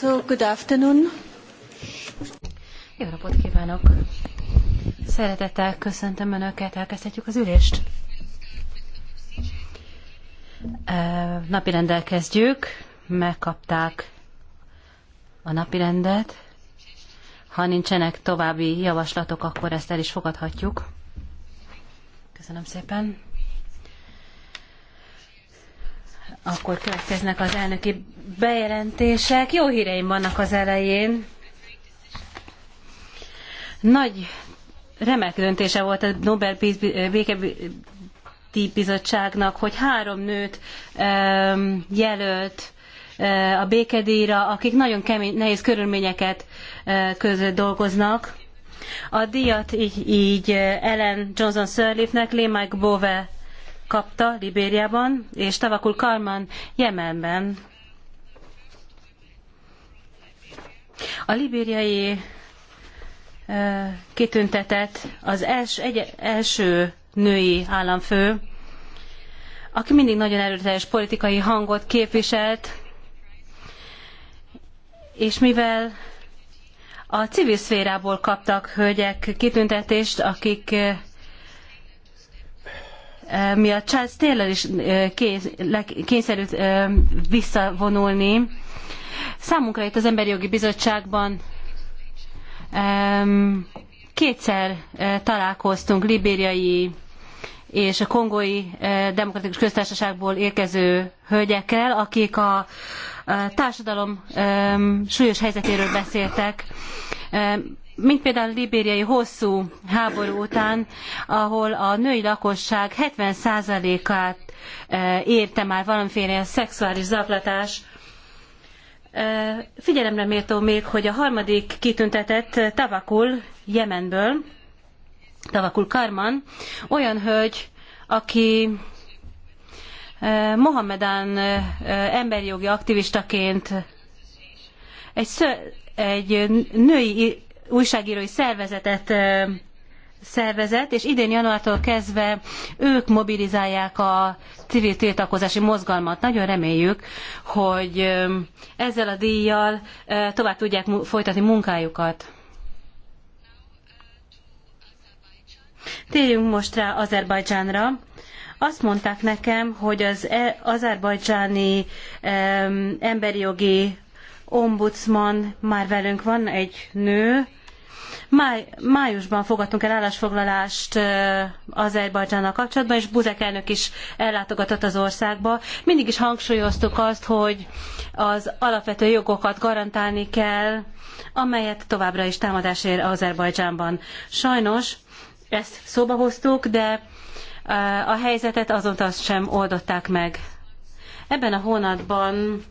So, good afternoon. Jó napot kívánok! Szeretettel köszöntöm Önöket, elkezdhetjük az ülést. Napirendel kezdjük, megkapták a napirendet. Ha nincsenek további javaslatok, akkor ezt el is fogadhatjuk. Köszönöm szépen. Akkor következnek az elnöki bejelentések. Jó híreim vannak az elején. Nagy remek döntése volt a Nobel Békedíj Bizottságnak, hogy három nőt jelölt eh, a békedíjra, akik nagyon kemény, nehéz körülményeket eh, között dolgoznak. A díjat így, így eh, Ellen Johnson Sirleafnek, Lee Mike Bove kapta Libériában, és Tavakul Karman Jemenben. A libériai kitüntetett az els, egy, első női államfő, aki mindig nagyon erőteljes politikai hangot képviselt, és mivel a civil szférából kaptak hölgyek kitüntetést, akik mi a Charles Taylor is kényszerült visszavonulni. Számunkra itt az Emberi Jogi Bizottságban kétszer találkoztunk libériai és a kongói demokratikus köztársaságból érkező hölgyekkel, akik a társadalom súlyos helyzetéről beszéltek mint például a libériai hosszú háború után, ahol a női lakosság 70%-át eh, érte már valamiféle szexuális zaklatás, eh, Figyelemre méltó még, hogy a harmadik kitüntetett Tavakul Jemenből, Tavakul Karman, olyan hölgy, aki eh, Mohamedán emberi jogi aktivistaként egy, ször, egy női újságírói szervezetet szervezett, és idén januártól kezdve ők mobilizálják a civil tiltakozási mozgalmat. Nagyon reméljük, hogy ezzel a díjjal tovább tudják folytatni munkájukat. Térjünk most rá Azerbajdzsánra. Azt mondták nekem, hogy az e-, azerbajdzsáni emberi jogi ombudsman már velünk van, egy nő, Máj, májusban fogadtunk el állásfoglalást Azerbajdzsánnal kapcsolatban, és Buzek elnök is ellátogatott az országba. Mindig is hangsúlyoztuk azt, hogy az alapvető jogokat garantálni kell, amelyet továbbra is támadás ér Azerbajdzsánban. Sajnos ezt szóba hoztuk, de a helyzetet azóta azt sem oldották meg. Ebben a hónapban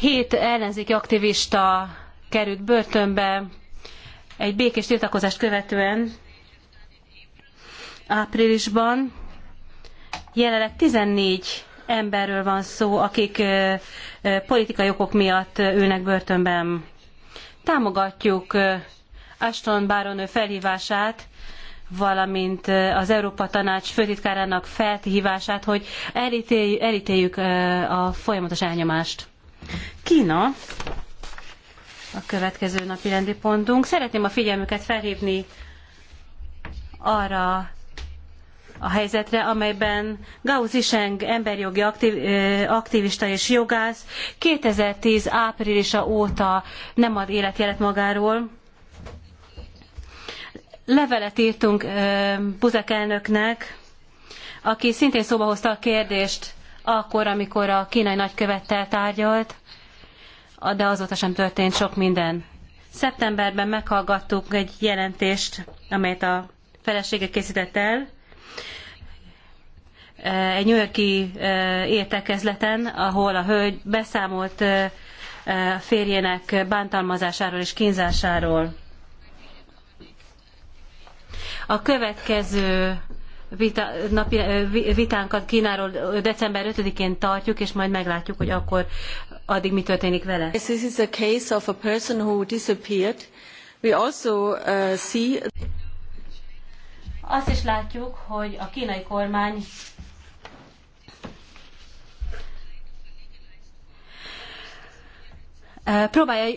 hét ellenzéki aktivista került börtönbe, egy békés tiltakozást követően áprilisban jelenleg 14 emberről van szó, akik politikai okok miatt ülnek börtönben. Támogatjuk Ashton Baronő felhívását, valamint az Európa Tanács főtitkárának felhívását, hogy elítéljük, elítéljük a folyamatos elnyomást. Kína a következő napi rendi pontunk. Szeretném a figyelmüket felhívni arra a helyzetre, amelyben Gauzi Seng emberjogi aktiv, aktivista és jogász 2010 áprilisa óta nem ad életjelet magáról. Levelet írtunk Buzek elnöknek, aki szintén szóba hozta a kérdést akkor, amikor a kínai nagykövettel tárgyalt, de azóta sem történt sok minden. Szeptemberben meghallgattuk egy jelentést, amelyet a felesége készített el, eh, egy New Yorki eh, értekezleten, ahol a hölgy beszámolt eh, a férjének bántalmazásáról és kínzásáról. A következő vita, napi, vitánkat Kínáról december 5-én tartjuk, és majd meglátjuk, hogy akkor addig mi történik vele? this is a case of a person who disappeared. We also uh, see azt is látjuk, hogy a kínai kormány próbálja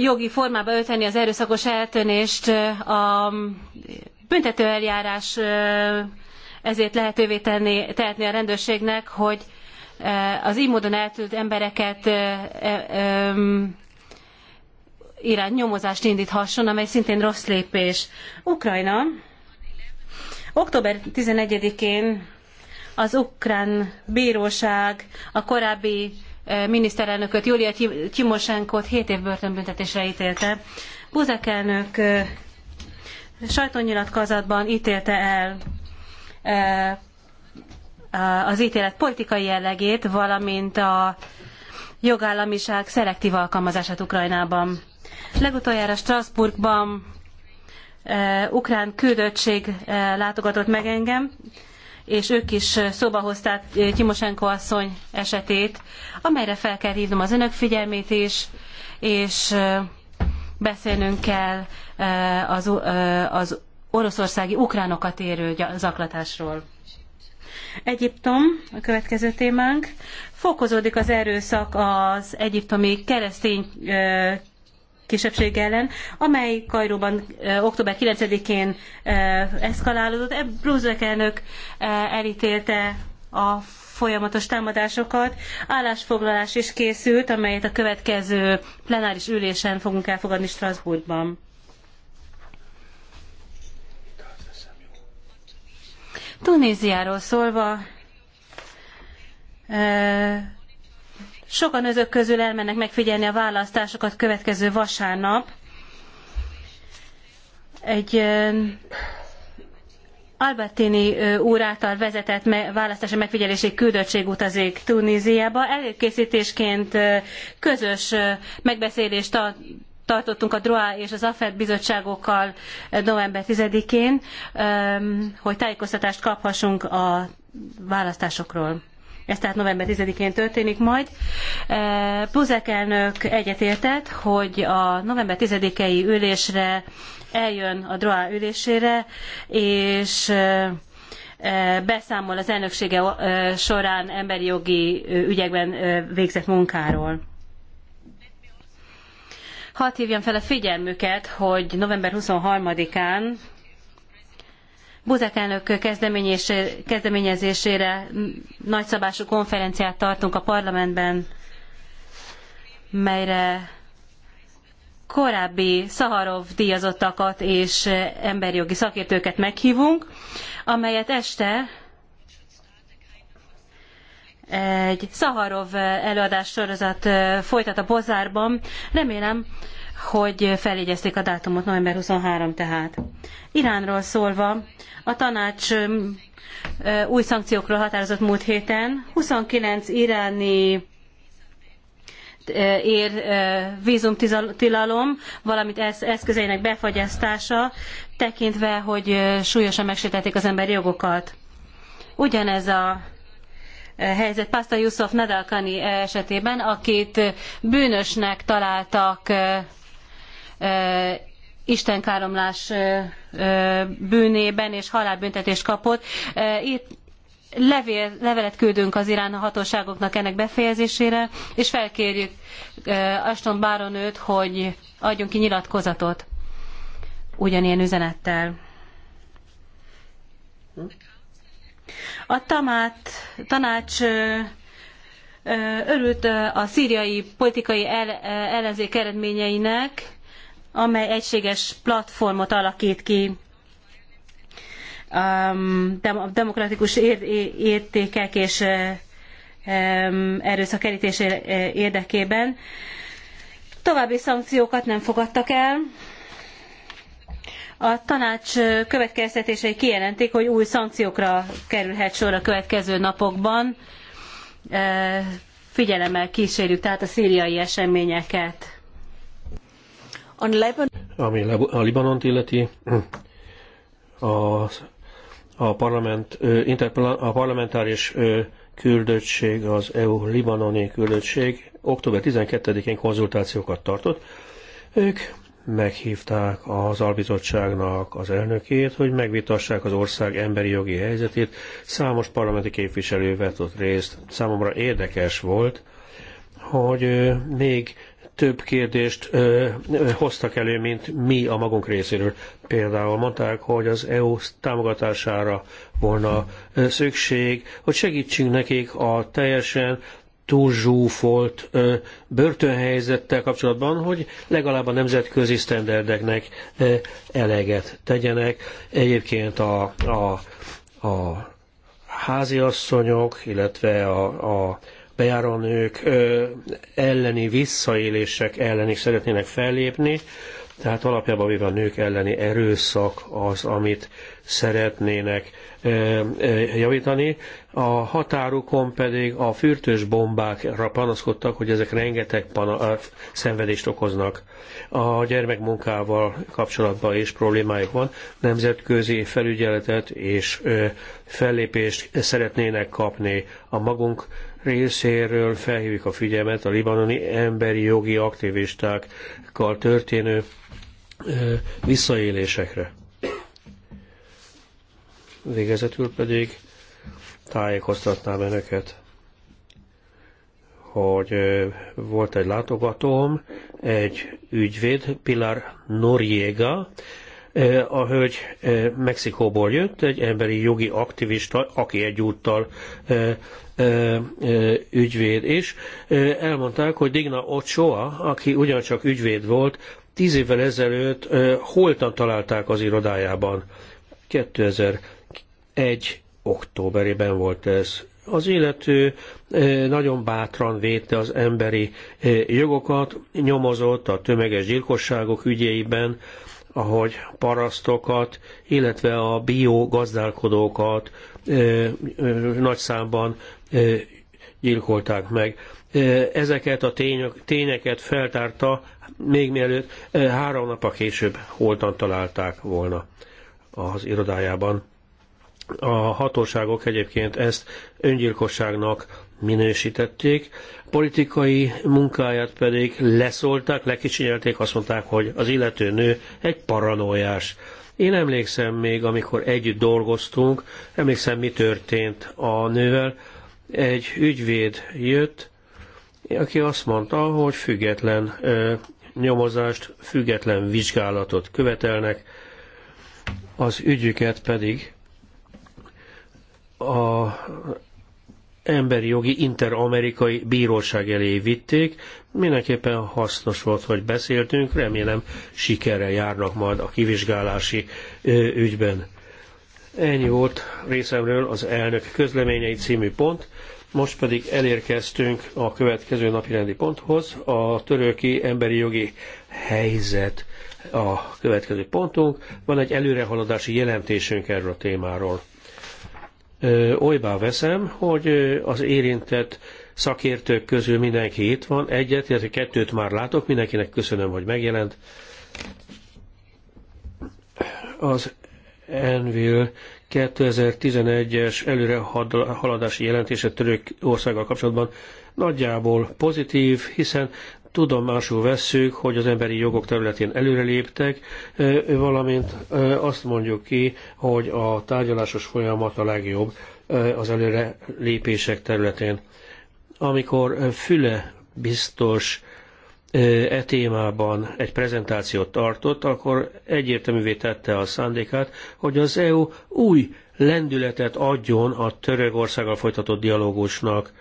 jogi formába ölteni az erőszakos eltönést a büntetőeljárás ezért lehetővé tenni, tehetni a rendőrségnek, hogy Eh, az így módon eltűnt embereket eh, eh, iránt nyomozást indíthasson, amely szintén rossz lépés. Ukrajna október 11-én az ukrán bíróság a korábbi miniszterelnököt, Julia Timosenkot 7 év börtönbüntetésre ítélte. Buzek elnök sajtónyilatkozatban ítélte el az ítélet politikai jellegét, valamint a jogállamiság szelektív alkalmazását Ukrajnában. Legutoljára Strasbourgban uh, ukrán küldöttség uh, látogatott meg engem, és ők is szóba hozták e, Timosenko asszony esetét, amelyre fel kell hívnom az önök figyelmét is, és beszélnünk kell az, az oroszországi ukránokat érő zaklatásról. Egyiptom, a következő témánk. Fokozódik az erőszak az egyiptomi keresztény kisebbség ellen, amely Kajróban október 9-én eszkalálódott. E, Brunswick elnök elítélte a folyamatos támadásokat. Állásfoglalás is készült, amelyet a következő plenáris ülésen fogunk elfogadni Strasbourgban. Tunéziáról szólva, sokan özök közül elmennek megfigyelni a választásokat következő vasárnap. Egy Albertini úr által vezetett választási megfigyelési küldöttség utazik Tunéziába. Előkészítésként közös megbeszélést tartottunk a DROA és az AFED bizottságokkal eh, november 10-én, hogy tájékoztatást kaphassunk a választásokról. Ez tehát november 10-én történik majd. Eh, Buzek elnök egyetértett, hogy a november 10-i ülésre eljön a DROA ülésére, és eh, beszámol az elnöksége során emberi jogi ügyekben végzett munkáról. Hadd hívjam fel a figyelmüket, hogy november 23-án Buzek elnök kezdeményezésére nagyszabású konferenciát tartunk a parlamentben, melyre korábbi Szaharov díjazottakat és emberi jogi szakértőket meghívunk, amelyet este egy Szaharov eh, előadás sorozat eh, folytat a Bozárban. Remélem, hogy feljegyezték a dátumot, november 23 tehát. Iránról szólva, a tanács eh, új szankciókról határozott múlt héten. 29 iráni ér vízumtilalom, valamint eszközeinek befagyasztása, tekintve, hogy súlyosan megsértették az emberi jogokat. Ugyanez a helyzet Pasta Yusuf Nadalkani esetében, akit bűnösnek találtak istenkáromlás bűnében, és halálbüntetést kapott. Itt levél, levelet küldünk az irán hatóságoknak ennek befejezésére, és felkérjük Aston Baronőt, hogy adjon ki nyilatkozatot ugyanilyen üzenettel. A tamát, tanács örült a szíriai politikai ellenzék eredményeinek, amely egységes platformot alakít ki a demokratikus értékek és erőszak kerítése érdekében. További szankciókat nem fogadtak el, a tanács következtetései kijelentik, hogy új szankciókra kerülhet sor a következő napokban. E, figyelemmel kísérjük tehát a szíriai eseményeket. Ami a Libanont illeti, a, a, parlament, a parlamentáris küldöttség, az EU libanoni küldöttség október 12-én konzultációkat tartott. Ők meghívták az albizottságnak az elnökét, hogy megvitassák az ország emberi jogi helyzetét. Számos parlamenti képviselő vetott részt. Számomra érdekes volt, hogy még több kérdést ö, ö, hoztak elő, mint mi a magunk részéről. Például mondták, hogy az EU támogatására volna szükség, hogy segítsünk nekik a teljesen túlzsúfolt ö, börtönhelyzettel kapcsolatban, hogy legalább a nemzetközi sztenderdeknek ö, eleget tegyenek. Egyébként a, a, a háziasszonyok, illetve a, a bejárónők elleni visszaélések ellen is szeretnének fellépni. Tehát alapjában véve a nők elleni erőszak az, amit szeretnének eh, eh, javítani. A határukon pedig a fürtős bombákra panaszkodtak, hogy ezek rengeteg pana- eh, szenvedést okoznak. A gyermekmunkával kapcsolatban is problémáik van. Nemzetközi felügyeletet és fellépést szeretnének kapni a magunk részéről felhívjuk a figyelmet a libanoni emberi jogi aktivistákkal történő visszaélésekre. Végezetül pedig tájékoztatnám önöket, hogy volt egy látogatóm, egy ügyvéd, Pilar Noriega, E, a hölgy e, Mexikóból jött, egy emberi jogi aktivista, aki egyúttal e, ügyvéd is. Elmondták, hogy Digna Ochoa, aki ugyancsak ügyvéd volt, tíz évvel ezelőtt holtan találták az irodájában. 2001 októberében volt ez. Az illető nagyon bátran védte az emberi jogokat, nyomozott a tömeges gyilkosságok ügyeiben, ahogy parasztokat, illetve a biogazdálkodókat nagy számban gyilkolták meg. Ezeket a tények, tényeket feltárta, még mielőtt három nap a később holtan találták volna az irodájában. A hatóságok egyébként ezt öngyilkosságnak minősítették, politikai munkáját pedig leszólták, lekicsinyelték, azt mondták, hogy az illető nő egy paranójás. Én emlékszem még, amikor együtt dolgoztunk, emlékszem, mi történt a nővel. Egy ügyvéd jött, aki azt mondta, hogy független ö, nyomozást, független vizsgálatot követelnek, az ügyüket pedig a emberi jogi interamerikai bíróság elé vitték. Mindenképpen hasznos volt, hogy beszéltünk, remélem sikerre járnak majd a kivizsgálási ügyben. Ennyi volt részemről az elnök közleményei című pont. Most pedig elérkeztünk a következő napirendi ponthoz, a töröki emberi jogi helyzet a következő pontunk. Van egy előrehaladási jelentésünk erről a témáról olybá veszem, hogy az érintett szakértők közül mindenki itt van, egyet, illetve kettőt már látok, mindenkinek köszönöm, hogy megjelent. Az Envil 2011-es előrehaladási jelentése török országgal kapcsolatban nagyjából pozitív, hiszen tudomásul vesszük, hogy az emberi jogok területén előreléptek, valamint azt mondjuk ki, hogy a tárgyalásos folyamat a legjobb az előre lépések területén. Amikor Füle biztos e témában egy prezentációt tartott, akkor egyértelművé tette a szándékát, hogy az EU új lendületet adjon a Törökországgal folytatott dialógusnak,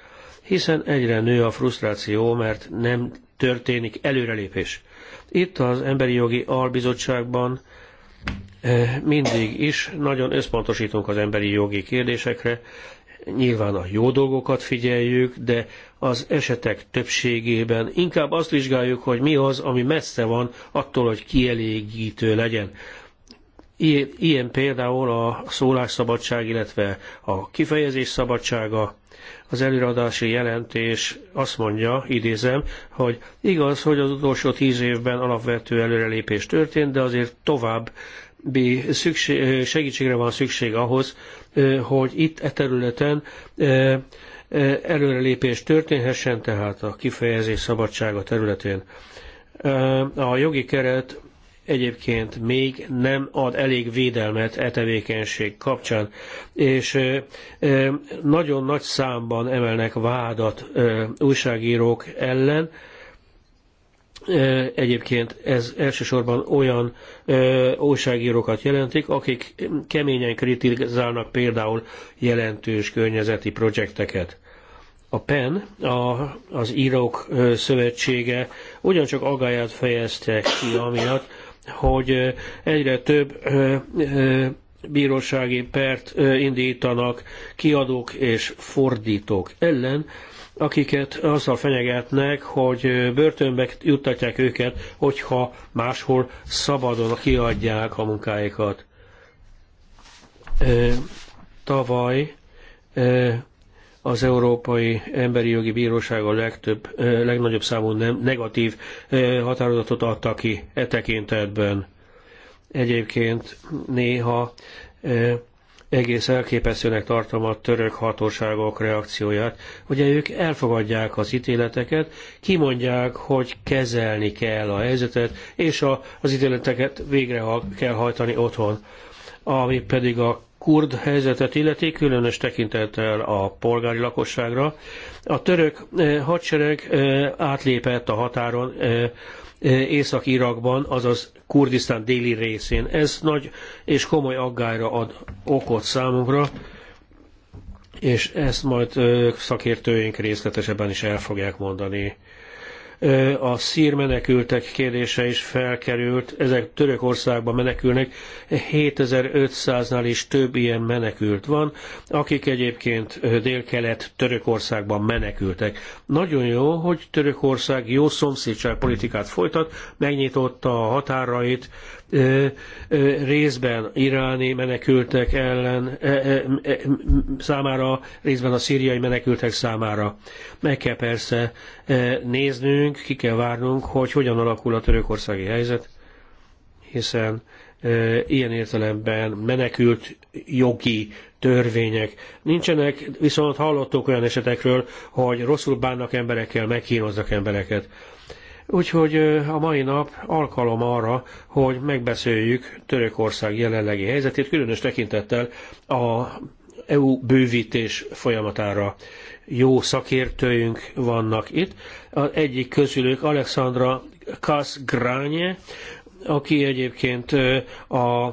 hiszen egyre nő a frusztráció, mert nem történik előrelépés. Itt az Emberi Jogi Albizottságban eh, mindig is nagyon összpontosítunk az emberi jogi kérdésekre, nyilván a jó dolgokat figyeljük, de az esetek többségében inkább azt vizsgáljuk, hogy mi az, ami messze van attól, hogy kielégítő legyen. Ilyen például a szólásszabadság, illetve a kifejezés szabadsága, az előadási jelentés azt mondja, idézem, hogy igaz, hogy az utolsó tíz évben alapvető előrelépés történt, de azért tovább segítségre van szükség ahhoz, hogy itt e területen előrelépés történhessen, tehát a kifejezés szabadsága területén. A jogi keret egyébként még nem ad elég védelmet e tevékenység kapcsán. És nagyon nagy számban emelnek vádat újságírók ellen, Egyébként ez elsősorban olyan ö, újságírókat jelentik, akik keményen kritizálnak például jelentős környezeti projekteket. A PEN, a, az Írók Szövetsége ugyancsak agályát fejezte ki, amiatt, hogy egyre több bírósági pert indítanak kiadók és fordítók ellen, akiket azzal fenyegetnek, hogy börtönbe juttatják őket, hogyha máshol szabadon kiadják a munkáikat. Tavaly az Európai Emberi Jogi Bíróság a legtöbb, legnagyobb számú nem, negatív határozatot adta ki e tekintetben. Egyébként néha egész elképesztőnek tartom a török hatóságok reakcióját. Ugye ők elfogadják az ítéleteket, kimondják, hogy kezelni kell a helyzetet, és a, az ítéleteket végre kell hajtani otthon. Ami pedig a kurd helyzetet illeti, különös tekintettel a polgári lakosságra. A török eh, hadsereg eh, átlépett a határon eh, Észak-Irakban, azaz Kurdisztán déli részén. Ez nagy és komoly aggályra ad okot számunkra, és ezt majd szakértőink részletesebben is el fogják mondani a szír menekültek kérdése is felkerült, ezek Törökországba menekülnek, 7500-nál is több ilyen menekült van, akik egyébként délkelet Törökországban menekültek. Nagyon jó, hogy Törökország jó szomszédságpolitikát folytat, megnyitotta a határait részben iráni menekültek ellen számára, részben a szíriai menekültek számára. Meg kell persze néznünk, ki kell várnunk, hogy hogyan alakul a törökországi helyzet, hiszen ilyen értelemben menekült jogi törvények. Nincsenek, viszont hallottuk olyan esetekről, hogy rosszul bánnak emberekkel, megkínoznak embereket. Úgyhogy a mai nap alkalom arra, hogy megbeszéljük Törökország jelenlegi helyzetét, különös tekintettel a EU bővítés folyamatára jó szakértőink vannak itt. Az egyik közülük Alexandra Kasgránye, aki egyébként a,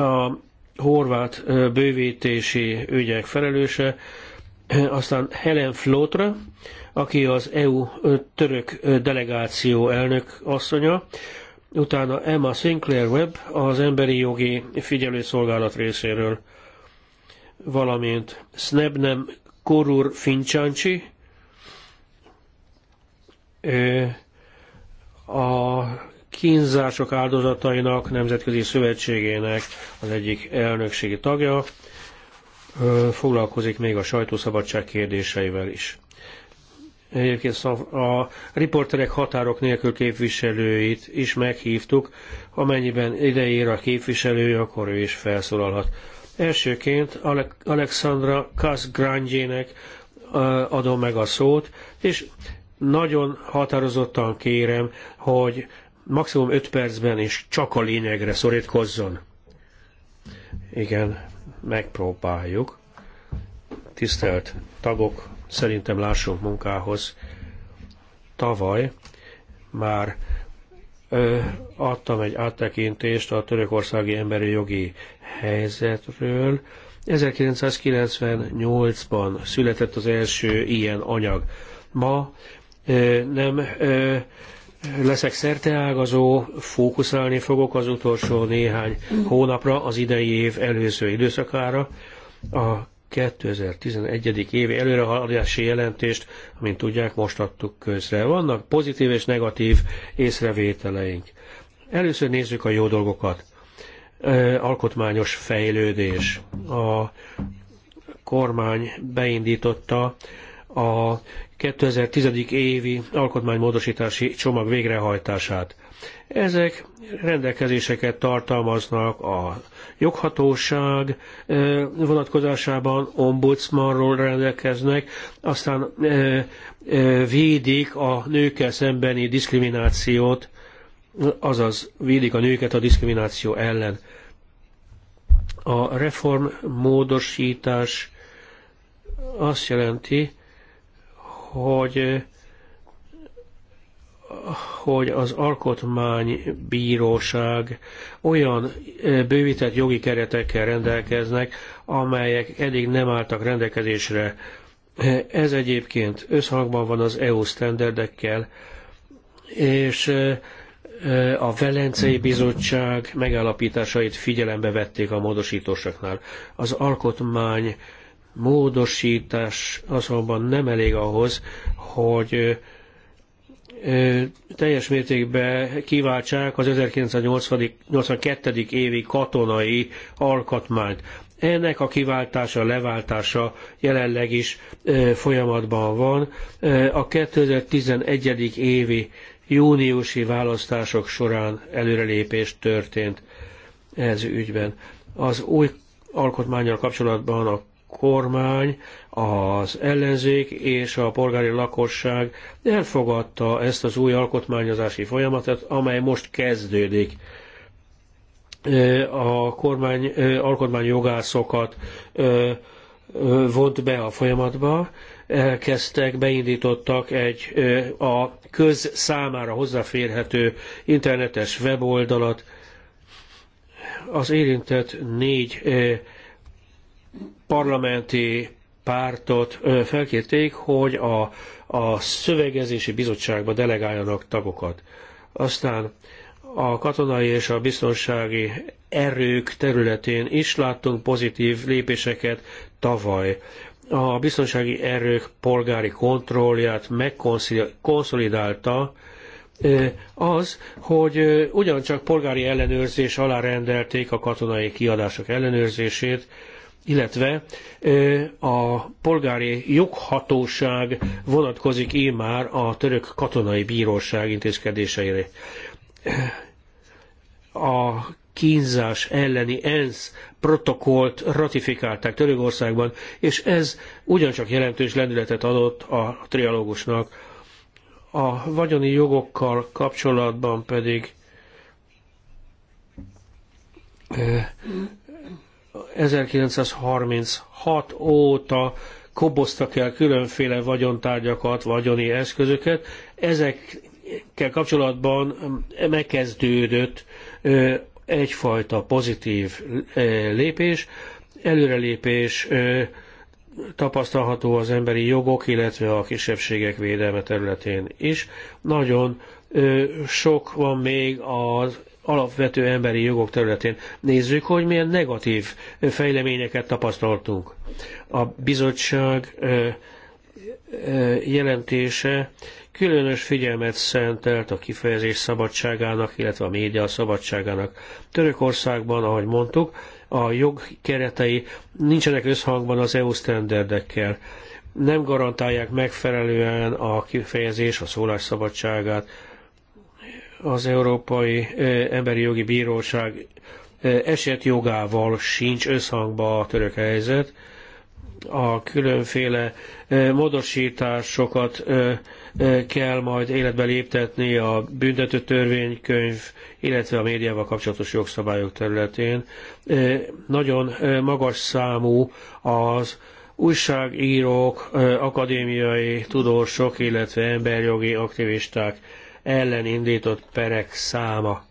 a horvát bővítési ügyek felelőse, aztán Helen Flotra, aki az EU török delegáció elnök asszonya, utána Emma Sinclair Webb az Emberi Jogi Figyelőszolgálat részéről, valamint Snebnem Korur Fincsáncsi, a kínzások áldozatainak nemzetközi szövetségének az egyik elnökségi tagja, foglalkozik még a sajtószabadság kérdéseivel is egyébként a riporterek határok nélkül képviselőit is meghívtuk, amennyiben ideír a képviselő, akkor ő is felszólalhat. Elsőként Alexandra Kasgrangyének adom meg a szót, és nagyon határozottan kérem, hogy maximum 5 percben is csak a lényegre szorítkozzon. Igen, megpróbáljuk. Tisztelt tagok, szerintem lássunk munkához. Tavaly már ö, adtam egy áttekintést a törökországi emberi jogi helyzetről. 1998-ban született az első ilyen anyag. Ma ö, nem ö, leszek szerteágazó, fókuszálni fogok az utolsó néhány hónapra, az idei év előző időszakára. A 2011. évi előrehaladási jelentést, amint tudják, most adtuk közre. Vannak pozitív és negatív észrevételeink. Először nézzük a jó dolgokat. Alkotmányos fejlődés. A kormány beindította a 2010. évi alkotmánymódosítási csomag végrehajtását. Ezek rendelkezéseket tartalmaznak a joghatóság vonatkozásában, ombudsmanról rendelkeznek, aztán védik a nőkkel szembeni diszkriminációt, azaz védik a nőket a diszkrimináció ellen. A reform módosítás azt jelenti, hogy hogy az alkotmánybíróság olyan bővített jogi keretekkel rendelkeznek, amelyek eddig nem álltak rendelkezésre. Ez egyébként összhangban van az EU sztenderdekkel, és a Velencei Bizottság megállapításait figyelembe vették a módosításoknál. Az alkotmány módosítás azonban nem elég ahhoz, hogy teljes mértékben kiváltsák az 1982. évi katonai alkotmányt. Ennek a kiváltása, leváltása jelenleg is folyamatban van. A 2011. évi júniusi választások során előrelépés történt ez ügyben. Az új alkotmányjal kapcsolatban a kormány az ellenzék és a polgári lakosság elfogadta ezt az új alkotmányozási folyamatot, amely most kezdődik. A kormány alkotmányjogászokat vont be a folyamatba, elkezdtek, beindítottak egy a köz számára hozzáférhető internetes weboldalat. Az érintett négy parlamenti pártot felkérték, hogy a, a szövegezési bizottságba delegáljanak tagokat. Aztán a katonai és a biztonsági erők területén is láttunk pozitív lépéseket tavaly. A biztonsági erők polgári kontrollját megkonszolidálta az, hogy ugyancsak polgári ellenőrzés alá rendelték a katonai kiadások ellenőrzését, illetve a polgári joghatóság vonatkozik én már a török katonai bíróság intézkedéseire. A kínzás elleni ENSZ protokollt ratifikálták Törökországban, és ez ugyancsak jelentős lendületet adott a trialógusnak. A vagyoni jogokkal kapcsolatban pedig 1936 óta koboztak el különféle vagyontárgyakat, vagyoni eszközöket. Ezekkel kapcsolatban megkezdődött egyfajta pozitív lépés, előrelépés tapasztalható az emberi jogok, illetve a kisebbségek védelme területén is. Nagyon sok van még az alapvető emberi jogok területén. Nézzük, hogy milyen negatív fejleményeket tapasztaltunk. A bizottság jelentése különös figyelmet szentelt a kifejezés szabadságának, illetve a média szabadságának. Törökországban, ahogy mondtuk, a jog keretei nincsenek összhangban az EU sztenderdekkel. Nem garantálják megfelelően a kifejezés, a szólás szabadságát, az Európai Emberi Jogi Bíróság esetjogával sincs összhangba a török helyzet. A különféle módosításokat kell majd életbe léptetni a büntető törvénykönyv, illetve a médiával kapcsolatos jogszabályok területén. Nagyon magas számú az újságírók, akadémiai tudósok, illetve emberjogi aktivisták ellen indított perek száma.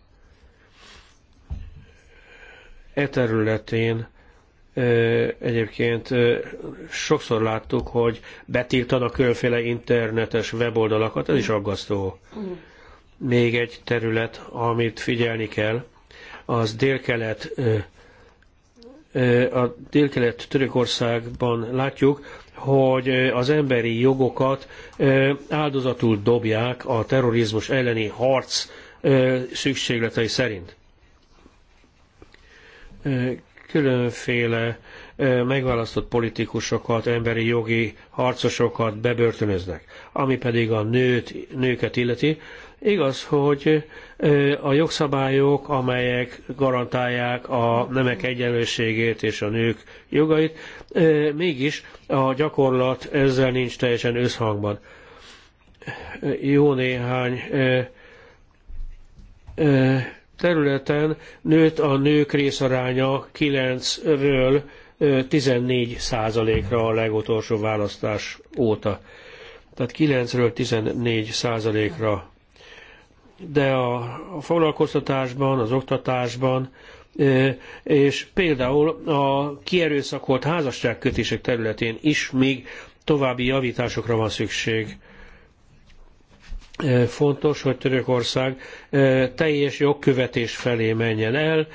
E területén egyébként sokszor láttuk, hogy betiltanak különféle internetes weboldalakat, ez is aggasztó. Még egy terület, amit figyelni kell, az délkelet a délkelet Törökországban látjuk, hogy az emberi jogokat áldozatul dobják a terrorizmus elleni harc szükségletei szerint. Különféle megválasztott politikusokat, emberi jogi harcosokat bebörtönöznek. Ami pedig a nőt, nőket illeti, igaz, hogy a jogszabályok, amelyek garantálják a nemek egyenlőségét és a nők jogait, mégis a gyakorlat ezzel nincs teljesen összhangban. Jó néhány területen nőtt a nők részaránya 9-ről 14 százalékra a legutolsó választás óta. Tehát 9-ről 14 százalékra de a, a foglalkoztatásban, az oktatásban, és például a kierőszakolt házasságkötések területén is még további javításokra van szükség. Fontos, hogy Törökország teljes jogkövetés felé menjen el.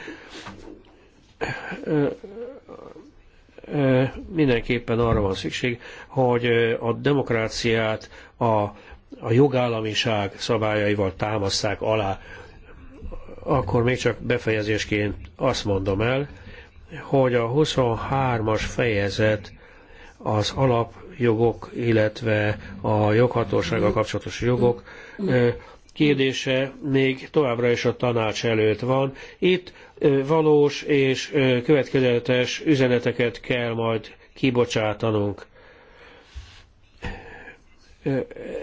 Mindenképpen arra van szükség, hogy a demokráciát, a a jogállamiság szabályaival támaszták alá. Akkor még csak befejezésként azt mondom el, hogy a 23-as fejezet az alapjogok, illetve a joghatósággal kapcsolatos jogok kérdése még továbbra is a tanács előtt van. Itt valós és következetes üzeneteket kell majd kibocsátanunk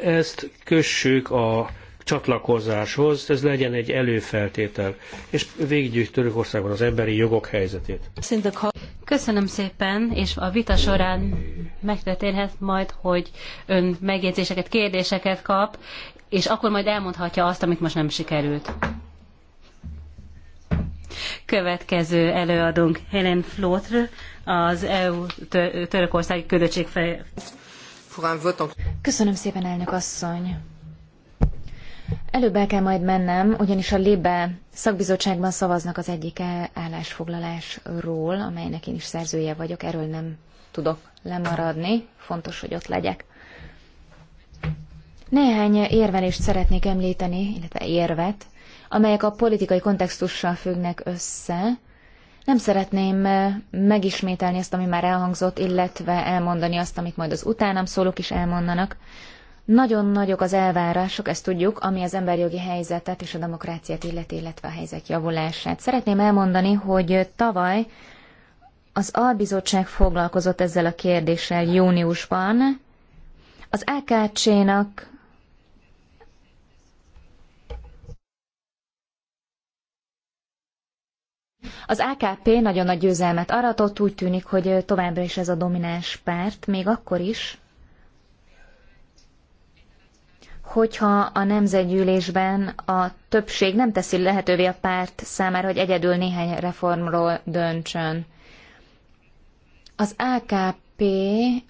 ezt kössük a csatlakozáshoz, ez legyen egy előfeltétel, és végiggyűjt Törökországban az emberi jogok helyzetét. Köszönöm szépen, és a vita során megtörténhet majd, hogy ön megjegyzéseket, kérdéseket kap, és akkor majd elmondhatja azt, amit most nem sikerült. Következő előadónk Helen Flotr, az EU Törökországi Ködöttség Köszönöm szépen, elnök asszony. Előbb el kell majd mennem, ugyanis a Lébe szakbizottságban szavaznak az egyik e- állásfoglalásról, amelynek én is szerzője vagyok, erről nem tudok lemaradni, fontos, hogy ott legyek. Néhány érvelést szeretnék említeni, illetve érvet, amelyek a politikai kontextussal függnek össze, nem szeretném eh, megismételni azt, ami már elhangzott, illetve elmondani azt, amit majd az utánam szólók is elmondanak. Nagyon nagyok az elvárások, ezt tudjuk, ami az emberjogi helyzetet és a demokráciát illeti, illetve a helyzet javulását. Szeretném elmondani, hogy tavaly az albizottság foglalkozott ezzel a kérdéssel júniusban. Az AKC-nak Az AKP nagyon nagy győzelmet aratott, úgy tűnik, hogy továbbra is ez a domináns párt, még akkor is, hogyha a nemzetgyűlésben a többség nem teszi lehetővé a párt számára, hogy egyedül néhány reformról döntsön. Az AKP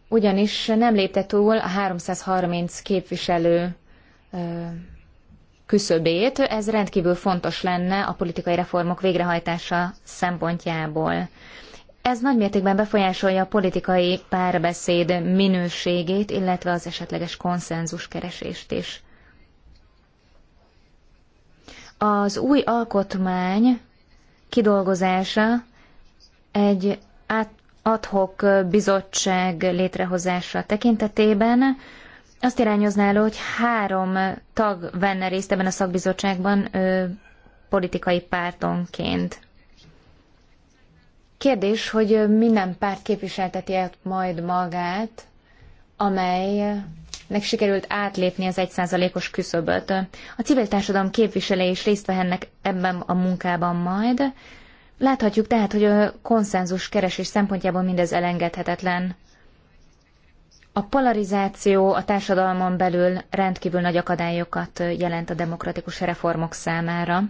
ugyanis nem lépte túl a 330 képviselő küszöbét, ez rendkívül fontos lenne a politikai reformok végrehajtása szempontjából. Ez nagymértékben befolyásolja a politikai párbeszéd minőségét, illetve az esetleges konszenzus keresést is. Az új alkotmány kidolgozása egy adhok bizottság létrehozása tekintetében azt irányozná elő, hogy három tag venne részt ebben a szakbizottságban ö, politikai pártonként. Kérdés, hogy minden párt képviselteti -e majd magát, amelynek sikerült átlépni az egyszázalékos küszöböt. A civil társadalom képviselői is részt vehennek ebben a munkában majd. Láthatjuk tehát, hogy a konszenzus keresés szempontjából mindez elengedhetetlen. A polarizáció a társadalmon belül rendkívül nagy akadályokat jelent a demokratikus reformok számára.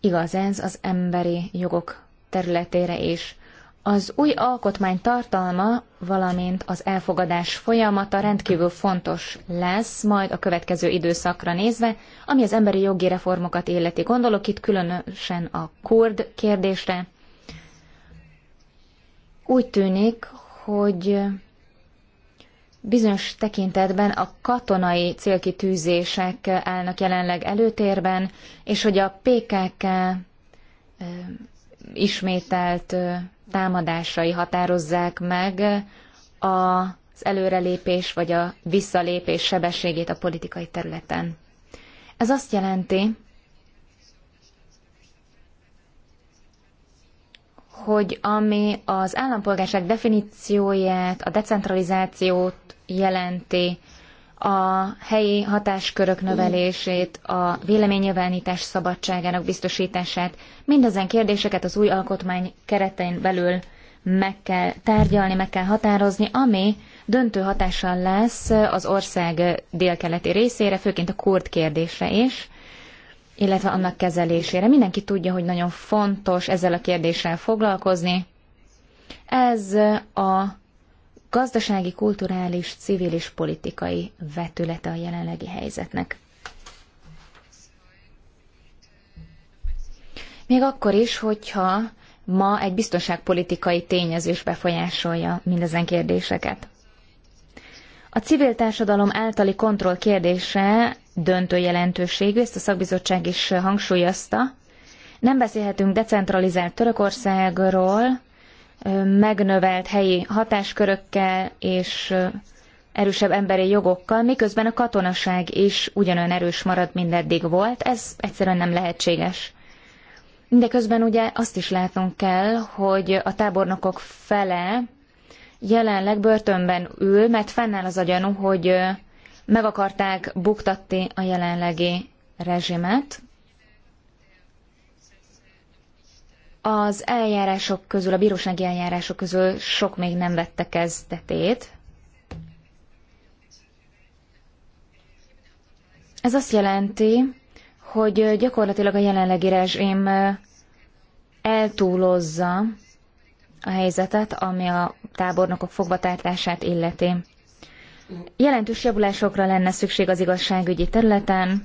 Igaz ez az emberi jogok területére is. Az új alkotmány tartalma, valamint az elfogadás folyamata rendkívül fontos lesz majd a következő időszakra nézve, ami az emberi jogi reformokat illeti. Gondolok itt különösen a kurd kérdésre. Úgy tűnik, hogy Bizonyos tekintetben a katonai célkitűzések állnak jelenleg előtérben, és hogy a PKK ismételt támadásai határozzák meg az előrelépés vagy a visszalépés sebességét a politikai területen. Ez azt jelenti, hogy ami az állampolgárság definícióját, a decentralizációt jelenti a helyi hatáskörök növelését, a véleménynyilvánítás szabadságának biztosítását. Mindezen kérdéseket az új alkotmány keretein belül meg kell tárgyalni, meg kell határozni, ami döntő hatással lesz az ország délkeleti részére, főként a kurd kérdésre is, illetve annak kezelésére. Mindenki tudja, hogy nagyon fontos ezzel a kérdéssel foglalkozni. Ez a gazdasági, kulturális, civil és politikai vetülete a jelenlegi helyzetnek. Még akkor is, hogyha ma egy biztonságpolitikai tényező is befolyásolja mindezen kérdéseket. A civil társadalom általi kontroll kérdése döntő jelentőségű, ezt a szakbizottság is hangsúlyozta. Nem beszélhetünk decentralizált Törökországról, megnövelt helyi hatáskörökkel és erősebb emberi jogokkal, miközben a katonaság is ugyanolyan erős marad, mint eddig volt. Ez egyszerűen nem lehetséges. De közben ugye azt is látnunk kell, hogy a tábornokok fele jelenleg börtönben ül, mert fennáll az a gyanú, hogy meg akarták buktatni a jelenlegi rezsimet, Az eljárások közül, a bírósági eljárások közül sok még nem vette kezdetét. Ez azt jelenti, hogy gyakorlatilag a jelenlegi rezsim eltúlozza a helyzetet, ami a tábornokok fogvatartását illeti. Jelentős javulásokra lenne szükség az igazságügyi területen,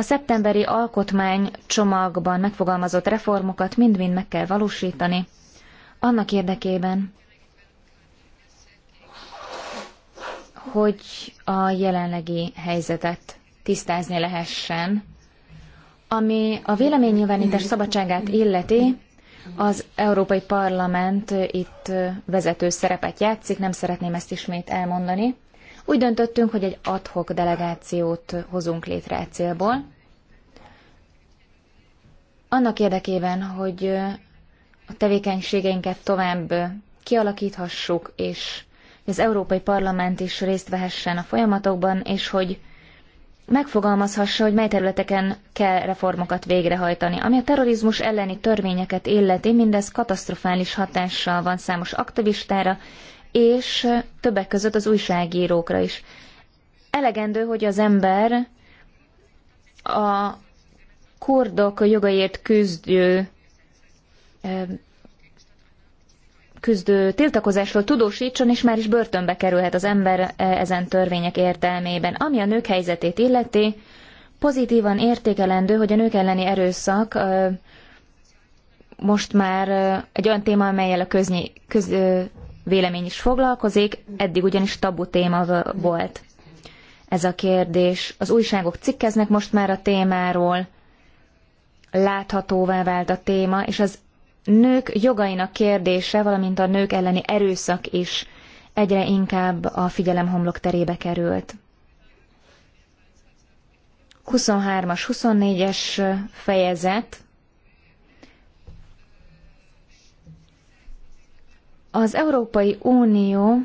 a szeptemberi alkotmánycsomagban megfogalmazott reformokat mind-mind meg kell valósítani, annak érdekében, hogy a jelenlegi helyzetet tisztázni lehessen. Ami a véleménynyilvánítás szabadságát illeti, az Európai Parlament itt vezető szerepet játszik, nem szeretném ezt ismét elmondani. Úgy döntöttünk, hogy egy adhok delegációt hozunk létre e célból. Annak érdekében, hogy a tevékenységeinket tovább kialakíthassuk, és az Európai Parlament is részt vehessen a folyamatokban, és hogy megfogalmazhassa, hogy mely területeken kell reformokat végrehajtani. Ami a terrorizmus elleni törvényeket illeti, mindez katasztrofális hatással van számos aktivistára és többek között az újságírókra is. Elegendő, hogy az ember a kurdok jogaiért küzdő küzdő tiltakozásról tudósítson, és már is börtönbe kerülhet az ember ezen törvények értelmében. Ami a nők helyzetét illeti, pozitívan értékelendő, hogy a nők elleni erőszak most már egy olyan téma, amelyel a közni, köz, vélemény is foglalkozik, eddig ugyanis tabu téma volt ez a kérdés. Az újságok cikkeznek most már a témáról, láthatóvá vált a téma, és az nők jogainak kérdése, valamint a nők elleni erőszak is egyre inkább a figyelem homlok terébe került. 23-as, 24-es fejezet Az Európai Unió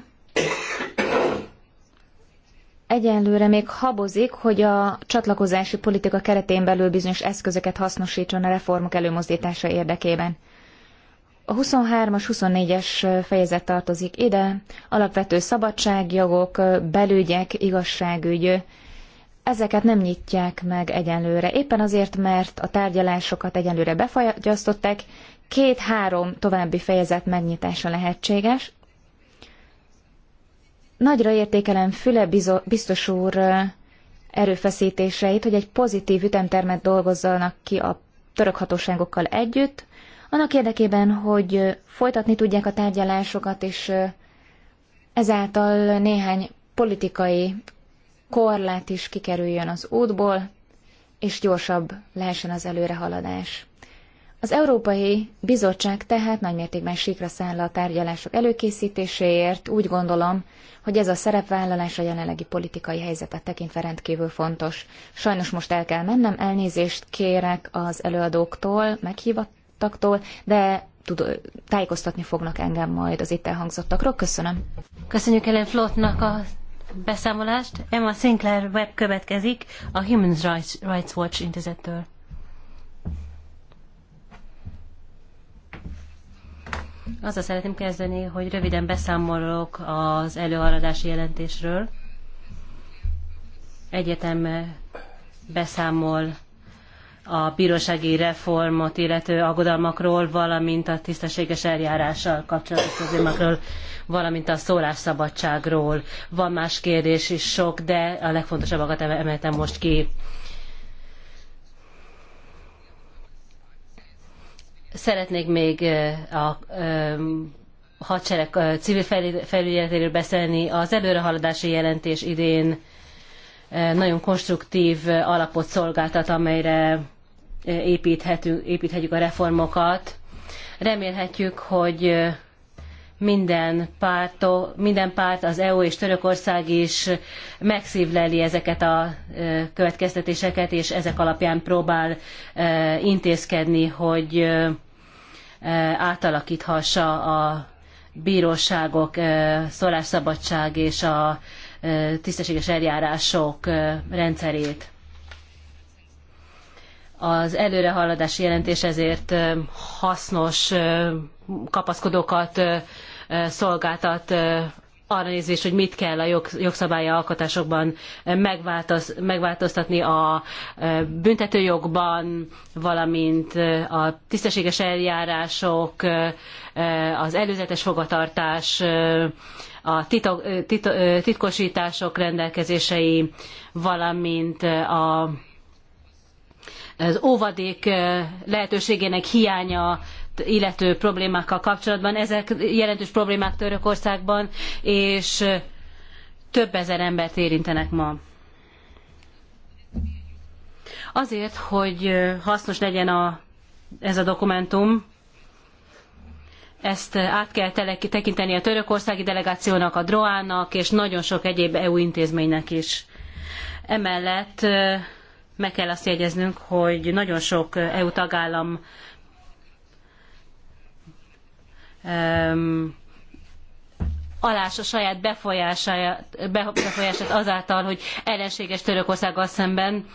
egyenlőre még habozik, hogy a csatlakozási politika keretén belül bizonyos eszközöket hasznosítson a reformok előmozdítása érdekében. A 23-as, 24-es fejezet tartozik ide, alapvető szabadságjogok, belügyek, igazságügy, ezeket nem nyitják meg egyenlőre, éppen azért, mert a tárgyalásokat egyenlőre befagyasztották, két-három további fejezet megnyitása lehetséges. Nagyra értékelem Füle biztos úr erőfeszítéseit, hogy egy pozitív ütemtermet dolgozzanak ki a török hatóságokkal együtt, annak érdekében, hogy folytatni tudják a tárgyalásokat, és ezáltal néhány politikai korlát is kikerüljön az útból, és gyorsabb lehessen az előrehaladás. Az Európai Bizottság tehát nagymértékben síkra száll a tárgyalások előkészítéséért. Úgy gondolom, hogy ez a szerepvállalás a jelenlegi politikai helyzetet tekintve rendkívül fontos. Sajnos most el kell mennem, elnézést kérek az előadóktól, meghívattaktól, de tud, tájékoztatni fognak engem majd az itt elhangzottakról. Köszönöm. Köszönjük Ellen Flottnak a beszámolást. Emma Sinclair web következik a Human Rights Watch intézettől. Azzal szeretném kezdeni, hogy röviden beszámolok az előadási jelentésről. Egyetem beszámol a bírósági reformot illető aggodalmakról, valamint a tisztességes eljárással kapcsolatos problémákról, valamint a szólásszabadságról. Van más kérdés is sok, de a legfontosabbakat emeltem most ki. Szeretnék még a hadsereg civil felügyeletéről beszélni. Az előrehaladási jelentés idén nagyon konstruktív alapot szolgáltat, amelyre építhetjük a reformokat. Remélhetjük, hogy minden, pártó, minden párt, az EU és Törökország is megszívleli ezeket a következtetéseket, és ezek alapján próbál intézkedni, hogy átalakíthassa a bíróságok szólásszabadság és a tisztességes eljárások rendszerét. Az előrehaladási jelentés ezért hasznos kapaszkodókat szolgáltat arra nézvés, hogy mit kell a jog, jogszabályi alkotásokban eh, megváltoz, megváltoztatni a eh, büntetőjogban, valamint eh, a tisztességes eljárások, az előzetes fogatartás, a titok, tit, titkosítások rendelkezései, valamint a az óvadék lehetőségének hiánya illető problémákkal kapcsolatban. Ezek jelentős problémák Törökországban, és több ezer embert érintenek ma. Azért, hogy hasznos legyen a, ez a dokumentum, ezt át kell tekinteni a törökországi delegációnak, a DROA-nak és nagyon sok egyéb EU intézménynek is. Emellett meg kell azt jegyeznünk, hogy nagyon sok EU tagállam um, a saját befolyását, befolyását azáltal, hogy ellenséges Törökországgal szemben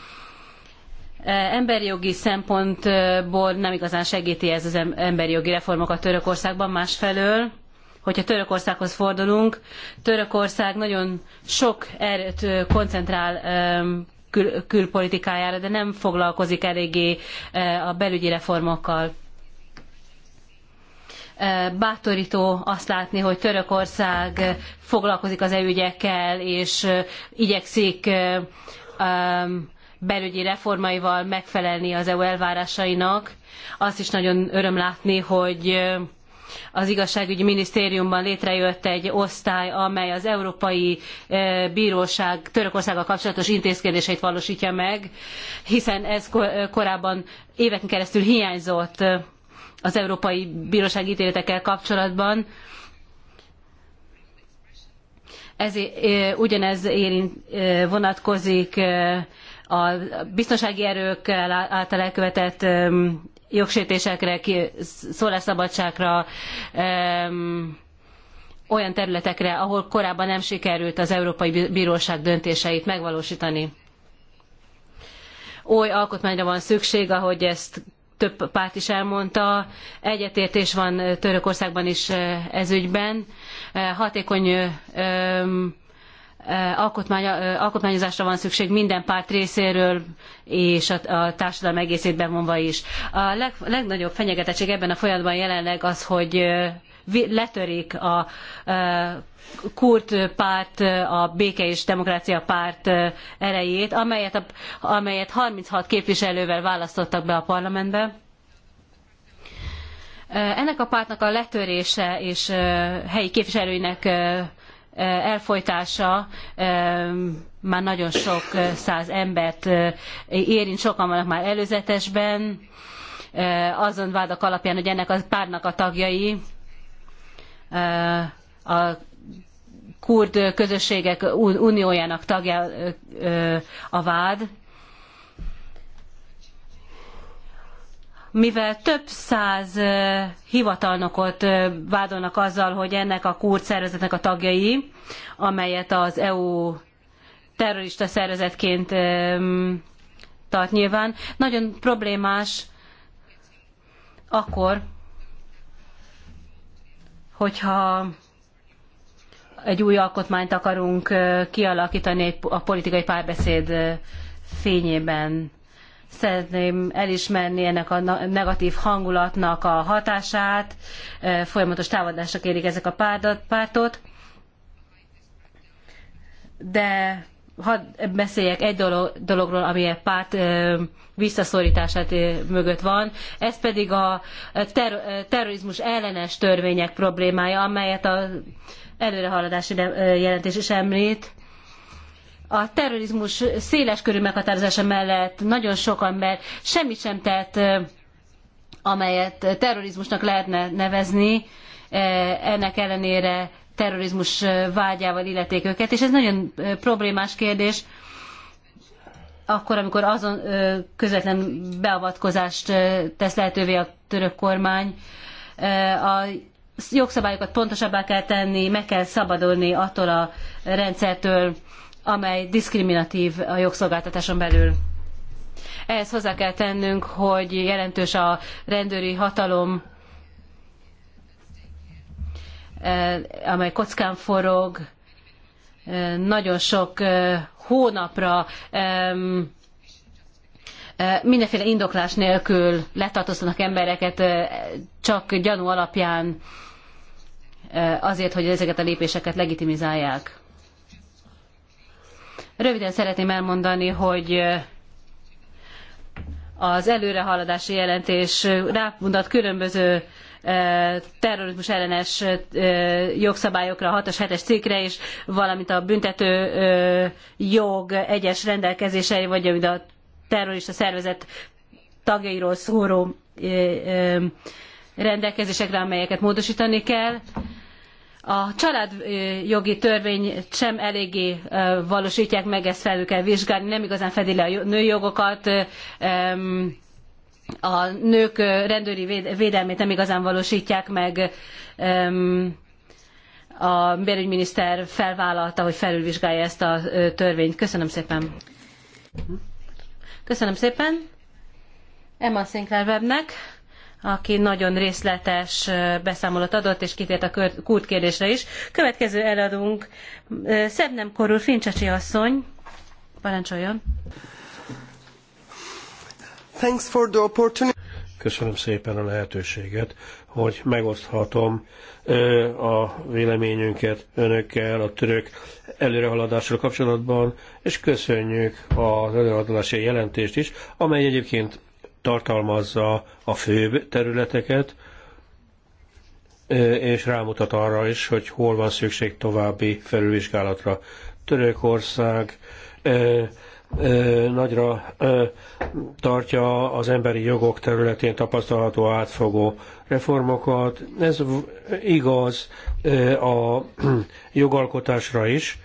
e, emberi jogi szempontból nem igazán segíti ez az emberi jogi reformokat Törökországban másfelől. Hogyha Törökországhoz fordulunk, Törökország nagyon sok erőt koncentrál kül külpolitikájára, de nem foglalkozik eléggé e, a belügyi reformokkal bátorító azt látni, hogy Törökország foglalkozik az e ügyekkel és igyekszik belügyi reformaival megfelelni az EU elvárásainak. Azt is nagyon öröm látni, hogy az igazságügyi minisztériumban létrejött egy osztály, amely az Európai Bíróság Törökországgal kapcsolatos intézkedéseit valósítja meg, hiszen ez korábban éveken keresztül hiányzott az Európai Bíróság ítéletekkel kapcsolatban. Ez eh, ugyanez érint, eh, vonatkozik eh, a biztonsági erők által elkövetett jogsértésekre, szólásszabadságra, olyan területekre, ahol korábban nem sikerült az Európai Bíróság döntéseit megvalósítani. Oly alkotmányra van szükség, ahogy ezt több párt is elmondta, egyetértés van Törökországban is ez ügyben. Hatékony alkotmányozásra van szükség minden párt részéről, és a, a társadalom egészét bevonva is. A leg, legnagyobb fenyegetettség ebben a folyamatban jelenleg az, hogy letörik a kurd párt, a béke és demokrácia párt erejét, amelyet, a, amelyet 36 képviselővel választottak be a parlamentbe. Ennek a pártnak a letörése és helyi képviselőinek elfolytása már nagyon sok száz embert érint, sokan vannak már előzetesben, azon vádak alapján, hogy ennek a párnak a tagjai, a kurd közösségek uniójának tagja a vád, mivel több száz hivatalnokot vádolnak azzal, hogy ennek a kurd szervezetnek a tagjai, amelyet az EU terrorista szervezetként tart nyilván, nagyon problémás akkor, hogyha egy új alkotmányt akarunk kialakítani a politikai párbeszéd fényében. Szeretném elismerni ennek a negatív hangulatnak a hatását, folyamatos támadásra kérik ezek a pártot, de hadd beszéljek egy dolog, dologról, ami a párt visszaszorítását mögött van, ez pedig a ter, terrorizmus ellenes törvények problémája, amelyet az előrehaladási jelentés is említ. A terrorizmus széles körű meghatározása mellett nagyon sok ember semmit sem tett, amelyet terrorizmusnak lehetne nevezni, ennek ellenére terrorizmus vágyával illeték őket, és ez nagyon problémás kérdés, akkor, amikor azon közvetlen beavatkozást tesz lehetővé a török kormány, a jogszabályokat pontosabbá kell tenni, meg kell szabadulni attól a rendszertől, amely diszkriminatív a jogszolgáltatáson belül. Ehhez hozzá kell tennünk, hogy jelentős a rendőri hatalom Eh, amely kockán forog, eh, nagyon sok eh, hónapra mindenféle indoklás nélkül letartóztatnak embereket csak gyanú alapján azért, hogy ezeket a lépéseket legitimizálják. Röviden szeretném elmondani, hogy az előrehaladási jelentés rámutat különböző terrorizmus ellenes jogszabályokra, a 6-as, 7-es cikkre is, valamint a büntető jog egyes rendelkezései, vagy amit a terrorista szervezet tagjairól szóró rendelkezésekre, amelyeket módosítani kell. A családjogi törvény sem eléggé valósítják meg, ezt felül kell vizsgálni, nem igazán fedi le a nőjogokat, a nők rendőri védelmét nem igazán valósítják meg. A bérügyminiszter felvállalta, hogy felülvizsgálja ezt a törvényt. Köszönöm szépen. Köszönöm szépen Emma Sinclair Webnek, aki nagyon részletes beszámolót adott, és kitért a kult kérdésre is. Következő eladunk Szebnem Korul Fincsacsi asszony. Parancsoljon! Thanks for the opportunity. Köszönöm szépen a lehetőséget, hogy megoszthatom a véleményünket önökkel a török előrehaladással kapcsolatban, és köszönjük az előadási jelentést is, amely egyébként tartalmazza a fő területeket, és rámutat arra is, hogy hol van szükség további felülvizsgálatra. Törökország nagyra tartja az emberi jogok területén tapasztalható átfogó reformokat. Ez igaz a jogalkotásra is,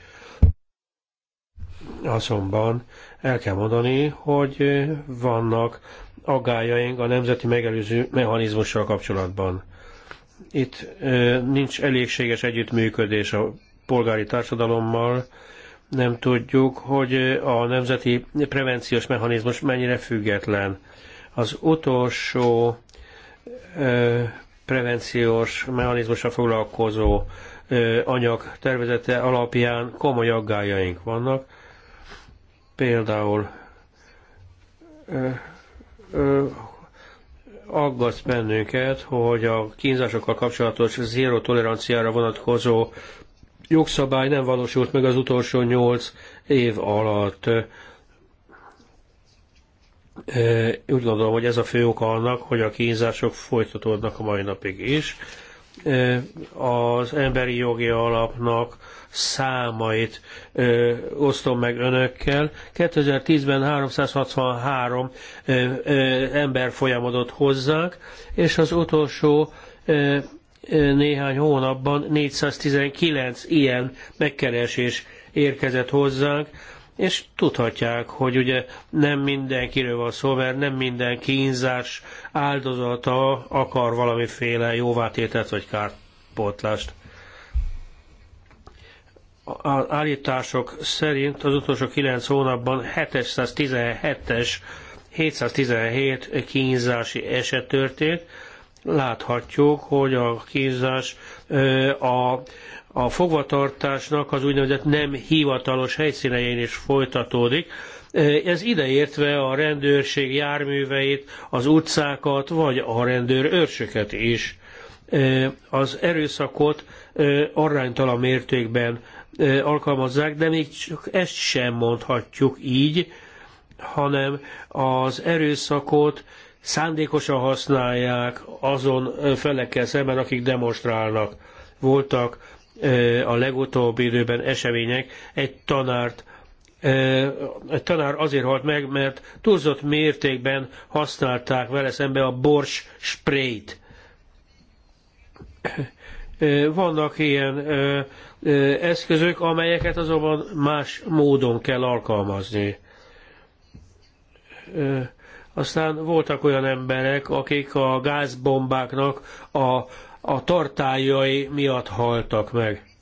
azonban el kell mondani, hogy vannak aggájaink a nemzeti megelőző mechanizmussal kapcsolatban. Itt nincs elégséges együttműködés a polgári társadalommal, nem tudjuk, hogy a nemzeti prevenciós mechanizmus mennyire független. Az utolsó ö, prevenciós mechanizmusra foglalkozó ö, anyag tervezete alapján komoly aggájaink vannak. Például ö, ö, aggaszt bennünket, hogy a kínzásokkal kapcsolatos zéró toleranciára vonatkozó jogszabály nem valósult meg az utolsó nyolc év alatt. Úgy gondolom, hogy ez a fő oka annak, hogy a kínzások folytatódnak a mai napig is. Az emberi jogi alapnak számait ö, osztom meg önökkel. 2010-ben 363 ö, ö, ember folyamodott hozzánk, és az utolsó néhány hónapban 419 ilyen megkeresés érkezett hozzánk, és tudhatják, hogy ugye nem mindenkiről van szó, mert nem minden kínzás áldozata akar valamiféle jóvátételt vagy kárpótlást. Az állítások szerint az utolsó 9 hónapban 717-es 717 kínzási eset történt, láthatjuk, hogy a kínzás a, a fogvatartásnak az úgynevezett nem hivatalos helyszínein is folytatódik. Ez ideértve a rendőrség járműveit, az utcákat, vagy a rendőr őrsöket is. Az erőszakot aránytalan mértékben alkalmazzák, de még csak ezt sem mondhatjuk így, hanem az erőszakot szándékosan használják azon felekkel szemben, akik demonstrálnak. Voltak a legutóbbi időben események, egy tanárt egy tanár azért halt meg, mert túlzott mértékben használták vele szembe a bors sprayt. Vannak ilyen eszközök, amelyeket azonban más módon kell alkalmazni aztán voltak olyan emberek, akik a gázbombáknak a, a tartályai miatt haltak meg.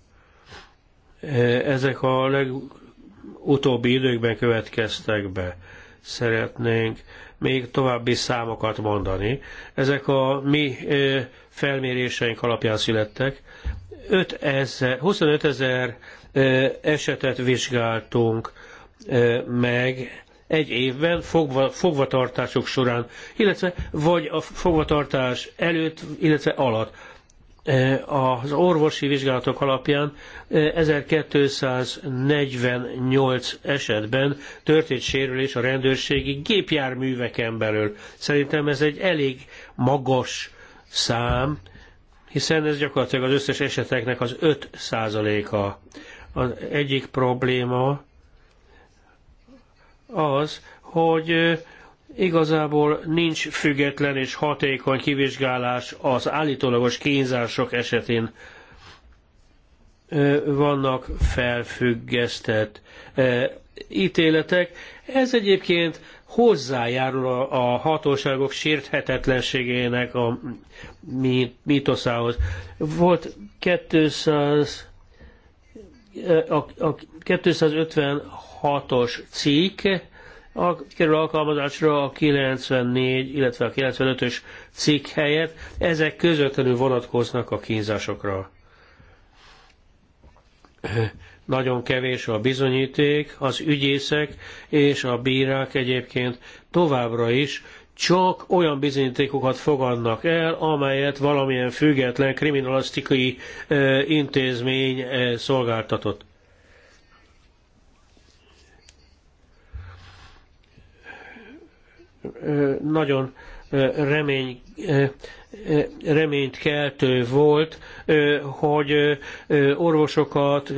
E, ezek a legutóbbi időkben következtek be. Szeretnénk még további számokat mondani. Ezek a mi e, felméréseink alapján születtek. 5 ezer, 25 ezer e, esetet vizsgáltunk meg egy évben fogva, fogvatartások során, illetve vagy a fogvatartás előtt, illetve alatt. E, az orvosi vizsgálatok alapján 1248 e, esetben történt sérülés a rendőrségi gépjárműveken belül. Szerintem ez egy elég magas szám, hiszen ez gyakorlatilag az összes eseteknek az 5 százaléka. Az egyik probléma, az, hogy igazából nincs független és hatékony kivizsgálás az állítólagos kínzások esetén vannak felfüggesztett ítéletek. Ez egyébként hozzájárul a hatóságok sérthetetlenségének a mítoszához. Volt 200 a 256-os cikk a, kerül alkalmazásra a 94, illetve a 95-ös cikk helyett. Ezek közvetlenül vonatkoznak a kínzásokra. Nagyon kevés a bizonyíték, az ügyészek és a bírák egyébként továbbra is csak olyan bizonyítékokat fogadnak el, amelyet valamilyen független kriminalisztikai intézmény szolgáltatott. Nagyon remény, reményt keltő volt, hogy orvosokat,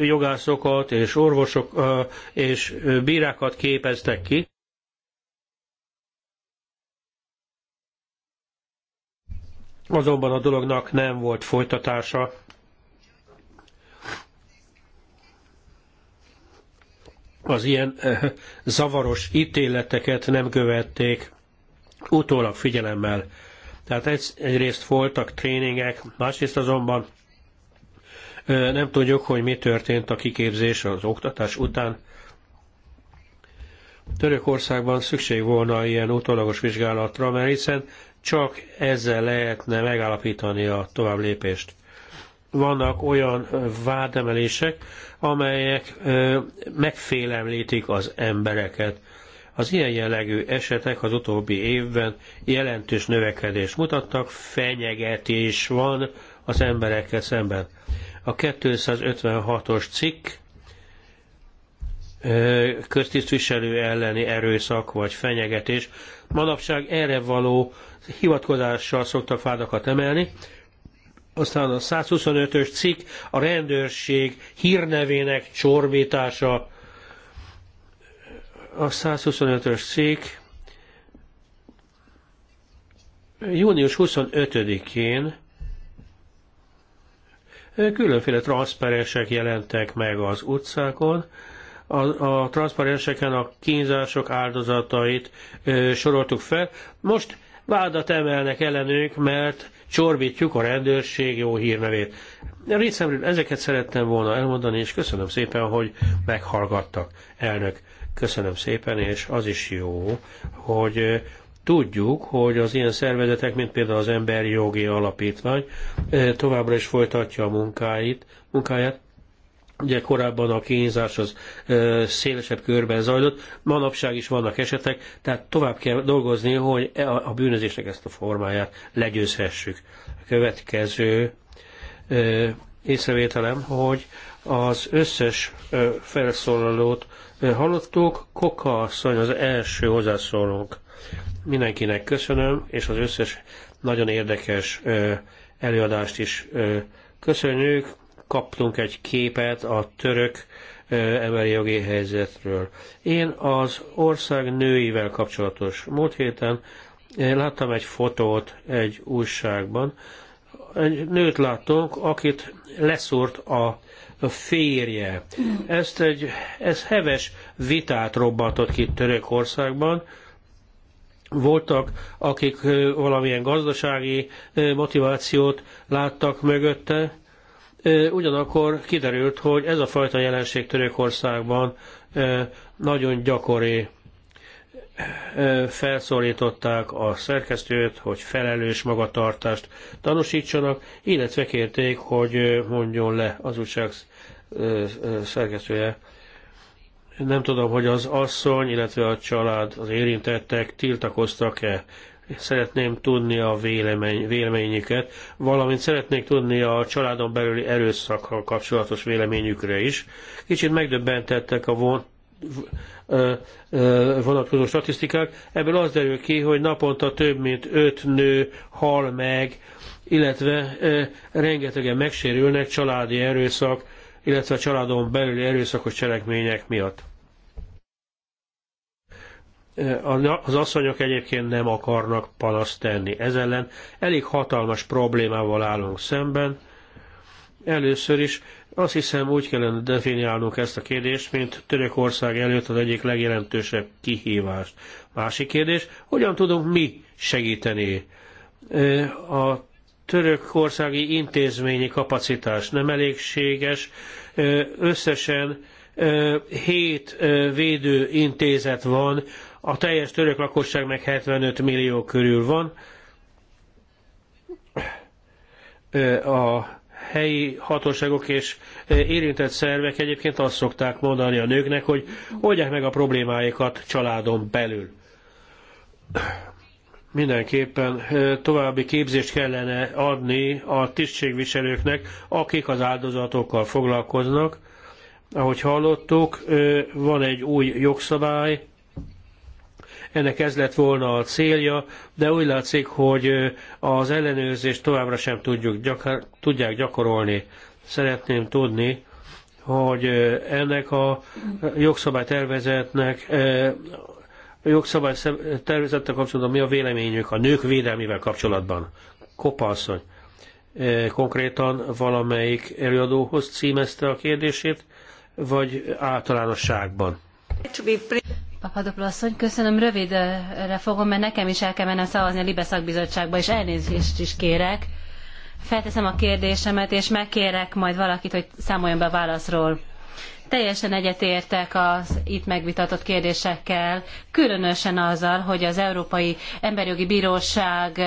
jogászokat és orvosok és bírákat képeztek ki. Azonban a dolognak nem volt folytatása. Az ilyen eh, zavaros ítéleteket nem követték utólag figyelemmel. Tehát egy, egyrészt voltak tréningek, másrészt azonban eh, nem tudjuk, hogy mi történt a kiképzés az oktatás után. Törökországban szükség volna ilyen utólagos vizsgálatra, mert hiszen csak ezzel lehetne megállapítani a tovább lépést. Vannak olyan vádemelések, amelyek megfélemlítik az embereket. Az ilyen jellegű esetek az utóbbi évben jelentős növekedést mutattak, fenyegetés van az emberekkel szemben. A 256-os cikk köztisztviselő elleni erőszak vagy fenyegetés. Manapság erre való hivatkozással szoktak fádakat emelni. Aztán a 125-ös cikk a rendőrség hírnevének csorbítása. A 125-ös cikk június 25-én különféle transzperesek jelentek meg az utcákon, a, a transzparenseken a kínzások áldozatait ö, soroltuk fel. Most vádat emelnek ellenünk, mert csorbítjuk a rendőrség jó hírnevét. Részemről ezeket szerettem volna elmondani, és köszönöm szépen, hogy meghallgattak, elnök. Köszönöm szépen, és az is jó, hogy tudjuk, hogy az ilyen szervezetek, mint például az Emberi Jogi Alapítvány továbbra is folytatja a munkáit, munkáját, Ugye korábban a kínzás az ö, szélesebb körben zajlott, manapság is vannak esetek, tehát tovább kell dolgozni, hogy e a, a bűnözésnek ezt a formáját legyőzhessük. A következő ö, észrevételem, hogy az összes ö, felszólalót ö, hallottuk, Koka asszony az első hozzászólónk. Mindenkinek köszönöm, és az összes nagyon érdekes ö, előadást is ö, köszönjük kaptunk egy képet a török emberi jogi helyzetről. Én az ország nőivel kapcsolatos. Múlt héten láttam egy fotót egy újságban. Egy nőt láttunk, akit leszúrt a férje. Ezt egy, ez heves vitát robbantott ki Törökországban. Voltak, akik valamilyen gazdasági motivációt láttak mögötte, Ugyanakkor kiderült, hogy ez a fajta jelenség Törökországban nagyon gyakori. Felszólították a szerkesztőt, hogy felelős magatartást tanúsítsanak, illetve kérték, hogy mondjon le az újság szerkesztője. Nem tudom, hogy az asszony, illetve a család, az érintettek tiltakoztak-e szeretném tudni a vélemény, véleményüket, valamint szeretnék tudni a családon belüli erőszakkal kapcsolatos véleményükre is. Kicsit megdöbbentettek a von, vonatkozó statisztikák. Ebből az derül ki, hogy naponta több mint öt nő hal meg, illetve rengetegen megsérülnek családi erőszak, illetve a családon belüli erőszakos cselekmények miatt az asszonyok egyébként nem akarnak panaszt tenni. Ez ellen elég hatalmas problémával állunk szemben. Először is azt hiszem úgy kellene definiálnunk ezt a kérdést, mint Törökország előtt az egyik legjelentősebb kihívást. Másik kérdés, hogyan tudunk mi segíteni? A törökországi intézményi kapacitás nem elégséges, összesen hét intézet van a teljes török lakosság meg 75 millió körül van. A helyi hatóságok és érintett szervek egyébként azt szokták mondani a nőknek, hogy oldják meg a problémáikat családon belül. Mindenképpen további képzést kellene adni a tisztségviselőknek, akik az áldozatokkal foglalkoznak. Ahogy hallottuk, van egy új jogszabály, ennek ez lett volna a célja, de úgy látszik, hogy az ellenőrzést továbbra sem tudjuk, gyakor, tudják gyakorolni. Szeretném tudni, hogy ennek a jogszabálytervezetnek jogszabály tervezettel kapcsolatban mi a véleményük a nők védelmével kapcsolatban? Kopalszony konkrétan valamelyik előadóhoz címezte a kérdését, vagy általánosságban? Papadopoulos asszony, köszönöm, rövidre fogom, mert nekem is el kell mennem szavazni a Libe szakbizottságba, és elnézést is kérek. Felteszem a kérdésemet, és megkérek majd valakit, hogy számoljon be a válaszról. Teljesen egyetértek az itt megvitatott kérdésekkel, különösen azzal, hogy az Európai Emberjogi Bíróság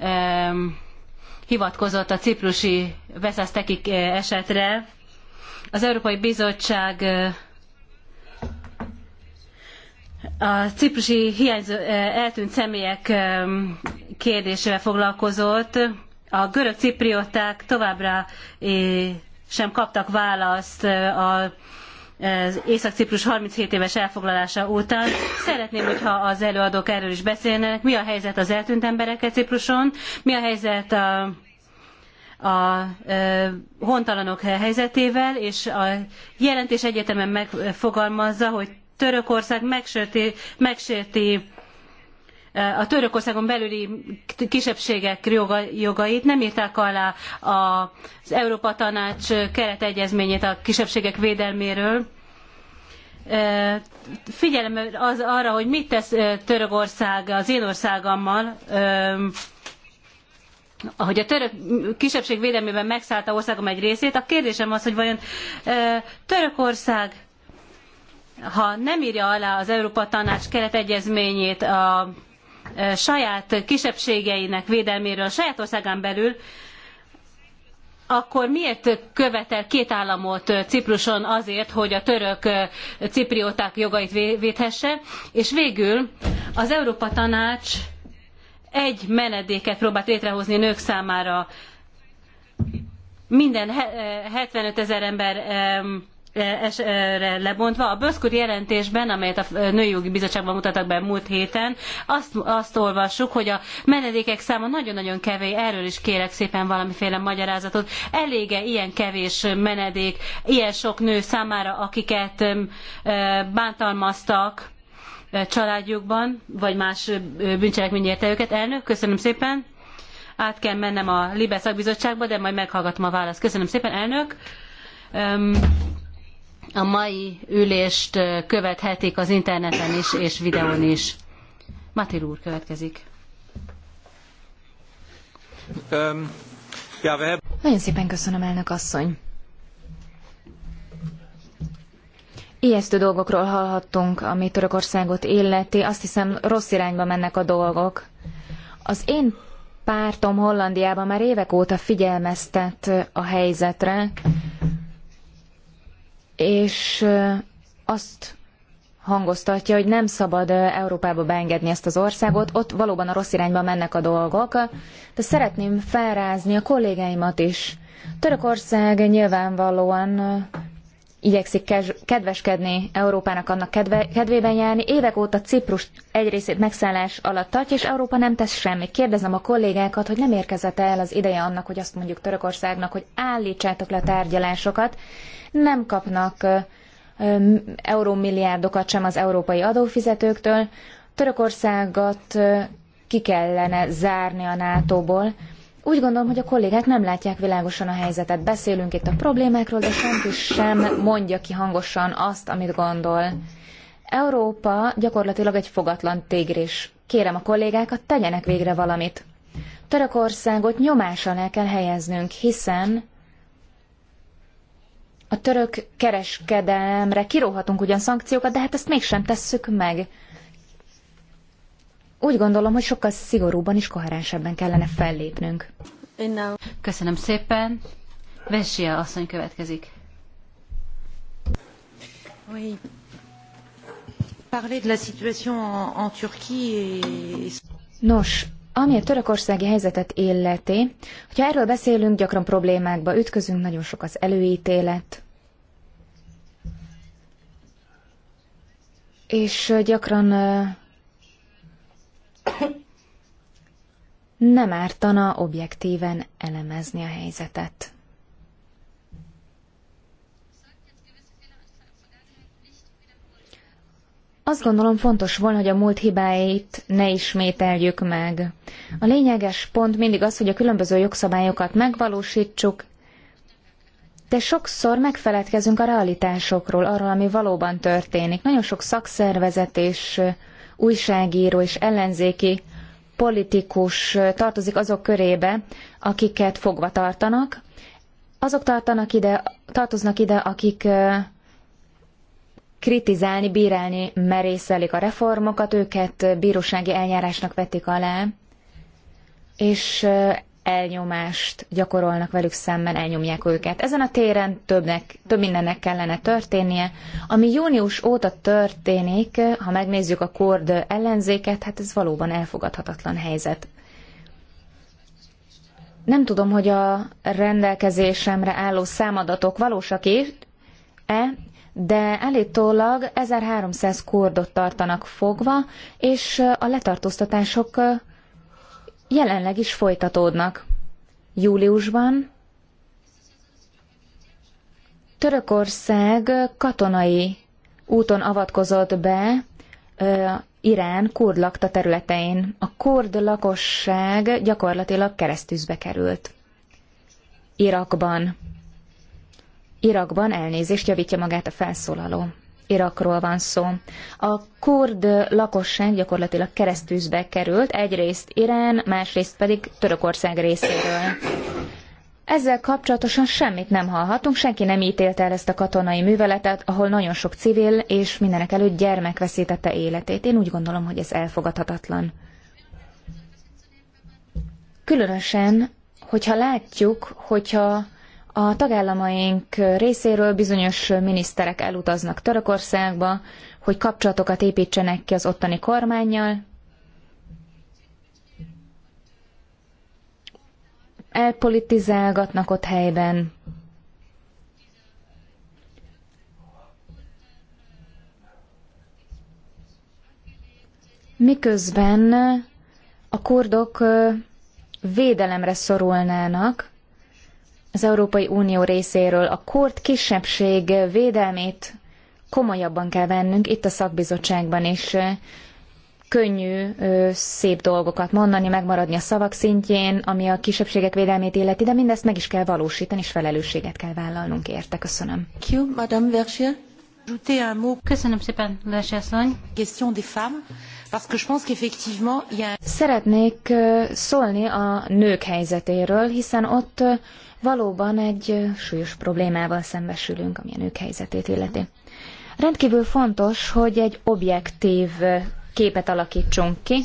um, hivatkozott a ciprusi Veszasztekik eh, esetre. Az Európai Bizottság eh, a ciprusi hiányzó, eltűnt személyek kérdésével foglalkozott. A görög ciprióták továbbra sem kaptak választ a az Észak-Ciprus 37 éves elfoglalása után. Szeretném, hogyha az előadók erről is beszélnének. Mi a helyzet az eltűnt emberekkel Cipruson? Mi a helyzet a, a, a hontalanok helyzetével? És a jelentés egyetemen megfogalmazza, hogy Törökország megsérti, megsérti e, a Törökországon belüli kisebbségek jogait, nem írták alá az Európa Tanács keretegyezményét a kisebbségek védelméről. E, figyelem az arra, hogy mit tesz e, Törökország az én országommal, hogy a török kisebbség védelmében megszállta országom egy részét. A kérdésem az, hogy vajon Törökország ha nem írja alá az Európa Tanács keretegyezményét a e, saját kisebbségeinek védelméről a saját országán belül, akkor miért követel két államot Cipruson azért, hogy a török e, ciprióták jogait védhesse? És végül az Európa Tanács egy menedéket próbált létrehozni nők számára. Minden 75 e, ezer ember esre lebontva. A Böszkur jelentésben, amelyet a női jogi Bizottságban mutattak be múlt héten, azt, azt olvassuk, hogy a menedékek száma nagyon-nagyon kevés, erről is kérek szépen valamiféle magyarázatot. Elége ilyen kevés menedék, ilyen sok nő számára, akiket bántalmaztak családjukban, vagy más bűncselekmény érte őket. Elnök, köszönöm szépen. Át kell mennem a Libe szakbizottságba, de majd meghallgatom a választ. Köszönöm szépen, elnök. Um, a mai ülést követhetik az interneten is és videón is. Matir úr következik. Um, yeah, have... Nagyon szépen köszönöm, elnök asszony. Ijesztő dolgokról hallhattunk, ami Törökországot illeti. Azt hiszem, rossz irányba mennek a dolgok. Az én pártom Hollandiában már évek óta figyelmeztet a helyzetre, és azt hangoztatja, hogy nem szabad Európába beengedni ezt az országot, ott valóban a rossz irányba mennek a dolgok, de szeretném felrázni a kollégáimat is. Törökország nyilvánvalóan igyekszik kedveskedni Európának annak kedve, kedvében járni. Évek óta Ciprus egy részét megszállás alatt tartja, és Európa nem tesz semmit. Kérdezem a kollégákat, hogy nem érkezett el az ideje annak, hogy azt mondjuk Törökországnak, hogy állítsátok le tárgyalásokat. Nem kapnak eurómilliárdokat sem az európai adófizetőktől. Törökországot ki kellene zárni a NATO-ból. Úgy gondolom, hogy a kollégák nem látják világosan a helyzetet. Beszélünk itt a problémákról, de senki sem mondja ki hangosan azt, amit gondol. Európa gyakorlatilag egy fogatlan tégrés. Kérem a kollégákat, tegyenek végre valamit. Törökországot nyomás alá kell helyeznünk, hiszen a török kereskedelemre kiróhatunk ugyan szankciókat, de hát ezt mégsem tesszük meg úgy gondolom, hogy sokkal szigorúban és koherensebben kellene fellépnünk. Köszönöm szépen. Vessia asszony következik. Oui. Parler de la situation en, en Turquie et... Nos, ami a törökországi helyzetet illeti, hogyha erről beszélünk, gyakran problémákba ütközünk, nagyon sok az előítélet, és gyakran nem ártana objektíven elemezni a helyzetet. Azt gondolom fontos volna, hogy a múlt hibáit ne ismételjük meg. A lényeges pont mindig az, hogy a különböző jogszabályokat megvalósítsuk, de sokszor megfeledkezünk a realitásokról, arról, ami valóban történik. Nagyon sok szakszervezet és újságíró és ellenzéki politikus tartozik azok körébe, akiket fogva tartanak. Azok tartanak ide, tartoznak ide, akik kritizálni, bírálni merészelik a reformokat, őket bírósági eljárásnak vetik alá, és elnyomást gyakorolnak velük szemben, elnyomják őket. Ezen a téren többnek, több mindennek kellene történnie. Ami június óta történik, ha megnézzük a kord ellenzéket, hát ez valóban elfogadhatatlan helyzet. Nem tudom, hogy a rendelkezésemre álló számadatok valósak-e, de állítólag 1300 kordot tartanak fogva, és a letartóztatások jelenleg is folytatódnak. Júliusban Törökország katonai úton avatkozott be Irán kurd lakta területein. A kurd lakosság gyakorlatilag keresztűzbe került. Irakban. Irakban elnézést javítja magát a felszólaló. Irakról van szó. A kurd lakosság gyakorlatilag keresztűzbe került, egyrészt Irán, másrészt pedig Törökország részéről. Ezzel kapcsolatosan semmit nem hallhatunk, senki nem ítélte el ezt a katonai műveletet, ahol nagyon sok civil és mindenek előtt gyermek veszítette életét. Én úgy gondolom, hogy ez elfogadhatatlan. Különösen, hogyha látjuk, hogyha a tagállamaink részéről bizonyos miniszterek elutaznak Törökországba, hogy kapcsolatokat építsenek ki az ottani kormányjal. Elpolitizálgatnak ott helyben. Miközben a kurdok védelemre szorulnának, az Európai Unió részéről a kort kisebbség védelmét komolyabban kell vennünk itt a szakbizottságban is. Könnyű szép dolgokat mondani, megmaradni a szavak szintjén, ami a kisebbségek védelmét illeti, de mindezt meg is kell valósítani, és felelősséget kell vállalnunk érte. Köszönöm. Köszönöm szépen, Versasszony. Szeretnék szólni a nők helyzetéről, hiszen ott valóban egy súlyos problémával szembesülünk, ami a nők helyzetét illeti. Rendkívül fontos, hogy egy objektív képet alakítsunk ki,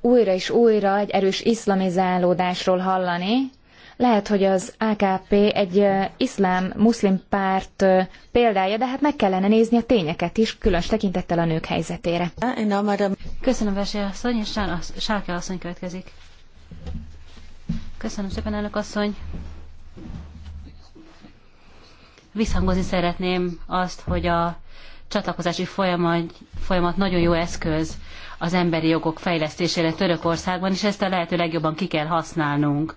újra és újra egy erős iszlamizálódásról hallani, lehet, hogy az AKP egy iszlám-muszlim párt példája, de hát meg kellene nézni a tényeket is, különös tekintettel a nők helyzetére. Köszönöm, Vesé asszony, és Sárke asszony következik. Köszönöm szépen, elnök asszony. Visszhangozni szeretném azt, hogy a csatlakozási folyamat, folyamat nagyon jó eszköz az emberi jogok fejlesztésére Törökországban, és ezt a lehető legjobban ki kell használnunk.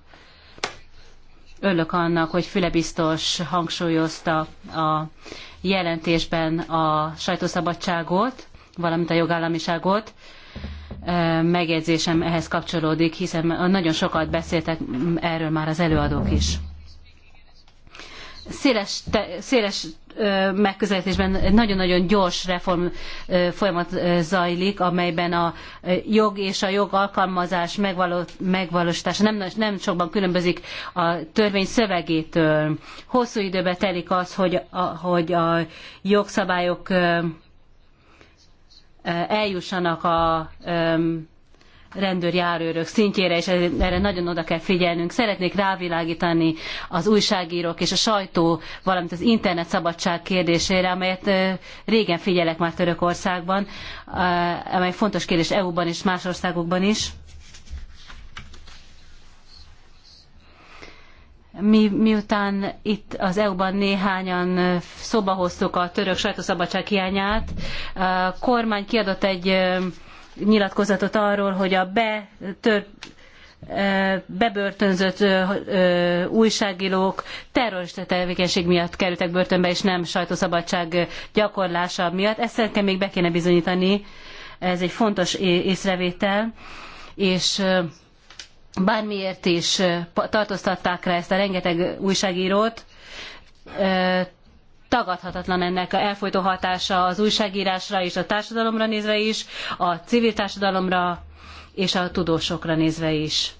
Örülök annak, hogy Füle biztos hangsúlyozta a jelentésben a sajtószabadságot, valamint a jogállamiságot, megjegyzésem ehhez kapcsolódik, hiszen nagyon sokat beszéltek erről már az előadók is. Széles, te, széles megközelítésben nagyon-nagyon gyors reform folyamat zajlik, amelyben a jog és a jog alkalmazás megvaló, megvalósítása nem, nem sokban különbözik a törvény szövegétől. Hosszú időbe telik az, hogy a, hogy a jogszabályok eljussanak a rendőrjárőrök szintjére, és erre nagyon oda kell figyelnünk. Szeretnék rávilágítani az újságírók és a sajtó, valamint az internet szabadság kérdésére, amelyet régen figyelek már Törökországban, amely fontos kérdés EU-ban és más országokban is. mi, miután itt az EU-ban néhányan szóba hoztuk a török sajtószabadság hiányát, a kormány kiadott egy nyilatkozatot arról, hogy a betör, bebörtönzött újságírók terrorista tevékenység miatt kerültek börtönbe, és nem sajtószabadság gyakorlása miatt. Ezt szerintem még be kéne bizonyítani. Ez egy fontos észrevétel. És bármiért is tartóztatták rá ezt a rengeteg újságírót, tagadhatatlan ennek a elfolytó hatása az újságírásra és a társadalomra nézve is, a civil társadalomra és a tudósokra nézve is.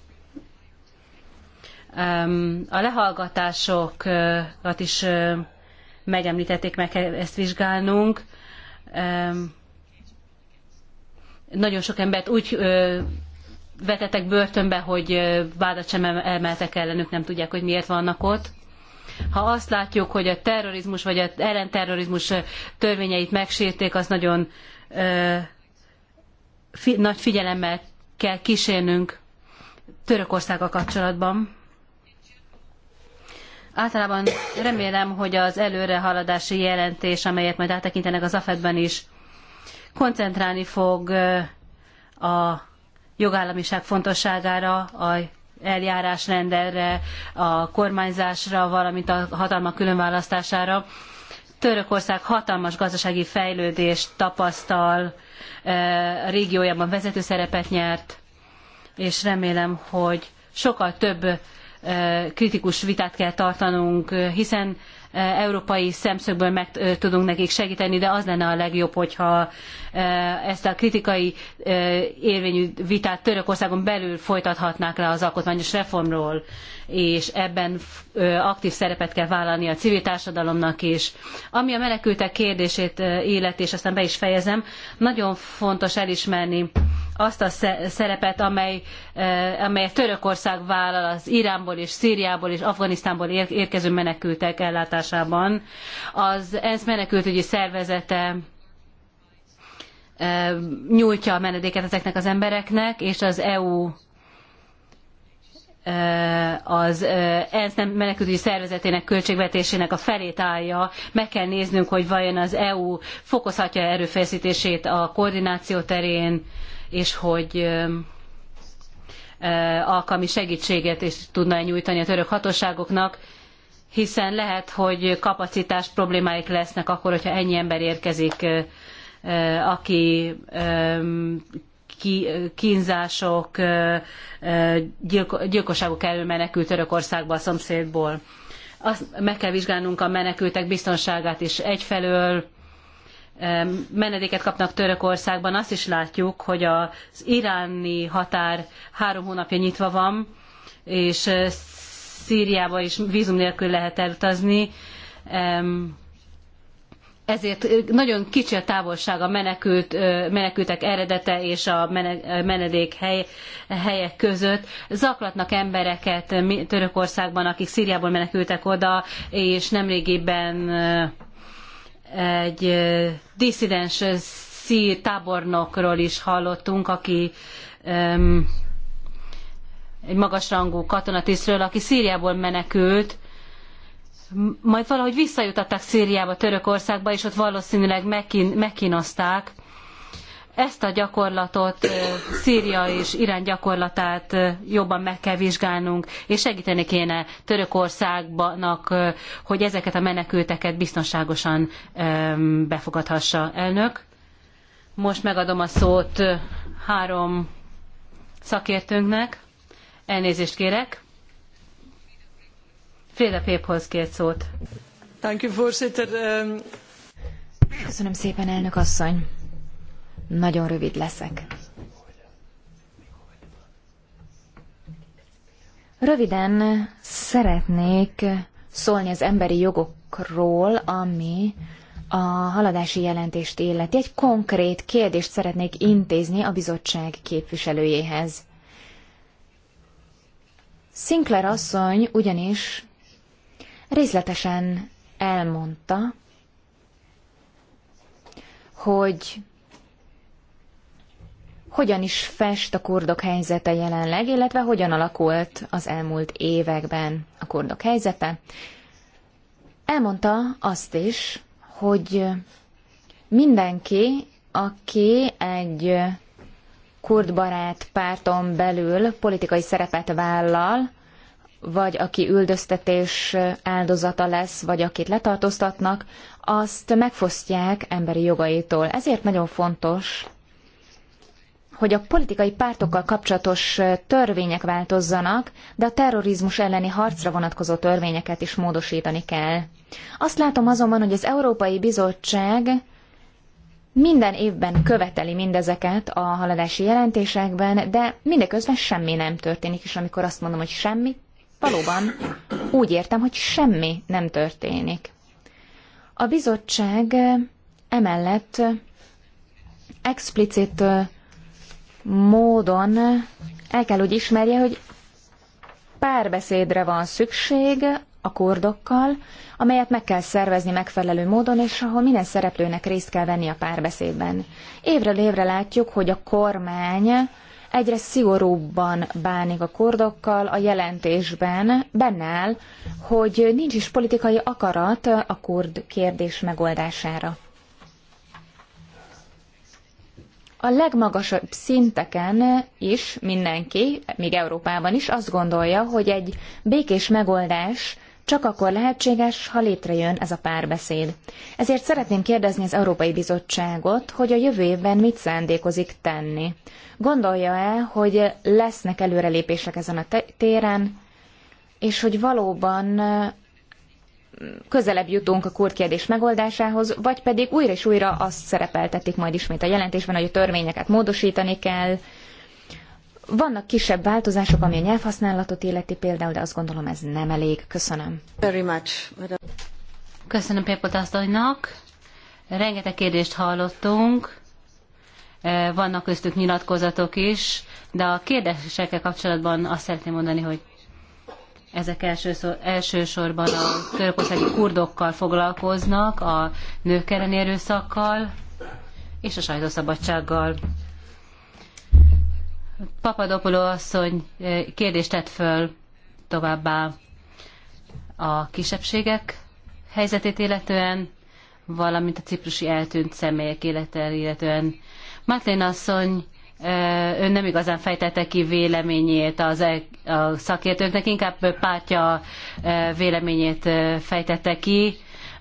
A lehallgatásokat is megemlítették, meg kell ezt vizsgálnunk. Nagyon sok embert úgy vetetek börtönbe, hogy vádat sem emeltek ellenük, nem tudják, hogy miért vannak ott. Ha azt látjuk, hogy a terrorizmus vagy az ellenterrorizmus törvényeit megsérték, az nagyon ö, fi, nagy figyelemmel kell kísérnünk a kapcsolatban. Általában remélem, hogy az előrehaladási jelentés, amelyet majd áttekintenek az AFED-ben is, koncentrálni fog a jogállamiság fontosságára, a eljárásrendelre, a kormányzásra, valamint a hatalmak különválasztására. Törökország hatalmas gazdasági fejlődést tapasztal, a e, régiójában vezető szerepet nyert, és remélem, hogy sokkal több e, kritikus vitát kell tartanunk, hiszen Eh, európai szemszögből meg eh, tudunk nekik segíteni, de az lenne a legjobb, hogyha eh, ezt a kritikai érvényű vitát Törökországon belül folytathatnák le az alkotmányos reformról, és ebben aktív szerepet kell vállalni a civil társadalomnak is. Ami a menekültek kérdését illeti, és aztán be is fejezem, nagyon fontos elismerni, azt a szerepet, amely, e, amelyet Törökország vállal az Iránból és Szíriából és Afganisztánból érkező menekültek ellátásában. Az ENSZ menekültügyi szervezete e, nyújtja a menedéket ezeknek az embereknek, és az EU e, az ENSZ menekültügyi szervezetének költségvetésének a felét állja. Meg kell néznünk, hogy vajon az EU fokozhatja erőfeszítését a koordináció terén, és hogy alkalmi segítséget is tudna nyújtani a török hatóságoknak, hiszen lehet, hogy kapacitás problémáik lesznek akkor, hogyha ennyi ember érkezik, aki kínzások, gyilkosságok elől menekült Törökországba a szomszédból. Azt meg kell vizsgálnunk a menekültek biztonságát is egyfelől, menedéket kapnak Törökországban, azt is látjuk, hogy az iráni határ három hónapja nyitva van, és eh, Szíriába is vízum nélkül lehet elutazni. Ezért eh, nagyon kicsi a távolság a menekült, eh, menekültek eredete és a menedék hely, helyek között. Zaklatnak embereket Törökországban, akik Szíriából menekültek oda, és nemrégiben egy diszidens szír tábornokról is hallottunk, aki um, egy magasrangú katonatisztről, aki Szíriából menekült, majd valahogy visszajutatták Szíriába, Törökországba, és ott valószínűleg megkín, megkínozták. Ezt a gyakorlatot, Szíria és Irán gyakorlatát jobban meg kell vizsgálnunk, és segíteni kéne Törökországnak, hogy ezeket a menekülteket biztonságosan befogadhassa elnök. Most megadom a szót három szakértőnknek. Elnézést kérek. Féle Péphoz kért szót. Ehm, Köszönöm szépen, elnök asszony. Nagyon rövid leszek. Röviden szeretnék szólni az emberi jogokról, ami a haladási jelentést illeti. Egy konkrét kérdést szeretnék intézni a bizottság képviselőjéhez. Sinclair asszony ugyanis részletesen elmondta, hogy hogyan is fest a kurdok helyzete jelenleg, illetve hogyan alakult az elmúlt években a kurdok helyzete. Elmondta azt is, hogy mindenki, aki egy kurdbarát párton belül politikai szerepet vállal, vagy aki üldöztetés áldozata lesz, vagy akit letartóztatnak, azt megfosztják emberi jogaitól. Ezért nagyon fontos hogy a politikai pártokkal kapcsolatos törvények változzanak, de a terrorizmus elleni harcra vonatkozó törvényeket is módosítani kell. Azt látom azonban, hogy az Európai Bizottság minden évben követeli mindezeket a haladási jelentésekben, de mindeközben semmi nem történik, és amikor azt mondom, hogy semmi, valóban úgy értem, hogy semmi nem történik. A bizottság emellett explicit módon el kell, hogy ismerje, hogy párbeszédre van szükség a kordokkal, amelyet meg kell szervezni megfelelő módon, és ahol minden szereplőnek részt kell venni a párbeszédben. Évről évre látjuk, hogy a kormány egyre szigorúbban bánik a kordokkal, a jelentésben benne áll, hogy nincs is politikai akarat a kurd kérdés megoldására. a legmagasabb szinteken is mindenki, még Európában is azt gondolja, hogy egy békés megoldás csak akkor lehetséges, ha létrejön ez a párbeszéd. Ezért szeretném kérdezni az Európai Bizottságot, hogy a jövő évben mit szándékozik tenni. Gondolja-e, hogy lesznek előrelépések ezen a téren, és hogy valóban közelebb jutunk a kurd kérdés megoldásához, vagy pedig újra és újra azt szerepeltetik majd ismét a jelentésben, hogy a törvényeket módosítani kell. Vannak kisebb változások, ami a nyelvhasználatot illeti például, de azt gondolom ez nem elég. Köszönöm. Very much. Köszönöm Pépot Rengeteg kérdést hallottunk. E, vannak köztük nyilatkozatok is, de a kérdésekkel kapcsolatban azt szeretném mondani, hogy ezek elsőszor, elsősorban a törökországi kurdokkal foglalkoznak, a nők elleni erőszakkal és a sajtószabadsággal. Papadopoló asszony eh, kérdést tett föl továbbá a kisebbségek helyzetét illetően, valamint a ciprusi eltűnt személyek életet illetően. Matlén asszony ön nem igazán fejtette ki véleményét az, e- a szakértőknek, inkább pártja véleményét fejtette ki,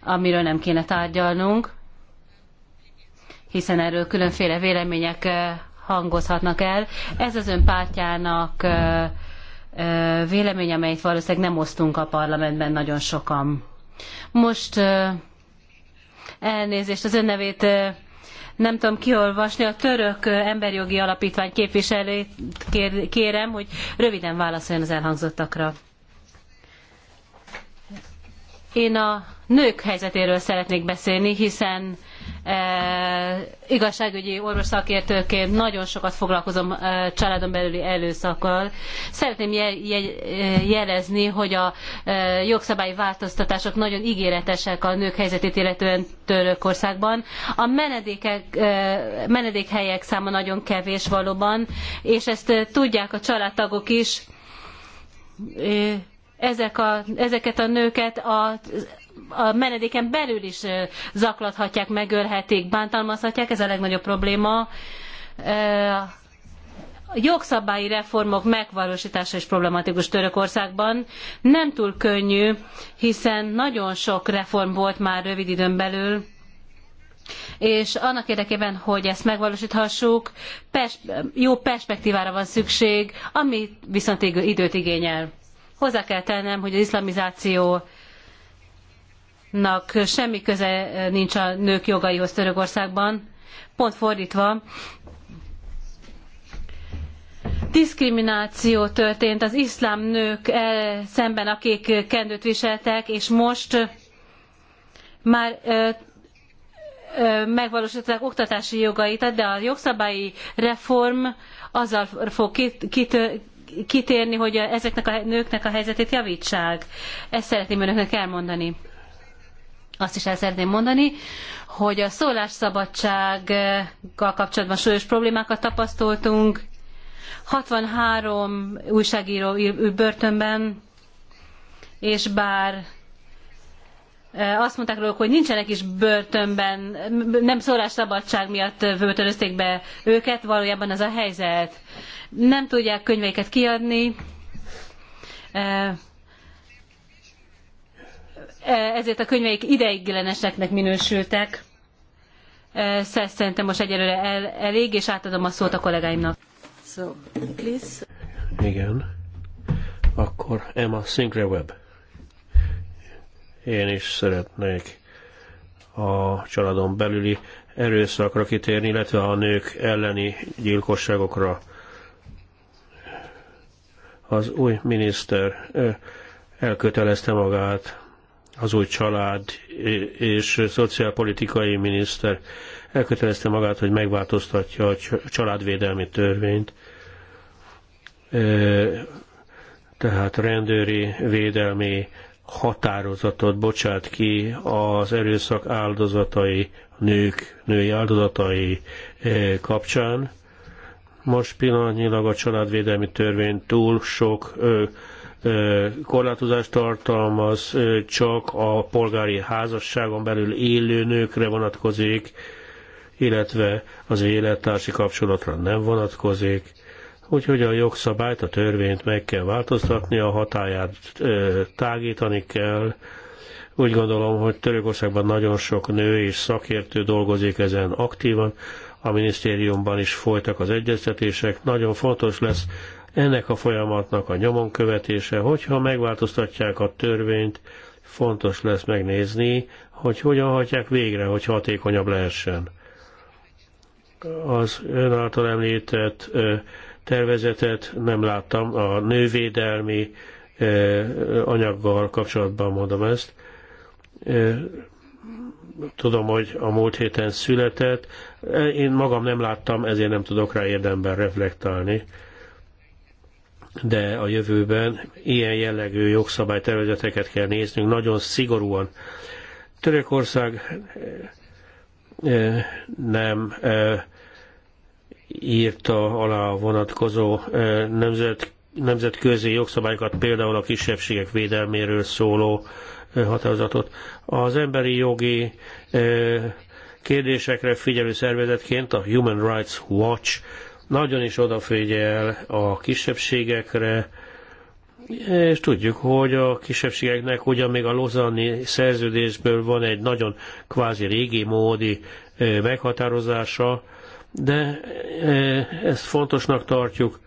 amiről nem kéne tárgyalnunk, hiszen erről különféle vélemények hangozhatnak el. Ez az ön pártjának vélemény, amelyet valószínűleg nem osztunk a parlamentben nagyon sokan. Most elnézést az ön nevét nem tudom kiolvasni, a török emberi jogi alapítvány képviselőjét kérem, hogy röviden válaszoljon az elhangzottakra. Én a nők helyzetéről szeretnék beszélni, hiszen E, igazságügyi orvos szakértőként nagyon sokat foglalkozom e, családon belüli előszakkal. Szeretném e, jelezni, hogy a jogszabályi változtatások nagyon ígéretesek a nők helyzetét illetően Törökországban. A menedékek, menedékhelyek száma nagyon kevés valóban, és ezt tudják a családtagok is ezek a, ezeket a nőket a a menedéken belül is zaklathatják, megölhetik, bántalmazhatják, ez a legnagyobb probléma. A jogszabályi reformok megvalósítása is problematikus Törökországban. Nem túl könnyű, hiszen nagyon sok reform volt már rövid időn belül, és annak érdekében, hogy ezt megvalósíthassuk, pers jó perspektívára van szükség, ami viszont időt igényel. Hozzá kell tennem, hogy az iszlamizáció nak semmi köze nincs a nők jogaihoz Törökországban, pont fordítva, diszkrimináció történt az iszlám nők eh, szemben, akik kendőt viseltek, és most már eh, eh, megvalósították oktatási jogaikat, de a jogszabályi reform azzal fog kitérni, hogy ezeknek a nőknek a helyzetét javítsák. Ezt szeretném önöknek elmondani azt is el szeretném mondani, hogy a szólásszabadsággal kapcsolatban súlyos problémákat tapasztaltunk. 63 újságíró ül börtönben, és bár e, azt mondták róluk, hogy nincsenek is börtönben, nem szólásszabadság miatt börtönözték be őket, valójában az a helyzet. Nem tudják könyveiket kiadni, e, E, ezért a könyveik ideigleneseknek minősültek. Ezt szerintem most egyelőre el, elég, és átadom a szót a kollégáimnak. So, please. Igen. Akkor Emma Sinclair Web. Én is szeretnék a családon belüli erőszakra kitérni, illetve a nők elleni gyilkosságokra. Az új miniszter elkötelezte magát az új család és szociálpolitikai miniszter elkötelezte magát, hogy megváltoztatja a családvédelmi törvényt. Tehát rendőri védelmi határozatot bocsát ki az erőszak áldozatai, nők, női áldozatai kapcsán. Most pillanatnyilag a családvédelmi törvény túl sok korlátozást tartalmaz, csak a polgári házasságon belül élő nőkre vonatkozik, illetve az élettársi kapcsolatra nem vonatkozik. Úgyhogy a jogszabályt, a törvényt meg kell változtatni, a hatáját tágítani kell. Úgy gondolom, hogy Törökországban nagyon sok nő és szakértő dolgozik ezen aktívan, a minisztériumban is folytak az egyeztetések. Nagyon fontos lesz, ennek a folyamatnak a nyomon követése, hogyha megváltoztatják a törvényt, fontos lesz megnézni, hogy hogyan hagyják végre, hogy hatékonyabb lehessen. Az ön által említett tervezetet nem láttam, a nővédelmi anyaggal kapcsolatban mondom ezt. Tudom, hogy a múlt héten született. Én magam nem láttam, ezért nem tudok rá érdemben reflektálni de a jövőben ilyen jellegű jogszabálytervezeteket kell néznünk nagyon szigorúan. Törökország eh, eh, nem eh, írta alá a vonatkozó nemzet, nemzetközi jogszabályokat, például a kisebbségek védelméről szóló határozatot. Az emberi jogi kérdésekre figyelő szervezetként a Human Rights Watch nagyon is odafigyel a kisebbségekre, és tudjuk, hogy a kisebbségeknek ugyan még a lozani szerződésből van egy nagyon kvázi régi módi meghatározása, de ezt fontosnak tartjuk.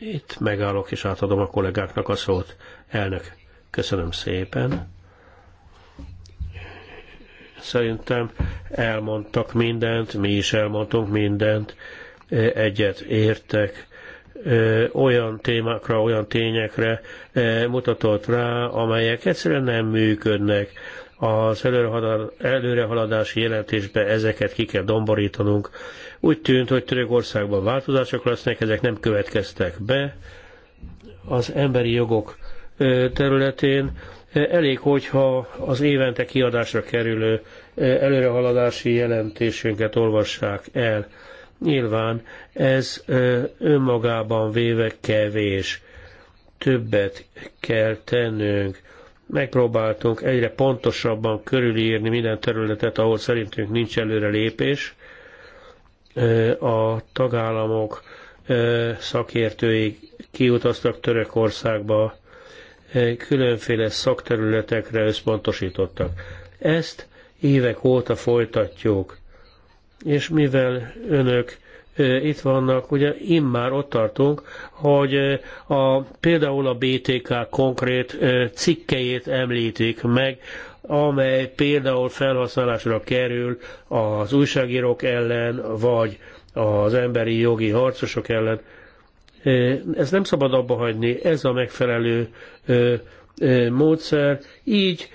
Itt megállok és átadom a kollégáknak a szót. Elnök, köszönöm szépen. Szerintem elmondtak mindent, mi is elmondtunk mindent, egyet értek olyan témákra, olyan tényekre mutatott rá, amelyek egyszerűen nem működnek. Az előrehaladási jelentésbe ezeket ki kell domborítanunk. Úgy tűnt, hogy Törökországban változások lesznek, ezek nem következtek be. Az emberi jogok területén Elég, hogyha az évente kiadásra kerülő előrehaladási jelentésünket olvassák el. Nyilván ez önmagában véve kevés. Többet kell tennünk. Megpróbáltunk egyre pontosabban körülírni minden területet, ahol szerintünk nincs előrelépés. A tagállamok szakértői kiutaztak Törökországba, különféle szakterületekre összpontosítottak. Ezt évek óta folytatjuk. És mivel önök itt vannak, ugye immár ott tartunk, hogy a, például a BTK konkrét cikkejét említik meg, amely például felhasználásra kerül az újságírók ellen, vagy az emberi jogi harcosok ellen. Ez nem szabad abba hagyni, ez a megfelelő módszer, így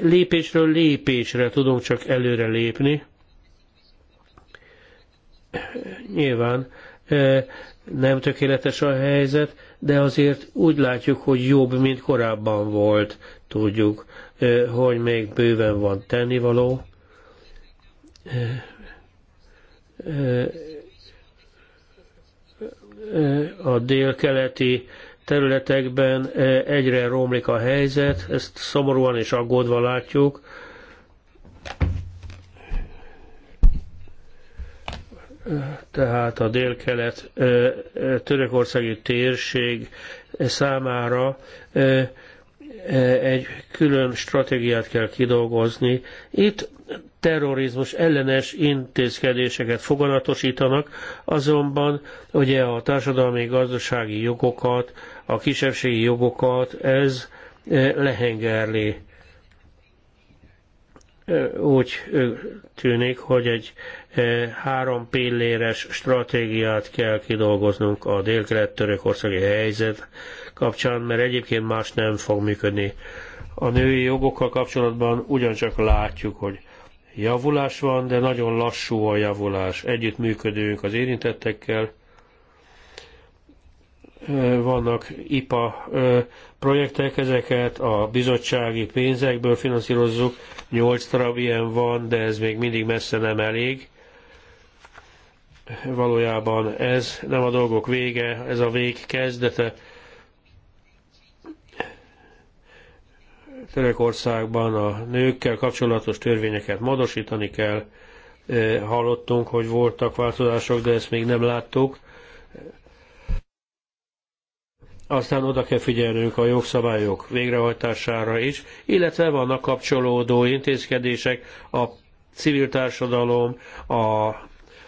lépésről lépésre tudunk csak előre lépni. Nyilván nem tökéletes a helyzet, de azért úgy látjuk, hogy jobb, mint korábban volt. Tudjuk, hogy még bőven van tennivaló. A délkeleti keleti területekben eh, egyre romlik a helyzet, ezt szomorúan és aggódva látjuk. Tehát a délkelet eh, eh, törökországi térség számára egy külön stratégiát kell kidolgozni. Itt terrorizmus ellenes intézkedéseket foganatosítanak, azonban ugye a társadalmi gazdasági jogokat, a kisebbségi jogokat ez e, lehengerli. E, úgy e, tűnik, hogy egy három pilléres stratégiát kell kidolgoznunk a délkelet törökországi helyzet kapcsán, mert egyébként más nem fog működni. A női jogokkal kapcsolatban ugyancsak látjuk, hogy javulás van, de nagyon lassú a javulás. Együtt működünk az érintettekkel, vannak IPA projektek, ezeket a bizottsági pénzekből finanszírozzuk, 8 darab ilyen van, de ez még mindig messze nem elég. Valójában ez nem a dolgok vége, ez a vég kezdete. Törökországban a nőkkel kapcsolatos törvényeket módosítani kell. Hallottunk, hogy voltak változások, de ezt még nem láttuk. Aztán oda kell figyelnünk a jogszabályok végrehajtására is, illetve vannak kapcsolódó intézkedések a civil társadalom, a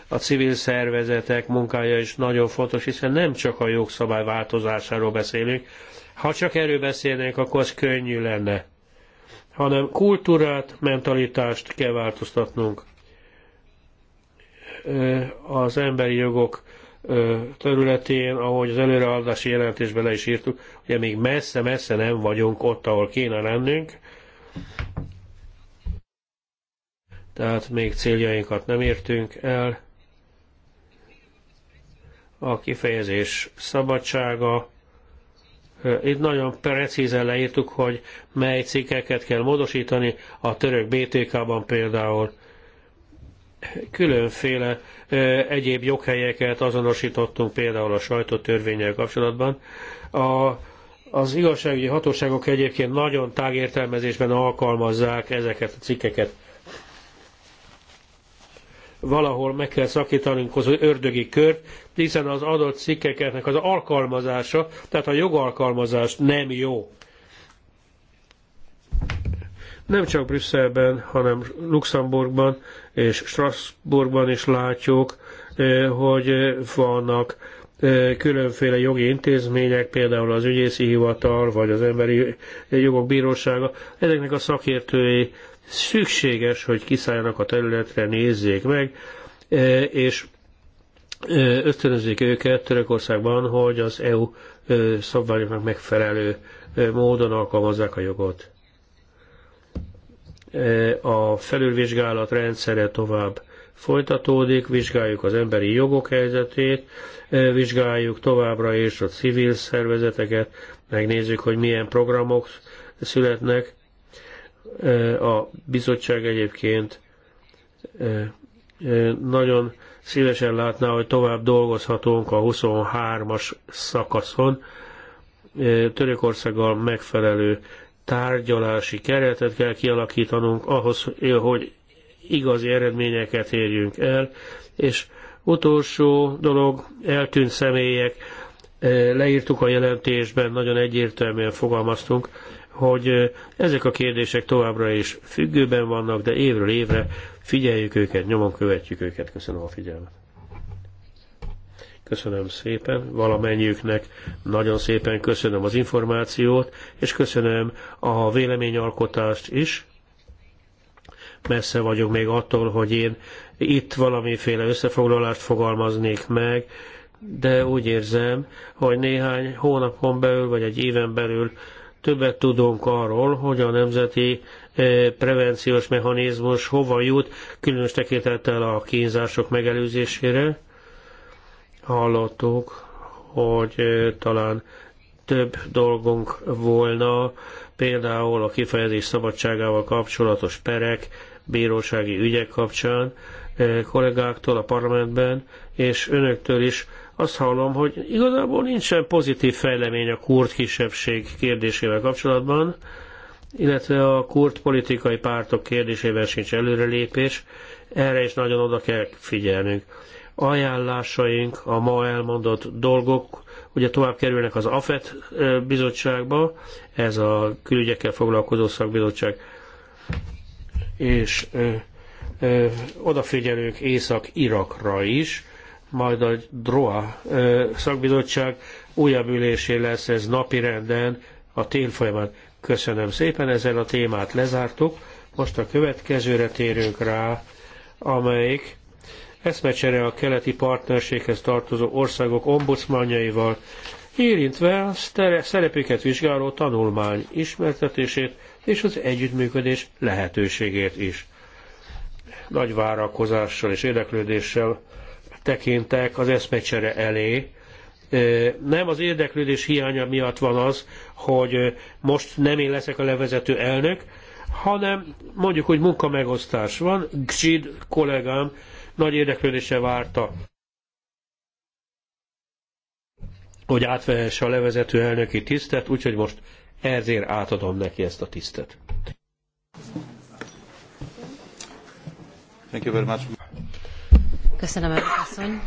a civil szervezetek munkája is nagyon fontos, hiszen nem csak a jogszabály változásáról beszélünk. Ha csak erről beszélnénk, akkor az könnyű lenne hanem kultúrát, mentalitást kell változtatnunk. Az emberi jogok területén, ahogy az előreadási jelentésben le is írtuk, ugye még messze-messze nem vagyunk ott, ahol kéne lennünk, tehát még céljainkat nem értünk el. A kifejezés szabadsága, itt nagyon precízen leírtuk, hogy mely cikkeket kell módosítani a török BTK-ban például. Különféle egyéb joghelyeket azonosítottunk például a sajtótörvényel kapcsolatban. A, az igazságügyi hatóságok egyébként nagyon tágértelmezésben alkalmazzák ezeket a cikkeket valahol meg kell szakítanunk az ördögi kört, hiszen az adott cikkeknek az alkalmazása, tehát a jogalkalmazás nem jó. Nem csak Brüsszelben, hanem Luxemburgban és Strasbourgban is látjuk, eh, hogy vannak eh, különféle jogi intézmények, például az ügyészi hivatal, vagy az emberi jogok bírósága, ezeknek a szakértői szükséges, hogy kiszálljanak a területre, nézzék meg, e, és e, ösztönözzék őket Törökországban, hogy az EU e, szabványoknak megfelelő módon alkalmazzák a jogot. A felülvizsgálat rendszere tovább folytatódik, vizsgáljuk az emberi jogok helyzetét, vizsgáljuk továbbra is a civil szervezeteket, megnézzük, hogy milyen programok születnek, a bizottság egyébként nagyon szívesen látná, hogy tovább dolgozhatunk a 23-as szakaszon. Törökországgal megfelelő tárgyalási keretet kell kialakítanunk ahhoz, hogy igazi eredményeket érjünk el, és utolsó dolog, eltűnt személyek, leírtuk a jelentésben, nagyon egyértelműen fogalmaztunk, hogy ezek a kérdések továbbra is függőben vannak, de évről évre figyeljük őket, nyomon követjük őket. Köszönöm a figyelmet. Köszönöm szépen valamennyiüknek, nagyon szépen köszönöm az információt, és köszönöm a véleményalkotást is. Messze vagyok még attól, hogy én itt valamiféle összefoglalást fogalmaznék meg, de úgy érzem, hogy néhány hónapon belül, vagy egy éven belül többet tudunk arról, hogy a nemzeti e, prevenciós mechanizmus hova jut, különös tekintettel a kínzások megelőzésére. Hallottuk, hogy e, talán több dolgunk volna, például a kifejezés szabadságával kapcsolatos perek, bírósági ügyek kapcsán e, kollégáktól a parlamentben, és önöktől is azt hallom, hogy igazából nincsen pozitív fejlemény a kurd kisebbség kérdésével kapcsolatban, illetve a kurd politikai pártok kérdésével sincs előrelépés, erre is nagyon oda kell figyelnünk. Ajánlásaink, a ma elmondott dolgok ugye tovább kerülnek az AFET bizottságba, ez a külügyekkel foglalkozó szakbizottság, és ö, ö, odafigyelünk Észak-Irakra is, majd a DROA szakbizottság újabb ülésé lesz ez napirenden a tél folyamán. Köszönöm szépen, ezzel a témát lezártuk. Most a következőre térünk rá, amelyik eszmecsere a keleti partnerséghez tartozó országok ombudsmanjaival, érintve a szerepüket vizsgáló tanulmány ismertetését és az együttműködés lehetőségét is. Nagy várakozással és érdeklődéssel tekintek az eszmecsere elé. Nem az érdeklődés hiánya miatt van az, hogy most nem én leszek a levezető elnök, hanem mondjuk, hogy munkamegosztás van. Gzsid kollégám nagy érdeklődése várta, hogy átvehesse a levezető elnöki tisztet, úgyhogy most ezért átadom neki ezt a tisztet. Thank you very much. Köszönöm, elnök asszony.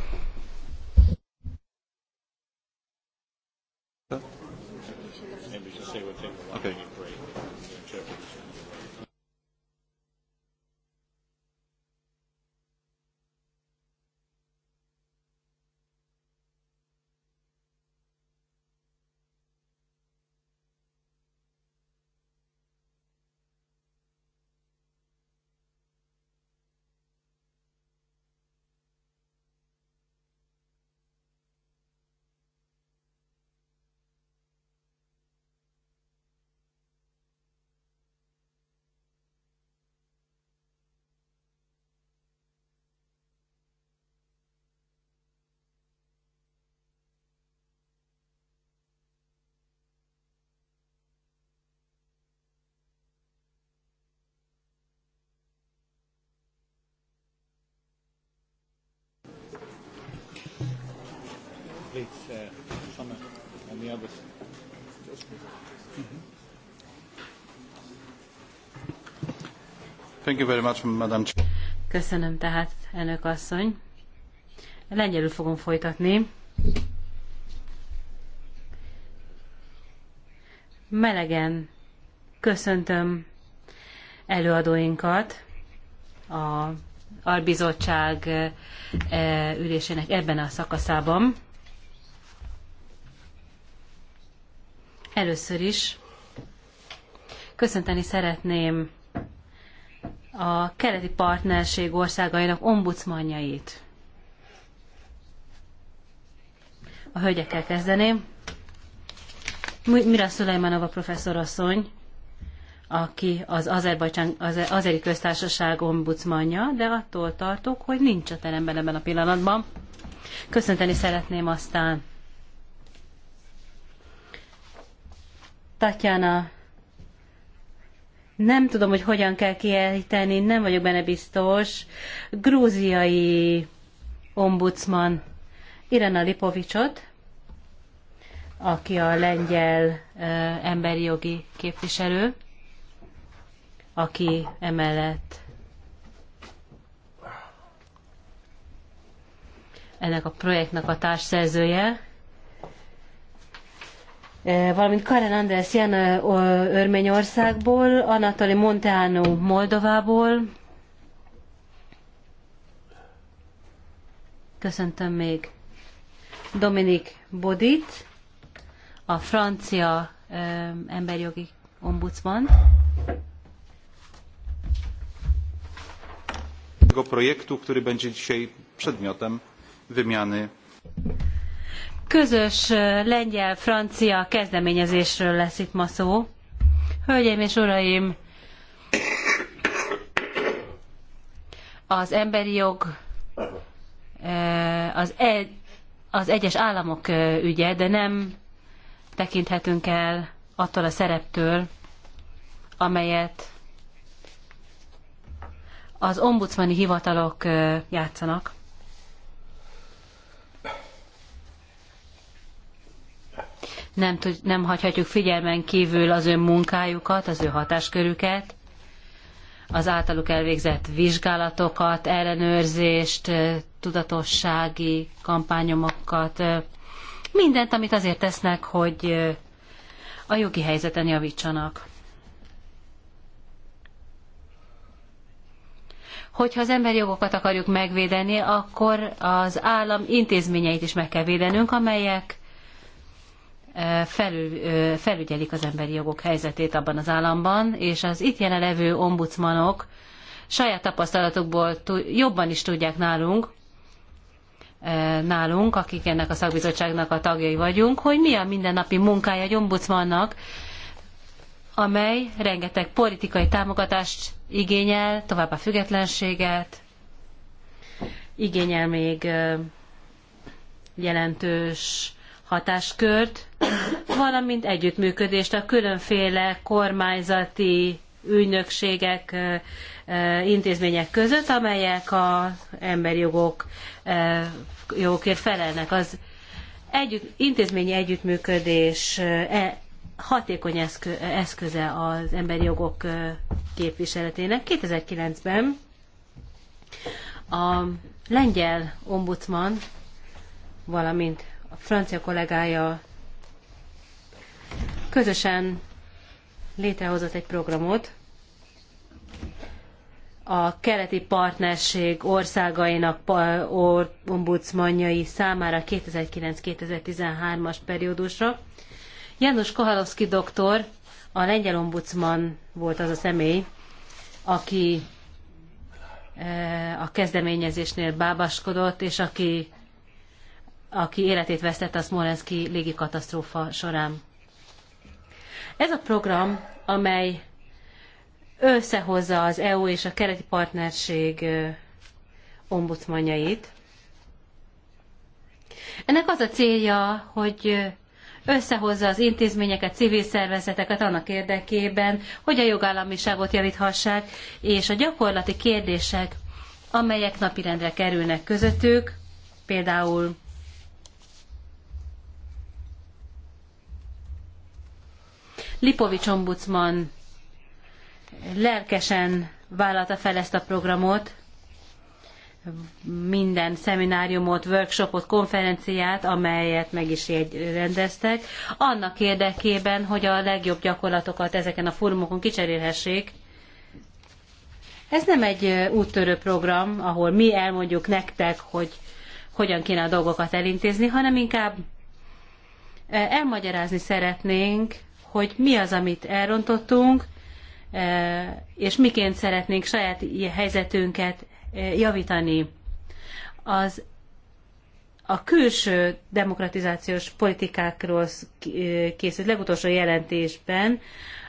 uh, the mm-hmm. Thank you very much, Madam Köszönöm tehát, elnök asszony. Lengyelül fogom folytatni. Melegen köszöntöm előadóinkat a Arbizottság eh, ülésének ebben a szakaszában. Először is köszönteni szeretném a keleti partnerség országainak ombudsmanjait. A hölgyekkel kezdeném. Mira Szulajmanova professzorasszony, aki az az Azeri Köztársaság ombudsmanja, de attól tartok, hogy nincs a teremben ebben a pillanatban. Köszönteni szeretném aztán Tatjana, nem tudom, hogy hogyan kell kiejteni, nem vagyok benne biztos, grúziai ombudsman Irena Lipovicsot, aki a lengyel emberi jogi képviselő, aki emellett ennek a projektnek a társszerzője, Eh, valamint Karen Andersjan Örményországból, Anatoli Monteano Moldovából. Köszöntöm még Dominik Bodit, a francia emberjogi ombudsman. Tego projektu, który będzie dzisiaj przedmiotem wymiany közös lengyel-francia kezdeményezésről lesz itt ma szó. Hölgyeim és uraim, az emberi jog az, e, az egyes államok ügye, de nem tekinthetünk el attól a szereptől, amelyet az ombudsmani hivatalok játszanak. nem, tud, nem hagyhatjuk figyelmen kívül az ő munkájukat, az ő hatáskörüket, az általuk elvégzett vizsgálatokat, ellenőrzést, tudatossági kampányomokat, mindent, amit azért tesznek, hogy a jogi helyzeten javítsanak. hogyha az emberi jogokat akarjuk megvédeni, akkor az állam intézményeit is meg kell védenünk, amelyek felül, felügyelik az emberi jogok helyzetét abban az államban, és az itt jelenlevő ombudsmanok saját tapasztalatokból jobban is tudják nálunk, nálunk, akik ennek a szakbizottságnak a tagjai vagyunk, hogy mi a mindennapi munkája egy ombudsmannak, amely rengeteg politikai támogatást igényel, továbbá függetlenséget, igényel még jelentős hatáskört, valamint együttműködést a különféle kormányzati ügynökségek, intézmények között, amelyek az emberi jogok, jogokért felelnek. Az együtt, intézményi együttműködés e, hatékony eszköze az emberi jogok képviseletének. 2009-ben a lengyel ombudsman, valamint a francia kollégája közösen létrehozott egy programot a keleti partnerség országainak ombudsmanjai számára 2009-2013-as periódusra. János Kohalowski doktor, a lengyel ombudsman volt az a személy, aki eh, a kezdeményezésnél bábáskodott, és aki aki életét vesztette a Smolenski légikatasztrófa során. Ez a program, amely összehozza az EU és a keleti partnerség ombudsmanjait. Ennek az a célja, hogy összehozza az intézményeket, civil szervezeteket annak érdekében, hogy a jogállamiságot javíthassák, és a gyakorlati kérdések, amelyek napirendre kerülnek közöttük, például Lipovics ombudsman lelkesen vállalta fel ezt a programot, minden szemináriumot, workshopot, konferenciát, amelyet meg is rendeztek, annak érdekében, hogy a legjobb gyakorlatokat ezeken a fórumokon kicserélhessék. Ez nem egy úttörő program, ahol mi elmondjuk nektek, hogy hogyan kéne a dolgokat elintézni, hanem inkább elmagyarázni szeretnénk, hogy mi az, amit elrontottunk, e, és miként szeretnénk saját helyzetünket e, javítani. Az a külső demokratizációs politikákról e, készült legutolsó jelentésben,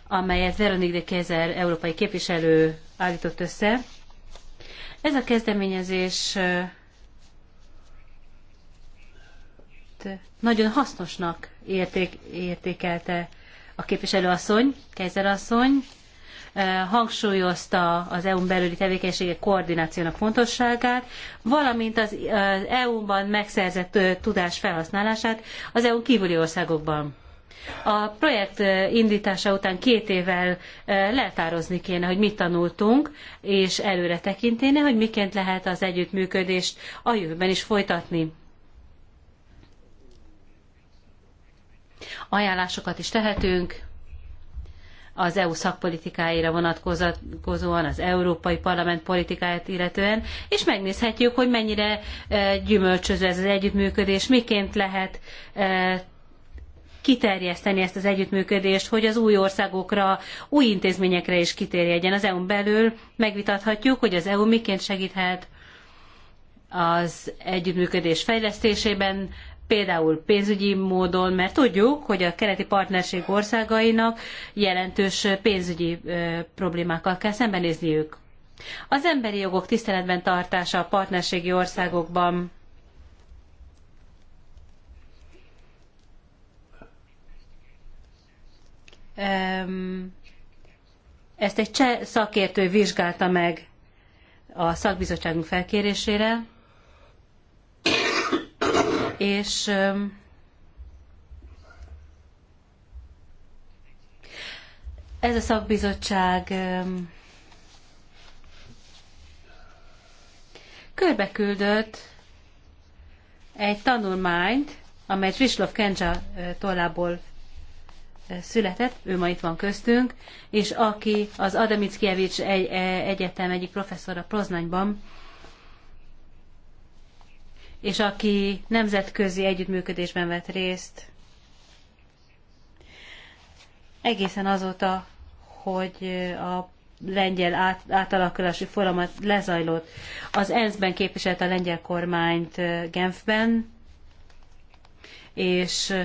amelyet Veronique de Kezer európai képviselő állított össze. Ez a kezdeményezés nagyon hasznosnak érték, értékelte a képviselőasszony, Kejzerasszony hangsúlyozta az EU-n belüli tevékenységek koordinációnak fontosságát, valamint az EU-ban megszerzett tudás felhasználását az EU kívüli országokban. A projekt indítása után két évvel letározni kéne, hogy mit tanultunk, és előre tekinténe, hogy miként lehet az együttműködést a jövőben is folytatni. Ajánlásokat is tehetünk az EU szakpolitikáira vonatkozóan, az Európai Parlament politikáját illetően, és megnézhetjük, hogy mennyire e, gyümölcsöző ez az együttműködés, miként lehet e, kiterjeszteni ezt az együttműködést, hogy az új országokra, új intézményekre is kiterjedjen. Az EU-n belül megvitathatjuk, hogy az EU miként segíthet az együttműködés fejlesztésében, például pénzügyi módon, mert tudjuk, hogy a keleti partnerség országainak jelentős pénzügyi problémákkal kell szembenézniük. Az emberi jogok tiszteletben tartása a partnerségi országokban ezt egy cseh szakértő vizsgálta meg a szakbizottságunk felkérésére és ez a szakbizottság körbeküldött egy tanulmányt, amely Vislov Kenja tollából született, ő ma itt van köztünk, és aki az Adamickiewicz Egyetem egyik professzora Proznanyban, és aki nemzetközi együttműködésben vett részt, egészen azóta, hogy a lengyel át, átalakulási folyamat lezajlott. Az ENSZ-ben képviselte a lengyel kormányt Genfben, és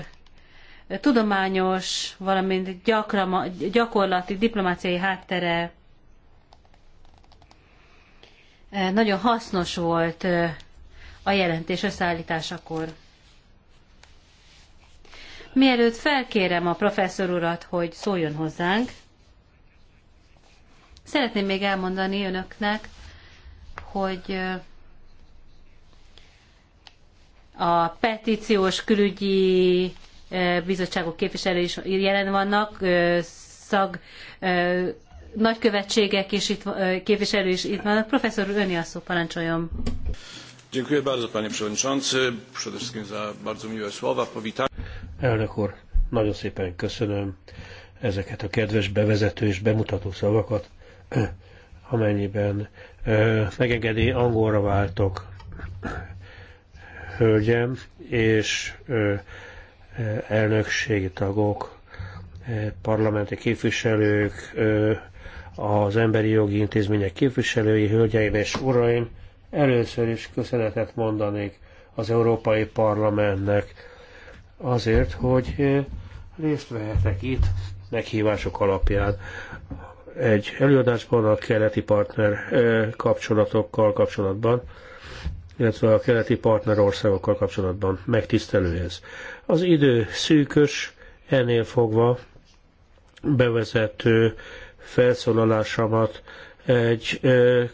tudományos, valamint gyakrama, gyakorlati diplomáciai háttere nagyon hasznos volt a jelentés összeállításakor. Mielőtt felkérem a professzor urat, hogy szóljon hozzánk, szeretném még elmondani önöknek, hogy a petíciós külügyi bizottságok képviselői is jelen vannak, szag nagykövetségek is itt, képviselői is itt vannak. Professzor, úr, a szó, parancsoljon. Dziękuję bardzo, panie przewodniczący. Przede wszystkim za bardzo miłe słowa. Powitanie. Elnök úr, nagyon szépen köszönöm ezeket a kedves bevezető és bemutató szavakat, amennyiben megengedi, angolra váltok hölgyem és elnökségi tagok, parlamenti képviselők, az emberi jogi intézmények képviselői, hölgyeim és uraim, Először is köszönetet mondanék az Európai Parlamentnek azért, hogy eh, részt vehetek itt meghívások alapján egy előadásban a keleti partner eh, kapcsolatokkal kapcsolatban, illetve a keleti partner országokkal kapcsolatban megtisztelő ez. Az idő szűkös, ennél fogva bevezető felszólalásomat egy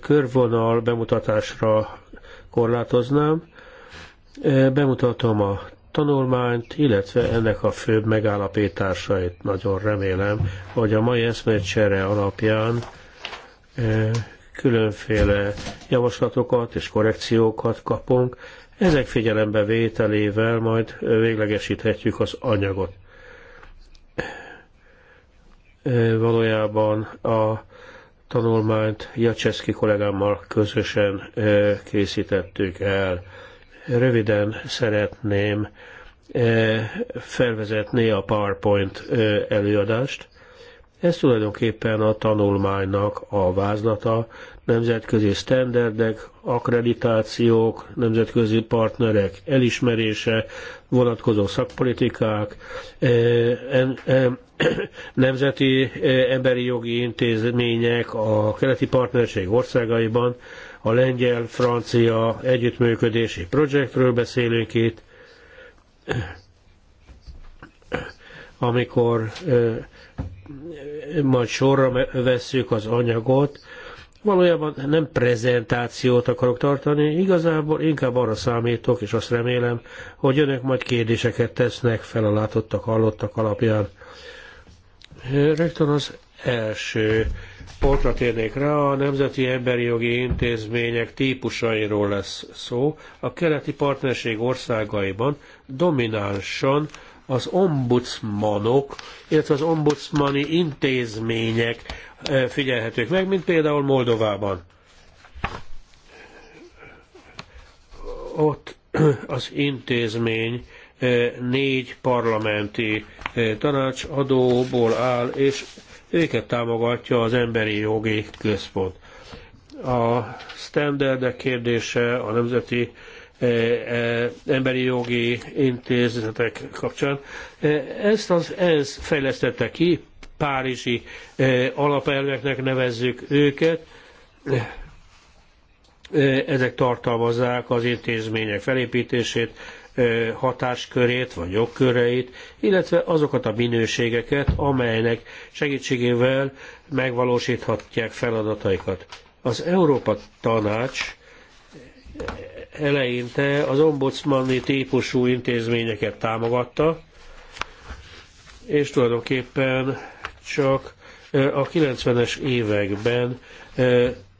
körvonal bemutatásra korlátoznám. Bemutatom a tanulmányt, illetve ennek a főbb megállapításait nagyon remélem, hogy a mai eszmecsere alapján különféle javaslatokat és korrekciókat kapunk. Ezek figyelembe vételével majd véglegesíthetjük az anyagot. Valójában a tanulmányt Jacseszki kollégámmal közösen készítettük el. Röviden szeretném felvezetni a PowerPoint előadást. Ez tulajdonképpen a tanulmánynak a vázlata, nemzetközi sztenderdek, akkreditációk, nemzetközi partnerek elismerése, vonatkozó szakpolitikák, nemzeti eh, emberi jogi intézmények a keleti partnerség országaiban, a lengyel-francia együttműködési projektről beszélünk itt, amikor eh, majd sorra vesszük az anyagot, valójában nem prezentációt akarok tartani, igazából inkább arra számítok, és azt remélem, hogy önök majd kérdéseket tesznek fel a látottak, hallottak alapján. Rögtön az első pontra térnék rá, a Nemzeti Emberi Jogi Intézmények típusairól lesz szó. A keleti partnerség országaiban dominánsan az ombudsmanok, illetve az ombudsmani intézmények eh, figyelhetők meg, mint például Moldovában. Ott az intézmény négy parlamenti tanácsadóból áll, és őket támogatja az Emberi Jogi Központ. A standardek kérdése a nemzeti emberi jogi intézetek kapcsán. Ezt az ENSZ fejlesztette ki, párizsi alapelveknek nevezzük őket. Ezek tartalmazzák az intézmények felépítését, hatáskörét vagy jogköreit, illetve azokat a minőségeket, amelynek segítségével megvalósíthatják feladataikat. Az Európa Tanács eleinte az ombudsmani típusú intézményeket támogatta, és tulajdonképpen csak a 90-es években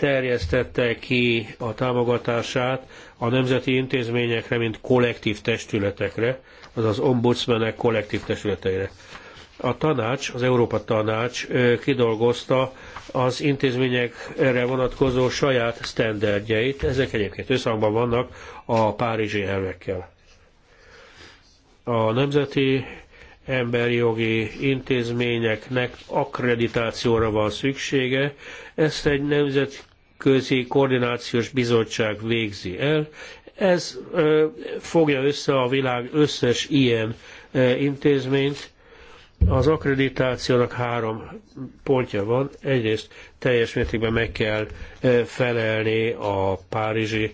terjesztette ki a támogatását a nemzeti intézményekre, mint kollektív testületekre, azaz ombudsmenek kollektív testületeire. A tanács, az Európa Tanács kidolgozta az intézményekre vonatkozó saját sztenderdjeit, ezek egyébként összhangban vannak a párizsi elvekkel. A nemzeti emberi jogi intézményeknek akkreditációra van szüksége. Ezt egy nemzeti Nemzetközi Koordinációs Bizottság végzi el. Ez fogja össze a világ összes ilyen intézményt. Az akkreditációnak három pontja van. Egyrészt teljes mértékben meg kell felelni a párizsi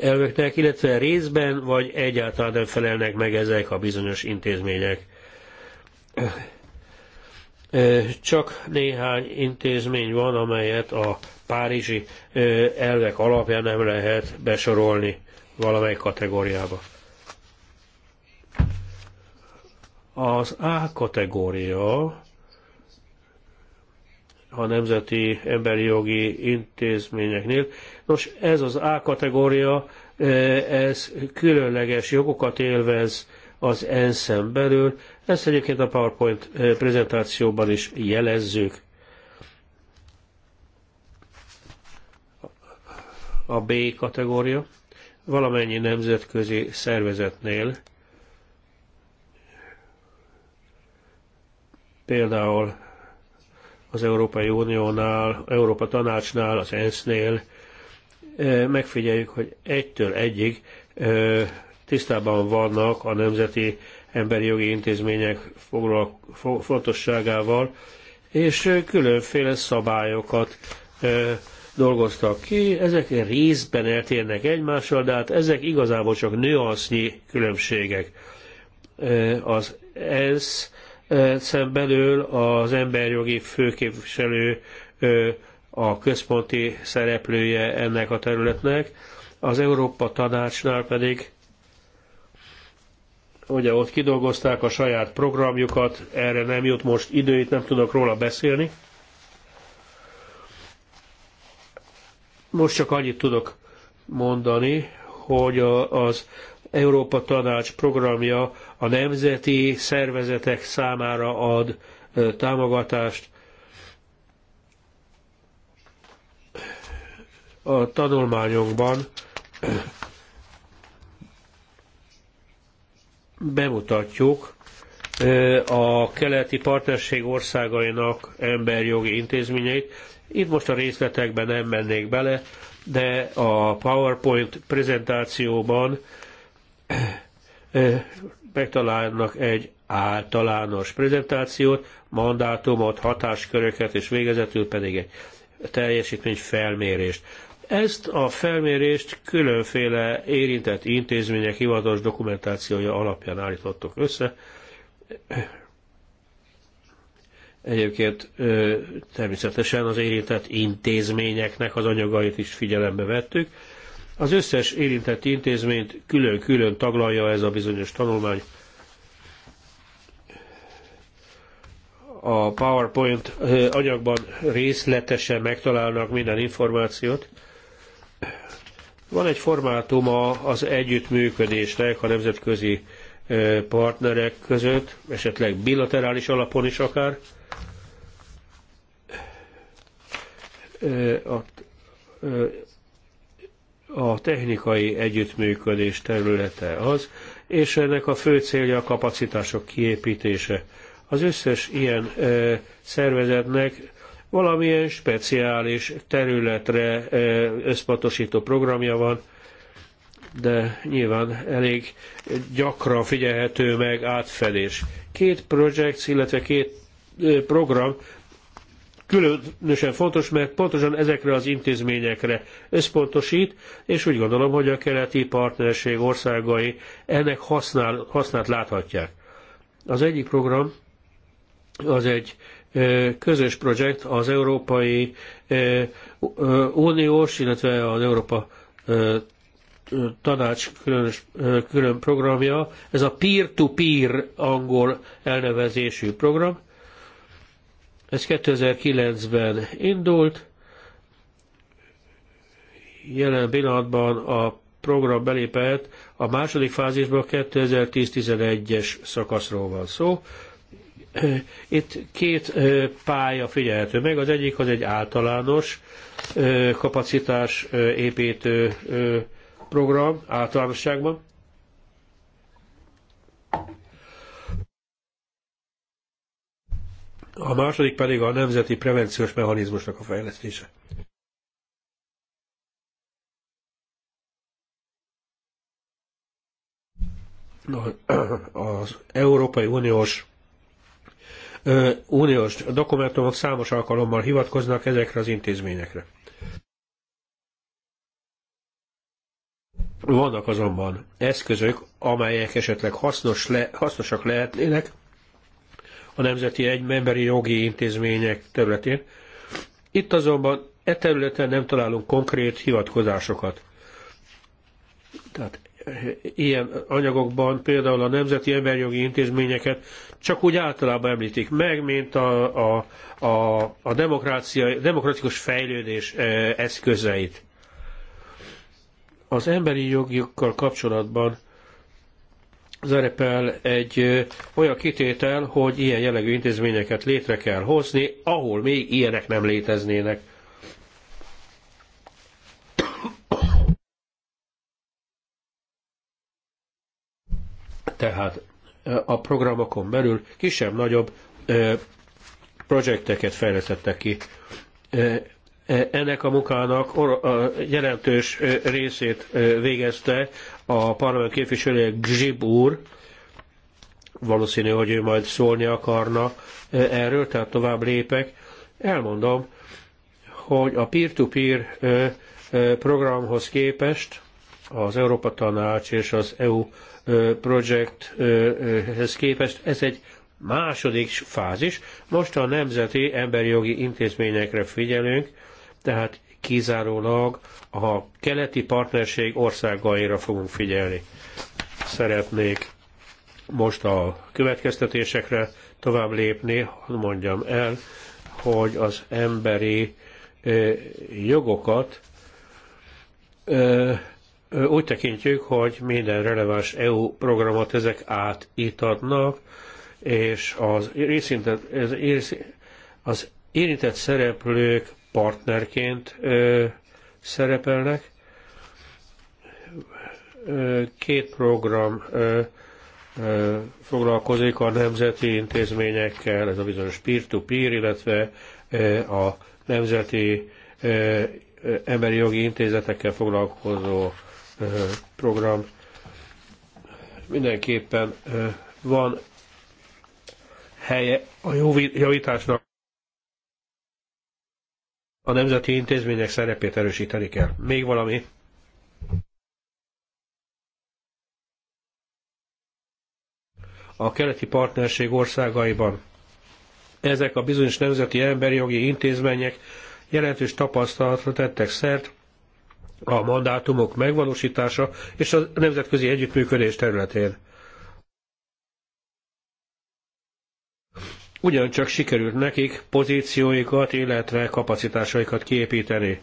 elveknek, illetve részben vagy egyáltalán nem felelnek meg ezek a bizonyos intézmények. Csak néhány intézmény van, amelyet a párizsi elvek alapján nem lehet besorolni valamely kategóriába. Az A kategória a nemzeti emberi jogi intézményeknél. Nos, ez az A kategória, ez különleges jogokat élvez az ENSZ-en belül, ezt egyébként a PowerPoint prezentációban is jelezzük. A B kategória. Valamennyi nemzetközi szervezetnél például az Európai Uniónál, Európa Tanácsnál, az ENSZ-nél megfigyeljük, hogy egytől egyig tisztában vannak a nemzeti emberi jogi intézmények fontosságával, és különféle szabályokat dolgoztak ki, ezek részben eltérnek egymással, de hát ezek igazából csak nüansznyi különbségek. Az ENSZ szem belül az emberjogi főképviselő a központi szereplője ennek a területnek, az Európa Tanácsnál pedig ugye ott kidolgozták a saját programjukat, erre nem jut most idő, itt nem tudok róla beszélni. Most csak annyit tudok mondani, hogy a, az Európa Tanács programja a nemzeti szervezetek számára ad támogatást. A tanulmányokban bemutatjuk a keleti partnerség országainak emberjogi intézményeit. Itt most a részletekben nem mennék bele, de a PowerPoint prezentációban megtalálnak egy általános prezentációt, mandátumot, hatásköröket, és végezetül pedig egy teljesítmény felmérést. Ezt a felmérést különféle érintett intézmények hivatalos dokumentációja alapján állítottuk össze. Egyébként természetesen az érintett intézményeknek az anyagait is figyelembe vettük. Az összes érintett intézményt külön-külön taglalja ez a bizonyos tanulmány. A PowerPoint anyagban részletesen megtalálnak minden információt. Van egy formátuma az együttműködésnek a nemzetközi partnerek között, esetleg bilaterális alapon is akár. A, a technikai együttműködés területe az, és ennek a fő célja a kapacitások kiépítése. Az összes ilyen szervezetnek valamilyen speciális területre eh, összpontosító programja van, de nyilván elég gyakran figyelhető meg átfedés. Két projekt, illetve két eh, program különösen fontos, mert pontosan ezekre az intézményekre összpontosít, és úgy gondolom, hogy a keleti partnerség országai ennek használ, hasznát láthatják. Az egyik program az egy közös projekt az Európai Uniós, illetve az Európa tanács külön programja. Ez a peer-to-peer angol elnevezésű program. Ez 2009-ben indult. Jelen pillanatban a program belépett a második fázisba 2010-11-es szakaszról van szó. Itt két pálya figyelhető meg, az egyik az egy általános kapacitás építő program általánosságban. A második pedig a nemzeti prevenciós mechanizmusnak a fejlesztése. az Európai Uniós uniós dokumentumok számos alkalommal hivatkoznak ezekre az intézményekre. Vannak azonban eszközök, amelyek esetleg hasznos le, hasznosak lehetnének a nemzeti egyemberi jogi intézmények területén. Itt azonban e területen nem találunk konkrét hivatkozásokat. Tehát ilyen anyagokban például a nemzeti emberjogi intézményeket csak úgy általában említik meg, mint a, a, a, a demokrácia, demokratikus fejlődés e, eszközeit. Az emberi jogokkal kapcsolatban szerepel egy e, olyan kitétel, hogy ilyen jellegű intézményeket létre kell hozni, ahol még ilyenek nem léteznének. Tehát a programokon belül kisebb-nagyobb projekteket fejlesztettek ki. Ennek a munkának a jelentős részét végezte a parlament képviselője Gzsib úr, valószínű, hogy ő majd szólni akarna erről, tehát tovább lépek. Elmondom, hogy a peer-to-peer -peer programhoz képest az Európa Tanács és az EU projekthez képest ez egy második fázis. Most a nemzeti emberi jogi intézményekre figyelünk, tehát kizárólag a keleti partnerség országaira fogunk figyelni. Szeretnék most a következtetésekre tovább lépni, mondjam el, hogy az emberi jogokat úgy tekintjük, hogy minden releváns EU programot ezek átítatnak, és az, érintett az érintett szereplők partnerként ö, szerepelnek. Két program ö, ö, foglalkozik a nemzeti intézményekkel, ez a bizonyos peer-to-peer, -peer, illetve ö, a nemzeti ö, emberi jogi intézetekkel foglalkozó program. Mindenképpen van helye a javításnak. A nemzeti intézmények szerepét erősíteni kell. Még valami? A keleti partnerség országaiban ezek a bizonyos nemzeti emberi jogi intézmények jelentős tapasztalatra tettek szert, a mandátumok megvalósítása és a nemzetközi együttműködés területén. Ugyancsak sikerült nekik pozícióikat, illetve kapacitásaikat kiépíteni.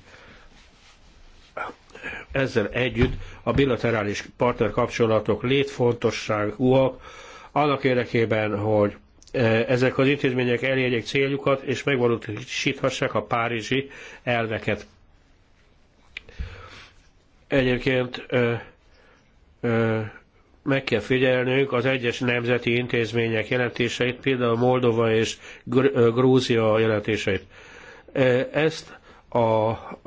Ezzel együtt a bilaterális partnerkapcsolatok létfontosságúak, annak érdekében, hogy e, ezek az intézmények elérjék céljukat, és megvalósíthassák a párizsi elveket. Egyébként ö, ö, meg kell figyelnünk az egyes nemzeti intézmények jelentéseit, például Moldova és Gr- Grúzia jelentéseit. Ezt a,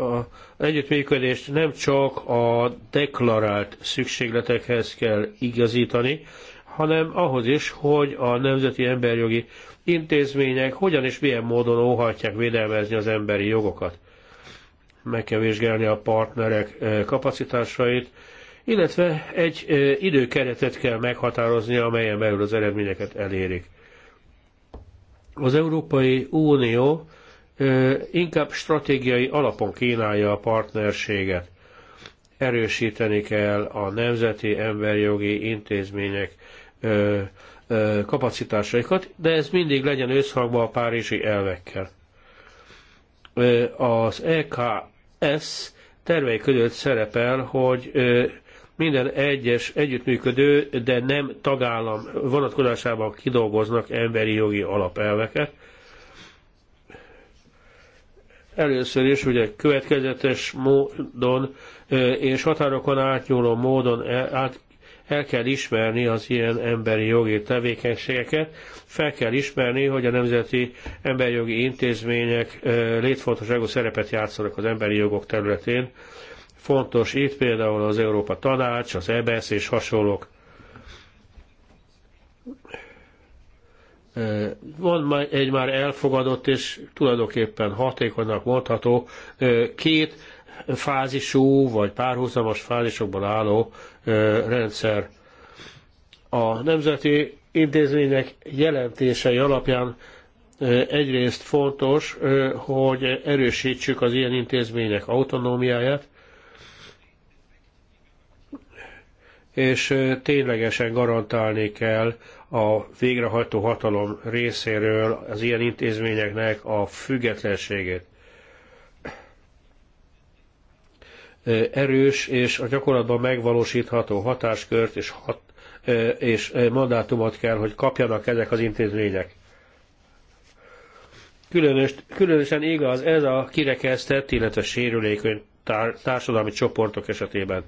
a együttműködést nem csak a deklarált szükségletekhez kell igazítani, hanem ahhoz is, hogy a nemzeti emberjogi intézmények hogyan és milyen módon óhatják védelmezni az emberi jogokat meg kell vizsgálni a partnerek kapacitásait, illetve egy időkeretet kell meghatározni, amelyen belül az eredményeket elérik. Az Európai Unió inkább stratégiai alapon kínálja a partnerséget. Erősíteni kell a nemzeti emberjogi intézmények kapacitásaikat, de ez mindig legyen összhangban a párizsi elvekkel az EKS tervei között szerepel, hogy minden egyes együttműködő, de nem tagállam vonatkozásában kidolgoznak emberi jogi alapelveket. Először is ugye következetes módon és határokon átnyúló módon át el kell ismerni az ilyen emberi jogi tevékenységeket, fel kell ismerni, hogy a nemzeti emberi jogi intézmények létfontosságú szerepet játszanak az emberi jogok területén. Fontos itt például az Európa Tanács, az EBSZ és hasonlók. van egy már elfogadott és tulajdonképpen hatékonynak mondható két fázisú vagy párhuzamos fázisokban álló rendszer. A nemzeti intézmények jelentései alapján egyrészt fontos, hogy erősítsük az ilyen intézmények autonómiáját, és ténylegesen garantálni kell a végrehajtó hatalom részéről az ilyen intézményeknek a függetlenségét. erős és a gyakorlatban megvalósítható hatáskört és, hat, és mandátumot kell, hogy kapjanak ezek az intézmények. Különös, különösen igaz ez a kirekesztett, illetve sérülékeny társadalmi csoportok esetében.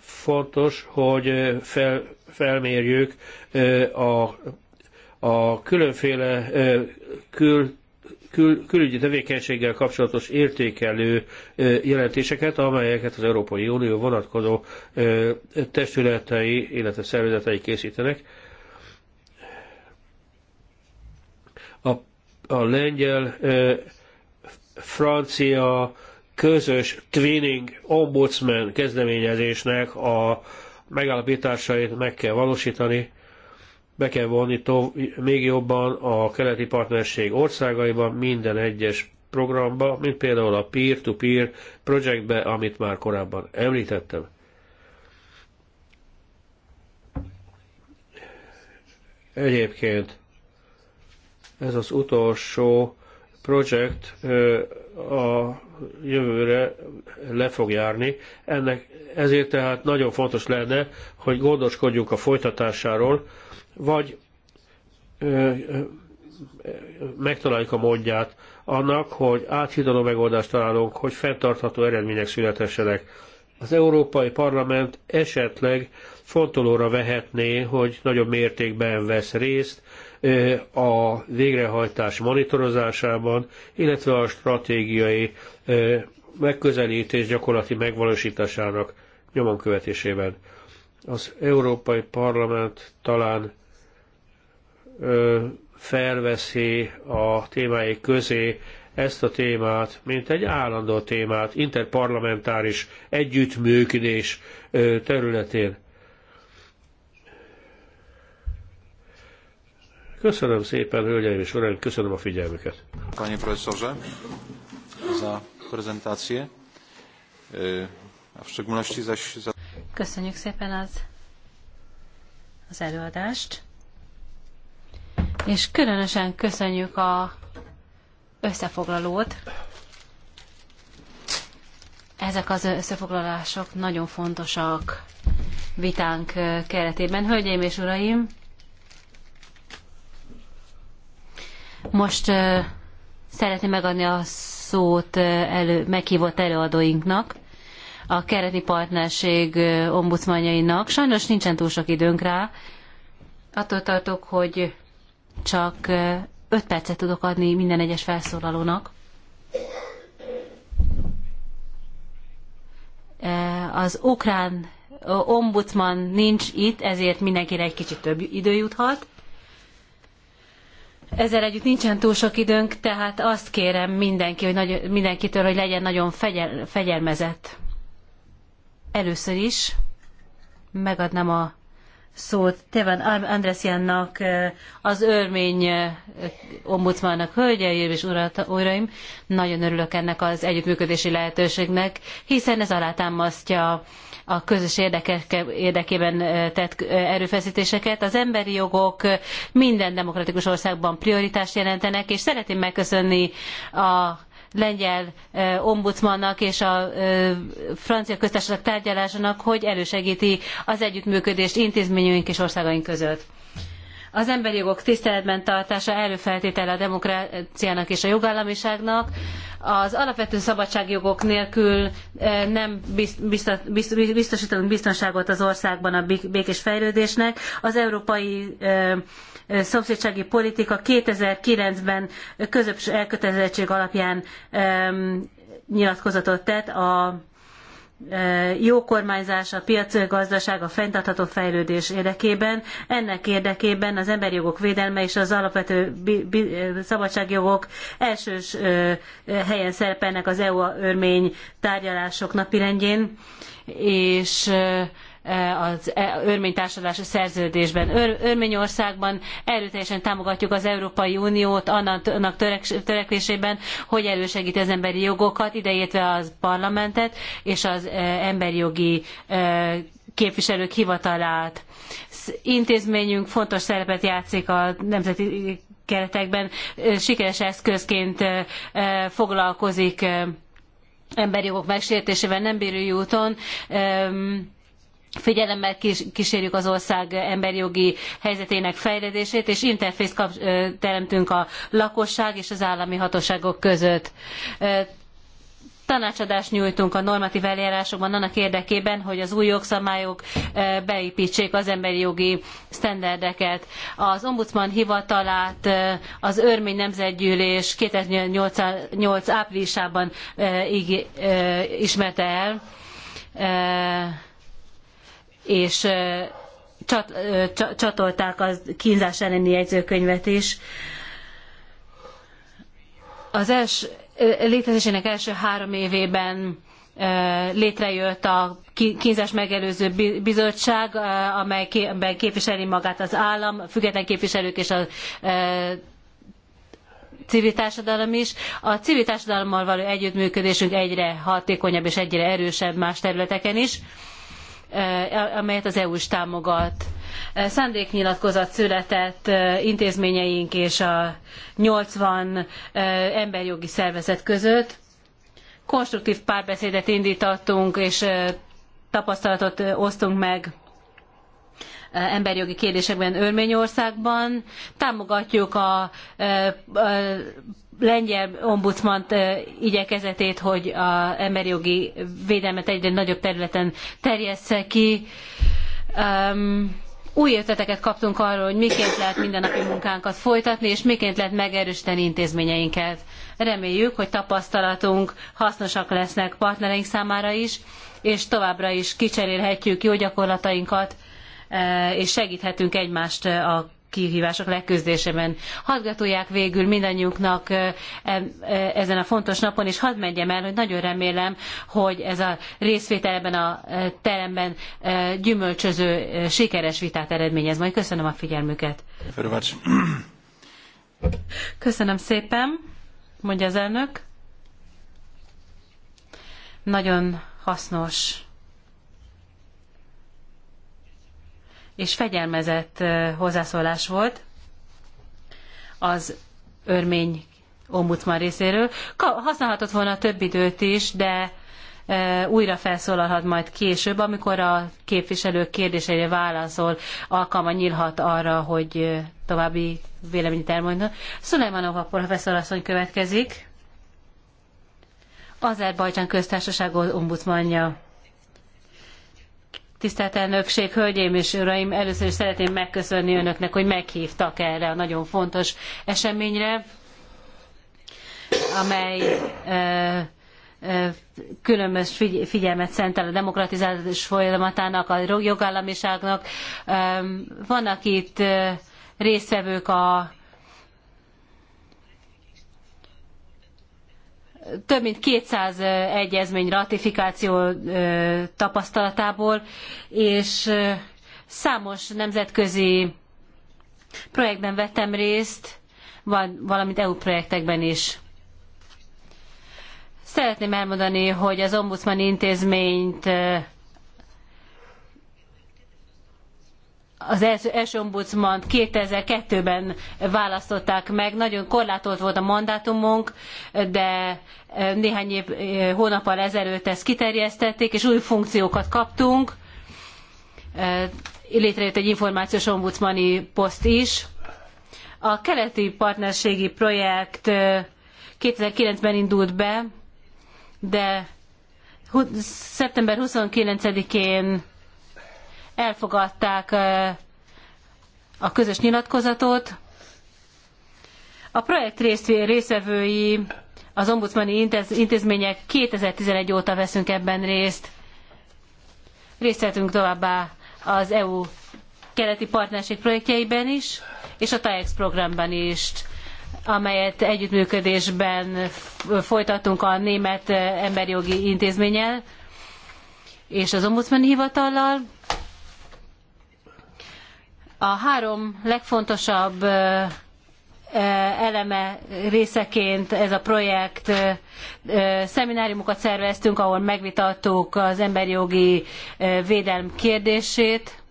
Fontos, hogy fel, felmérjük a, a különféle kül kül, külügyi tevékenységgel kapcsolatos értékelő jelentéseket, amelyeket az Európai Unió vonatkozó testületei, illetve szervezetei készítenek. A, a lengyel, francia közös twinning ombudsman kezdeményezésnek a megállapításait meg kell valósítani be kell vonni még jobban a keleti partnerség országaiban minden egyes programba, mint például a peer-to-peer -peer projektbe, amit már korábban említettem. Egyébként ez az utolsó projekt a jövőre le fog járni. Ennek, ezért tehát nagyon fontos lenne, hogy gondoskodjunk a folytatásáról, vagy ö, ö, megtaláljuk a módját annak, hogy áthidaló megoldást találunk, hogy fenntartható eredmények születessenek. Az Európai Parlament esetleg fontolóra vehetné, hogy nagyobb mértékben vesz részt a végrehajtás monitorozásában, illetve a stratégiai megközelítés gyakorlati megvalósításának nyomon követésében. Az Európai Parlament talán felveszi a témái közé ezt a témát, mint egy állandó témát, interparlamentáris együttműködés területén. Köszönöm szépen, hölgyeim és uraim, köszönöm a figyelmüket. Panie profesorze, za prezentację, e, a szczególności zaś za... Köszönjük szépen az, az előadást, és különösen köszönjük a összefoglalót. Ezek az összefoglalások nagyon fontosak vitánk keretében. Hölgyeim és uraim, Most uh, szeretném megadni a szót elő, meghívott előadóinknak, a kereti partnerség ombudsmanjainak. Sajnos nincsen túl sok időnk rá. Attól tartok, hogy csak 5 percet tudok adni minden egyes felszólalónak. Az ukrán ombudsman nincs itt, ezért mindenkire egy kicsit több idő juthat. Ezzel együtt nincsen túl sok időnk, tehát azt kérem mindenki, hogy nagy, mindenkitől, hogy legyen nagyon fegyel, fegyelmezett. Először is megadnám a szót Tevan Andresziannak, az örmény ombudsmannak, hölgyeim és uraim. Nagyon örülök ennek az együttműködési lehetőségnek, hiszen ez alátámasztja a közös érdekek, érdekében tett erőfeszítéseket. Az emberi jogok minden demokratikus országban prioritást jelentenek, és szeretném megköszönni a lengyel ombudsmannak és a francia köztársaság tárgyalásának, hogy elősegíti az együttműködést intézményünk és országaink között. Az emberi jogok tiszteletben tartása előfeltétele a demokráciának és a jogállamiságnak. Az alapvető szabadságjogok nélkül nem biztosítunk biztonságot az országban a békés fejlődésnek. Az európai szomszédsági politika 2009-ben közös elkötelezettség alapján nyilatkozatot tett a e, jó kormányzás, a piacgazdaság, a fenntartható fejlődés érdekében. Ennek érdekében az emberi jogok védelme és az alapvető e, szabadságjogok elsős e, helyen szerepelnek az EU-örmény tárgyalások napirendjén, és E, az e, örmény szerződésben. Ör, Örményországban erőteljesen támogatjuk az Európai Uniót annak törekvésében, hogy elősegíti az emberi jogokat, ideértve az parlamentet és az e, emberi jogi képviselők hivatalát. Intézményünk fontos szerepet játszik a nemzeti keretekben, sikeres eszközként foglalkozik emberi jogok megsértésével nem bírő úton figyelemmel kísérjük az ország emberi jogi helyzetének fejlődését, és interfészt teremtünk a lakosság és az állami hatóságok között. Tanácsadást nyújtunk a normatív eljárásokban annak érdekében, hogy az új jogszabályok beépítsék az emberi jogi sztenderdeket. Az ombudsman hivatalát az örmény nemzetgyűlés 2008 áprilisában ismerte el és csat, csatolták a kínzás elleni jegyzőkönyvet is. Az els, létezésének első három évében létrejött a kínzás megelőző bizottság, amelyben képviseli magát az állam, független képviselők és a civil társadalom is. A civil társadalommal való együttműködésünk egyre hatékonyabb és egyre erősebb más területeken is. Eh, amelyet az EU is támogat. Eh, szándéknyilatkozat született eh, intézményeink és a 80 emberjogi szervezet között. Konstruktív párbeszédet indítottunk, és tapasztalatot osztunk meg emberjogi kérdésekben Örményországban. Támogatjuk a, a, a lengyel ombudsmant igyekezetét, hogy az emberi jogi védelmet egyre nagyobb területen terjessze ki. Um, új ötleteket kaptunk arról, hogy miként lehet mindennapi munkánkat folytatni, és miként lehet megerősíteni intézményeinket. Reméljük, hogy tapasztalatunk hasznosak lesznek partnereink számára is, és továbbra is kicserélhetjük jó gyakorlatainkat, és segíthetünk egymást a kihívások leküzdésében. Hadd gratulják végül mindannyiunknak e, e, ezen a fontos napon, és hadd menjem el, hogy nagyon remélem, hogy ez a részvétel ebben a e, teremben gyümölcsöző, sikeres vitát eredményez. Majd köszönöm a figyelmüket. Köszönöm szépen, mondja az elnök. Nagyon hasznos és fegyelmezett hozzászólás volt az örmény ombudsman részéről. Használhatott volna több időt is, de újra felszólalhat majd később, amikor a képviselők kérdéseire válaszol, alkalma nyílhat arra, hogy további véleményt elmondja. Szulajmanova professzor asszony következik. Azerbajcsán köztársaság ombudsmanja. Tisztelt elnökség, hölgyeim és uraim, először is szeretném megköszönni önöknek, hogy meghívtak erre a nagyon fontos eseményre, amely különös figyelmet szentel a demokratizálás folyamatának, a jogállamiságnak. Vannak itt résztvevők a több mint 200 egyezmény ratifikáció tapasztalatából, és számos nemzetközi projektben vettem részt, valamint EU projektekben is. Szeretném elmondani, hogy az Ombudsman intézményt az első ombudsman 2002-ben választották meg, nagyon korlátolt volt a mandátumunk, de e, néhány év, e, hónappal ezelőtt ezt kiterjesztették, és új funkciókat kaptunk. E, létrejött egy információs ombudsmani poszt is. A keleti partnerségi projekt 2009-ben indult be, de szeptember 29-én elfogadták a közös nyilatkozatot. A projekt részvevői az ombudsmani intézmények 2011 óta veszünk ebben részt. Részt vettünk továbbá az EU keleti partnerség projektjeiben is, és a TAEX programban is amelyet együttműködésben folytatunk a német emberi jogi intézménnyel és az ombudsman hivatallal a három legfontosabb eleme részeként ez a projekt szemináriumokat szerveztünk, ahol megvitattuk az emberi jogi védelm kérdését.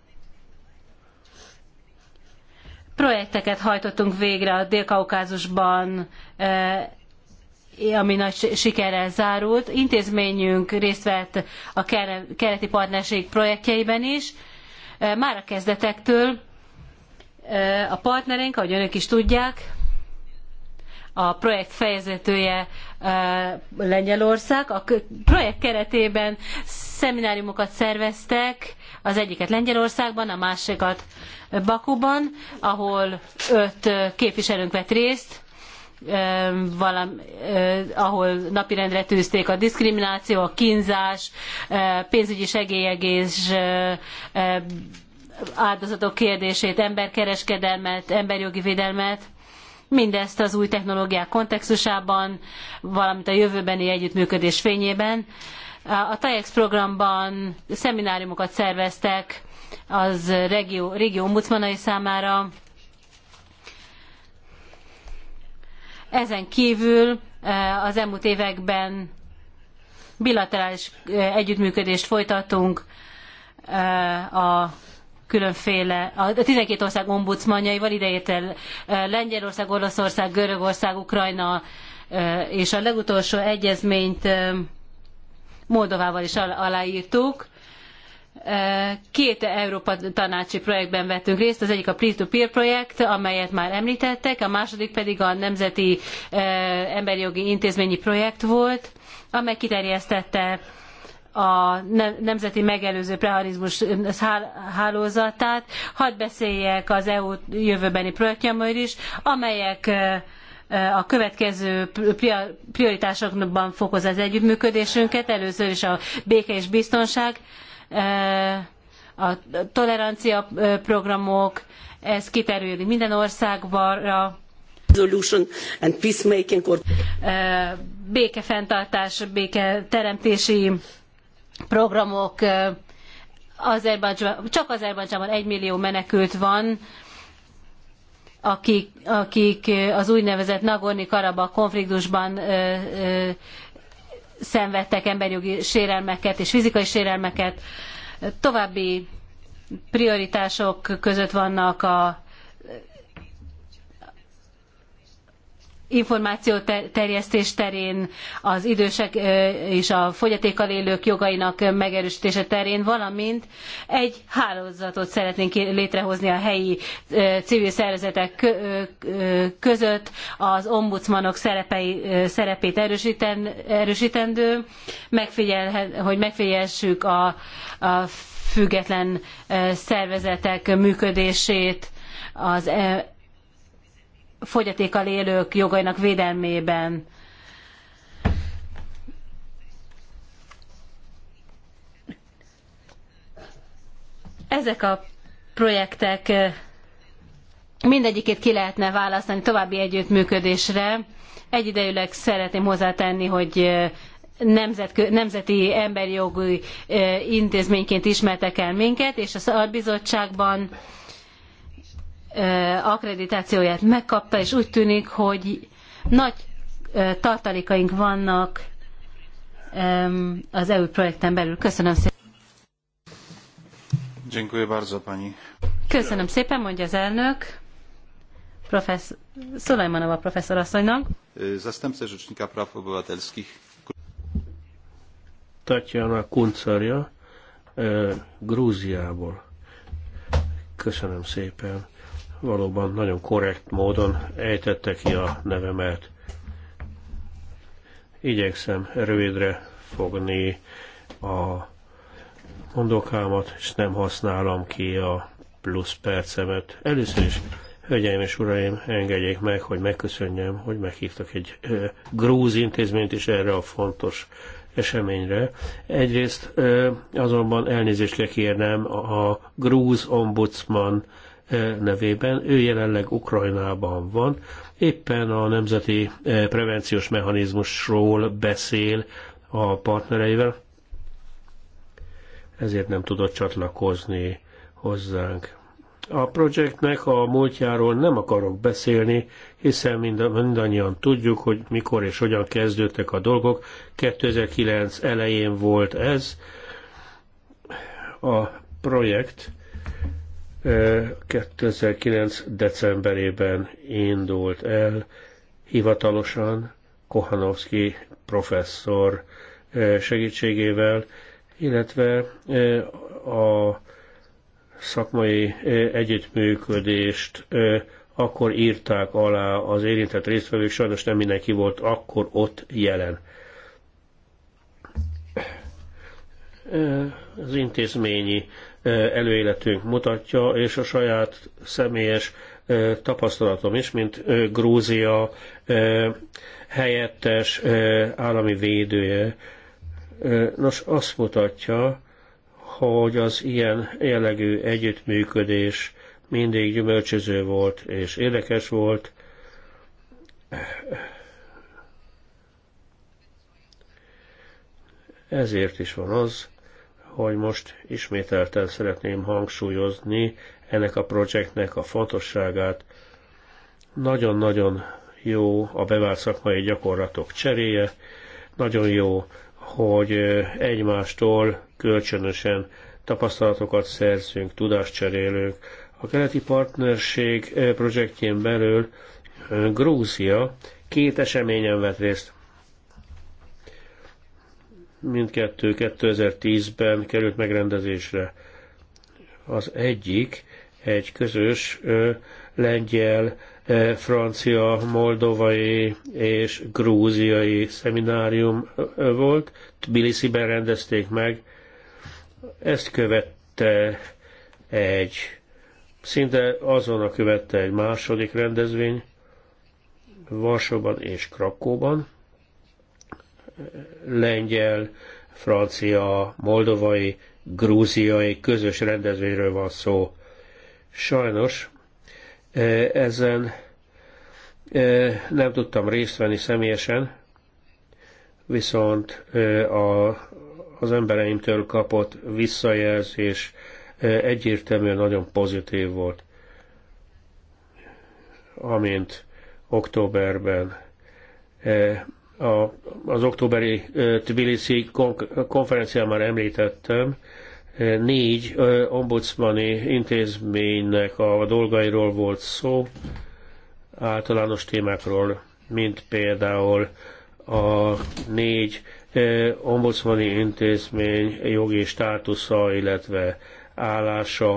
Projekteket hajtottunk végre a Dél-Kaukázusban, ami nagy sikerrel zárult. Intézményünk részt vett a keleti partnerség projektjeiben is, már a kezdetektől a partnereink, ahogy önök is tudják, a projekt fejezetője Lengyelország. A projekt keretében szemináriumokat szerveztek, az egyiket Lengyelországban, a másikat Bakuban, ahol öt képviselőnk vett részt, valam, ahol napirendre tűzték a diszkrimináció, a kínzás, pénzügyi segélyegés, áldozatok kérdését, emberkereskedelmet, emberjogi védelmet, mindezt az új technológiák kontextusában, valamint a jövőbeni együttműködés fényében. A TAIEX programban szemináriumokat szerveztek az regió, régió ombudsmanai számára. Ezen kívül eh, az elmúlt években bilaterális eh, együttműködést folytatunk eh, a különféle, a 12 ország ombudsmanjaival, ideértel eh, Lengyelország, Olaszország, Görögország, Ukrajna, eh, és a legutolsó egyezményt eh, Moldovával is aláírtuk. Két Európa tanácsi projektben vettünk részt, az egyik a Peer-to-Peer projekt, amelyet már említettek, a második pedig a Nemzeti Emberi Jogi Intézményi Projekt volt, amely kiterjesztette a Nemzeti Megelőző Preharizmus hálózatát. Hadd beszéljek az EU jövőbeni projektjamról is, amelyek a következő prioritásokban fokoz az együttműködésünket. Először is a béke és biztonság, a tolerancia programok, ez kiterjed minden országba, resolution and peacemaking or békefenntartás, béketeremtési programok. Azerbajdzsában, csak Azerbajdzsában egy millió menekült van, akik, akik az úgynevezett Nagorni-Karabakh konfliktusban ö, ö, szenvedtek emberjogi sérelmeket és fizikai sérelmeket. További prioritások között vannak a információterjesztés terén, az idősek és a fogyatékkal élők jogainak megerősítése terén, valamint egy hálózatot szeretnénk létrehozni a helyi civil szervezetek között, az ombudsmanok szerepei, szerepét erősíten, erősítendő, hogy megfigyelhessük a, a független szervezetek működését, az fogyatékkal élők jogainak védelmében. Ezek a projektek eh, mindegyikét ki lehetne választani további együttműködésre. Egyidejűleg szeretném hozzátenni, hogy eh, nemzeti emberi jogi eh, intézményként ismertek el minket, és az albizottságban bizottságban akkreditációját megkapta, és úgy tűnik, hogy nagy tartalékaink vannak az EU projekten belül. Köszönöm szépen. Dziękuję bardzo, pani. Köszönöm szépen, mondja az elnök. Professz... Szolajmanova professzor asszonynak. Zastępca Rzecznika Praw Obywatelskich. Tatjana Kuncarja, Grúziából. Köszönöm szépen valóban nagyon korrekt módon ejtette ki a nevemet. Igyekszem rövidre fogni a mondókámat, és nem használom ki a plusz percemet. Először is, hölgyeim és uraim, engedjék meg, hogy megköszönjem, hogy meghívtak egy ö, grúz intézményt is erre a fontos eseményre. Egyrészt ö, azonban elnézést kell kérnem a grúz ombudsman E, nevében. Ő jelenleg Ukrajnában van, éppen a nemzeti e, prevenciós mechanizmusról beszél a partnereivel, ezért nem tudott csatlakozni hozzánk. A projektnek a múltjáról nem akarok beszélni, hiszen mind, mindannyian tudjuk, hogy mikor és hogyan kezdődtek a dolgok. 2009 elején volt ez. A projekt 2009. decemberében indult el hivatalosan Kohanovski professzor segítségével, illetve a szakmai együttműködést akkor írták alá az érintett résztvevők, sajnos nem mindenki volt akkor ott jelen. Az intézményi előéletünk mutatja, és a saját személyes tapasztalatom is, mint Grúzia helyettes állami védője. Nos, azt mutatja, hogy az ilyen jellegű együttműködés mindig gyümölcsöző volt és érdekes volt. Ezért is van az, hogy most ismételten szeretném hangsúlyozni ennek a projektnek a fontosságát. Nagyon-nagyon jó a bevált szakmai gyakorlatok cseréje, nagyon jó, hogy egymástól kölcsönösen tapasztalatokat szerzünk, tudást cserélünk. A keleti partnerség projektjén belül Grúzia két eseményen vett részt. Mindkettő 2010-ben került megrendezésre. Az egyik egy közös ö, lengyel, ö, francia, moldovai és grúziai szeminárium ö, volt. Tbilisi-ben rendezték meg. Ezt követte egy, szinte azon a követte egy második rendezvény, Varsóban és Krakóban lengyel, francia, moldovai, grúziai közös rendezvényről van szó. Sajnos e, ezen e, nem tudtam részt venni személyesen, viszont e, a, az embereimtől kapott visszajelzés egyértelműen nagyon pozitív volt. Amint októberben a, az októberi Tbilisi konferencián már említettem, négy ombudsmani intézménynek a dolgairól volt szó, általános témákról, mint például a négy ombudsmani intézmény jogi státusza, illetve állása,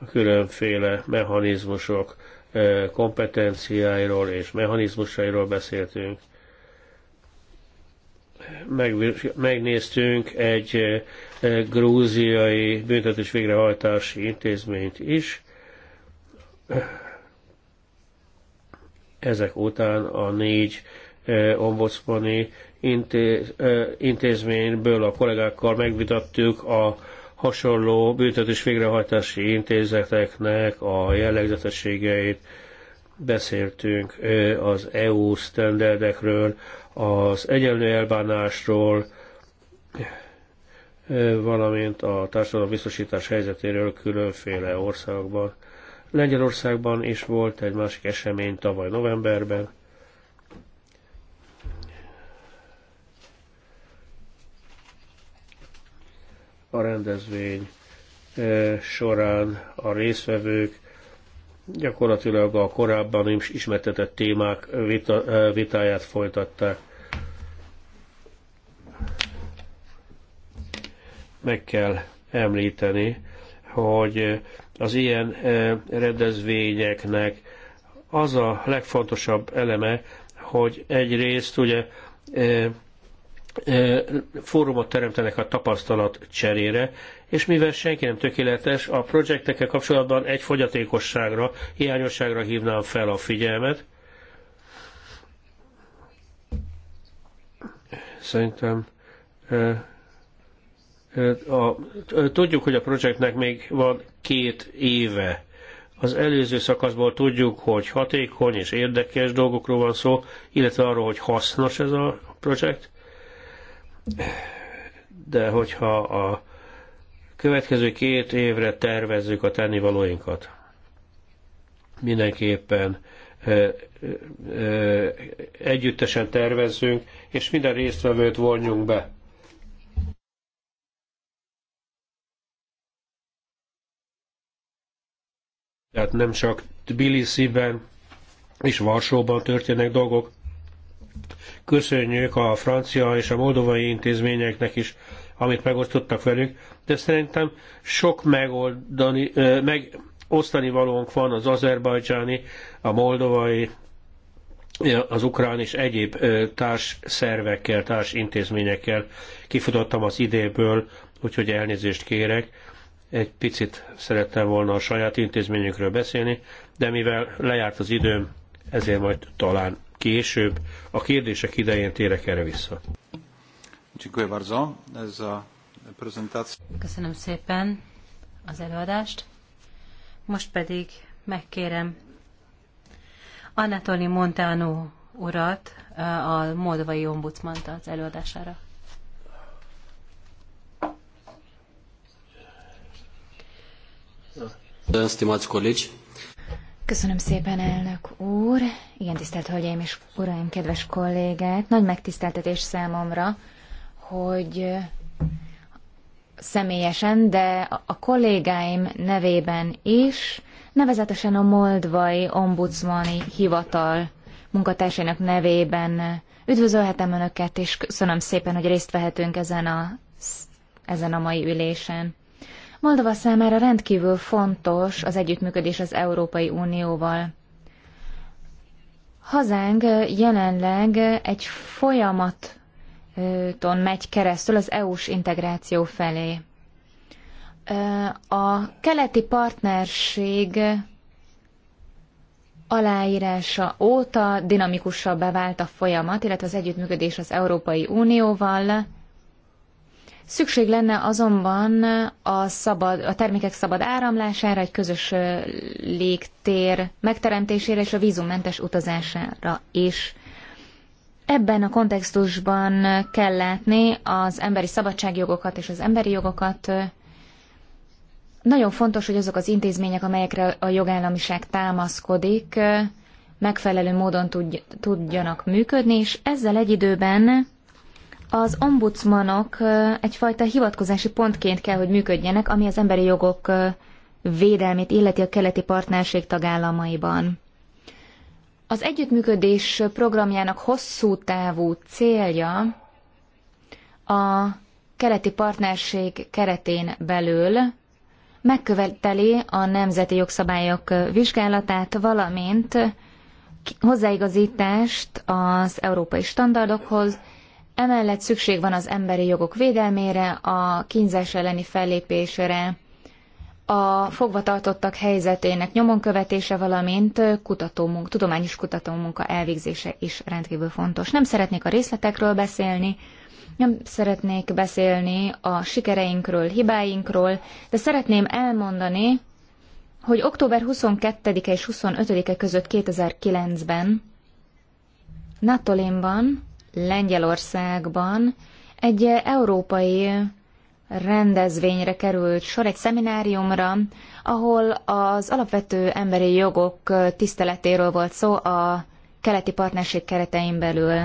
a különféle mechanizmusok, kompetenciáiról és mechanizmusairól beszéltünk. Megnéztünk egy grúziai büntetés végrehajtási intézményt is. Ezek után a négy ombudsmani intézményből a kollégákkal megvitattuk a hasonló büntetés végrehajtási intézeteknek a jellegzetességeit, beszéltünk az EU standardekről, az egyenlő elbánásról, valamint a társadalom biztosítás helyzetéről különféle országokban. Lengyelországban is volt egy másik esemény tavaly novemberben, a rendezvény e, során a részvevők gyakorlatilag a korábban is ismertetett témák e, vitáját folytatták. Meg kell említeni, hogy az ilyen e, rendezvényeknek az a legfontosabb eleme, hogy egyrészt ugye fórumot teremtenek a tapasztalat cserére, és mivel senki nem tökéletes, a projektekkel kapcsolatban egy fogyatékosságra, hiányosságra hívnám fel a figyelmet. Szerintem a, tudjuk, hogy a projektnek még van két éve. Az előző szakaszból tudjuk, hogy hatékony és érdekes dolgokról van szó, illetve arról, hogy hasznos ez a projekt de hogyha a következő két évre tervezzük a tennivalóinkat, mindenképpen együttesen tervezzünk, és minden résztvevőt vonjunk be. Tehát nem csak Tbilisi-ben és Varsóban történnek dolgok, Köszönjük a francia és a moldovai intézményeknek is, amit megosztottak velünk, de szerintem sok megoldani, megosztani valónk van az azerbajdzsáni, a moldovai, az ukrán és egyéb társ szervekkel, társ intézményekkel. Kifutottam az idéből, úgyhogy elnézést kérek. Egy picit szerettem volna a saját intézményükről beszélni, de mivel lejárt az időm, ezért majd talán később, a kérdések idején térek erre vissza. Köszönöm szépen az előadást. Most pedig megkérem Anatoli Montano urat, eh, a moldovai ombudsmant az előadására. Stimați colegi, Köszönöm szépen, elnök úr. Igen, tisztelt hölgyeim és uraim, kedves kollégák. Nagy megtiszteltetés számomra, hogy személyesen, de a kollégáim nevében is, nevezetesen a Moldvai Ombudsmani Hivatal munkatársainak nevében üdvözölhetem Önöket, és köszönöm szépen, hogy részt vehetünk ezen a, ezen a mai ülésen. Moldova számára rendkívül fontos az együttműködés az Európai Unióval. Hazánk jelenleg egy folyamaton megy keresztül az EU-s integráció felé. A keleti partnerség aláírása óta dinamikusabbá vált a folyamat, illetve az együttműködés az Európai Unióval, Szükség lenne azonban a, szabad, a termékek szabad áramlására, egy közös légtér megteremtésére és a vízummentes utazására is. Ebben a kontextusban kell látni az emberi szabadságjogokat és az emberi jogokat. Nagyon fontos, hogy azok az intézmények, amelyekre a jogállamiság támaszkodik, megfelelő módon tudjanak működni, és ezzel egy időben az ombudsmanok egyfajta hivatkozási pontként kell, hogy működjenek, ami az emberi jogok védelmét illeti a keleti partnerség tagállamaiban. Az együttműködés programjának hosszú távú célja a keleti partnerség keretén belül megköveteli a nemzeti jogszabályok vizsgálatát, valamint hozzáigazítást az európai standardokhoz, Emellett szükség van az emberi jogok védelmére, a kínzás elleni fellépésre, a fogvatartottak helyzetének nyomon követése, valamint tudományos kutatómunka elvégzése is rendkívül fontos. Nem szeretnék a részletekről beszélni, nem szeretnék beszélni a sikereinkről, hibáinkról, de szeretném elmondani, hogy október 22-e és 25-e között 2009-ben Natolinban Lengyelországban egy európai rendezvényre került sor, egy szemináriumra, ahol az alapvető emberi jogok tiszteletéről volt szó a keleti partnerség keretein belül.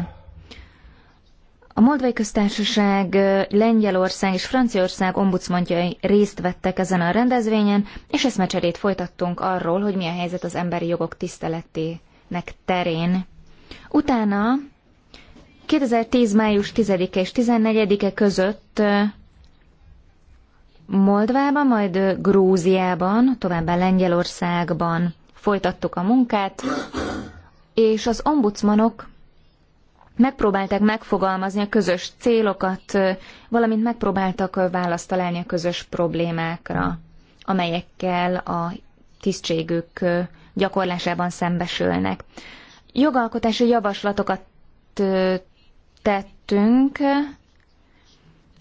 A Moldvai Köztársaság, Lengyelország és Franciaország ombudsmantjai részt vettek ezen a rendezvényen, és eszmecserét folytattunk arról, hogy mi a helyzet az emberi jogok tiszteletének terén. Utána 2010. május 10-e és 14-e között Moldvában, majd Grúziában, továbbá Lengyelországban folytattuk a munkát, és az ombudsmanok megpróbálták megfogalmazni a közös célokat, valamint megpróbáltak választ találni a közös problémákra, amelyekkel a tisztségük gyakorlásában szembesülnek. Jogalkotási javaslatokat tettünk,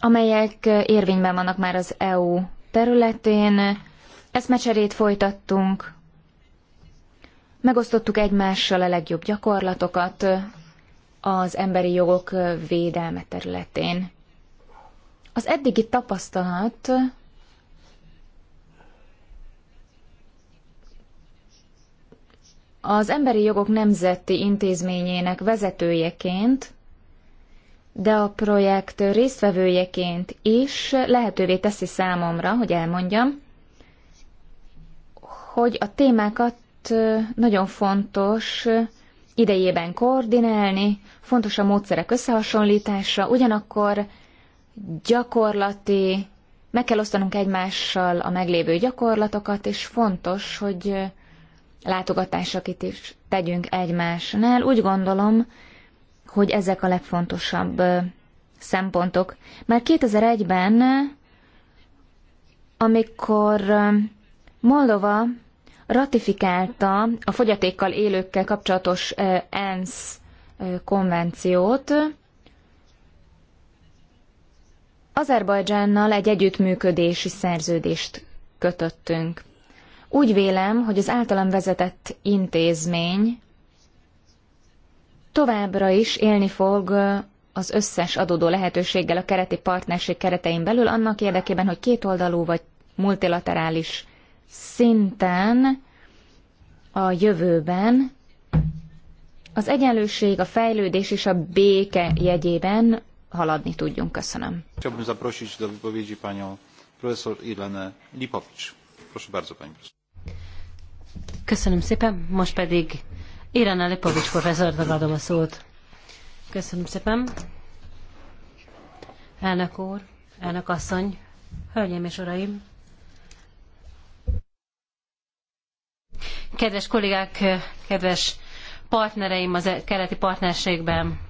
amelyek érvényben vannak már az EU területén. Eszmecserét folytattunk, megosztottuk egymással a legjobb gyakorlatokat az emberi jogok védelme területén. Az eddigi tapasztalat az Emberi Jogok Nemzeti Intézményének vezetőjeként de a projekt résztvevőjeként is lehetővé teszi számomra, hogy elmondjam, hogy a témákat nagyon fontos idejében koordinálni, fontos a módszerek összehasonlítása, ugyanakkor gyakorlati, meg kell osztanunk egymással a meglévő gyakorlatokat, és fontos, hogy látogatásokat is tegyünk egymásnál. Úgy gondolom, hogy ezek a legfontosabb szempontok. Már 2001-ben, amikor Moldova ratifikálta a fogyatékkal élőkkel kapcsolatos ENSZ konvenciót, Azerbajdzsánnal egy együttműködési szerződést kötöttünk. Úgy vélem, hogy az általam vezetett intézmény továbbra is élni fog az összes adódó lehetőséggel a kereti partnerség keretein belül, annak érdekében, hogy kétoldalú vagy multilaterális szinten a jövőben az egyenlőség, a fejlődés és a béke jegyében haladni tudjunk. Köszönöm. Köszönöm szépen, most pedig Irán Lipovics professzor, megadom a szót. Köszönöm szépen. Elnök úr, elnök asszony, hölgyeim és uraim. Kedves kollégák, kedves partnereim az e- keleti partnerségben,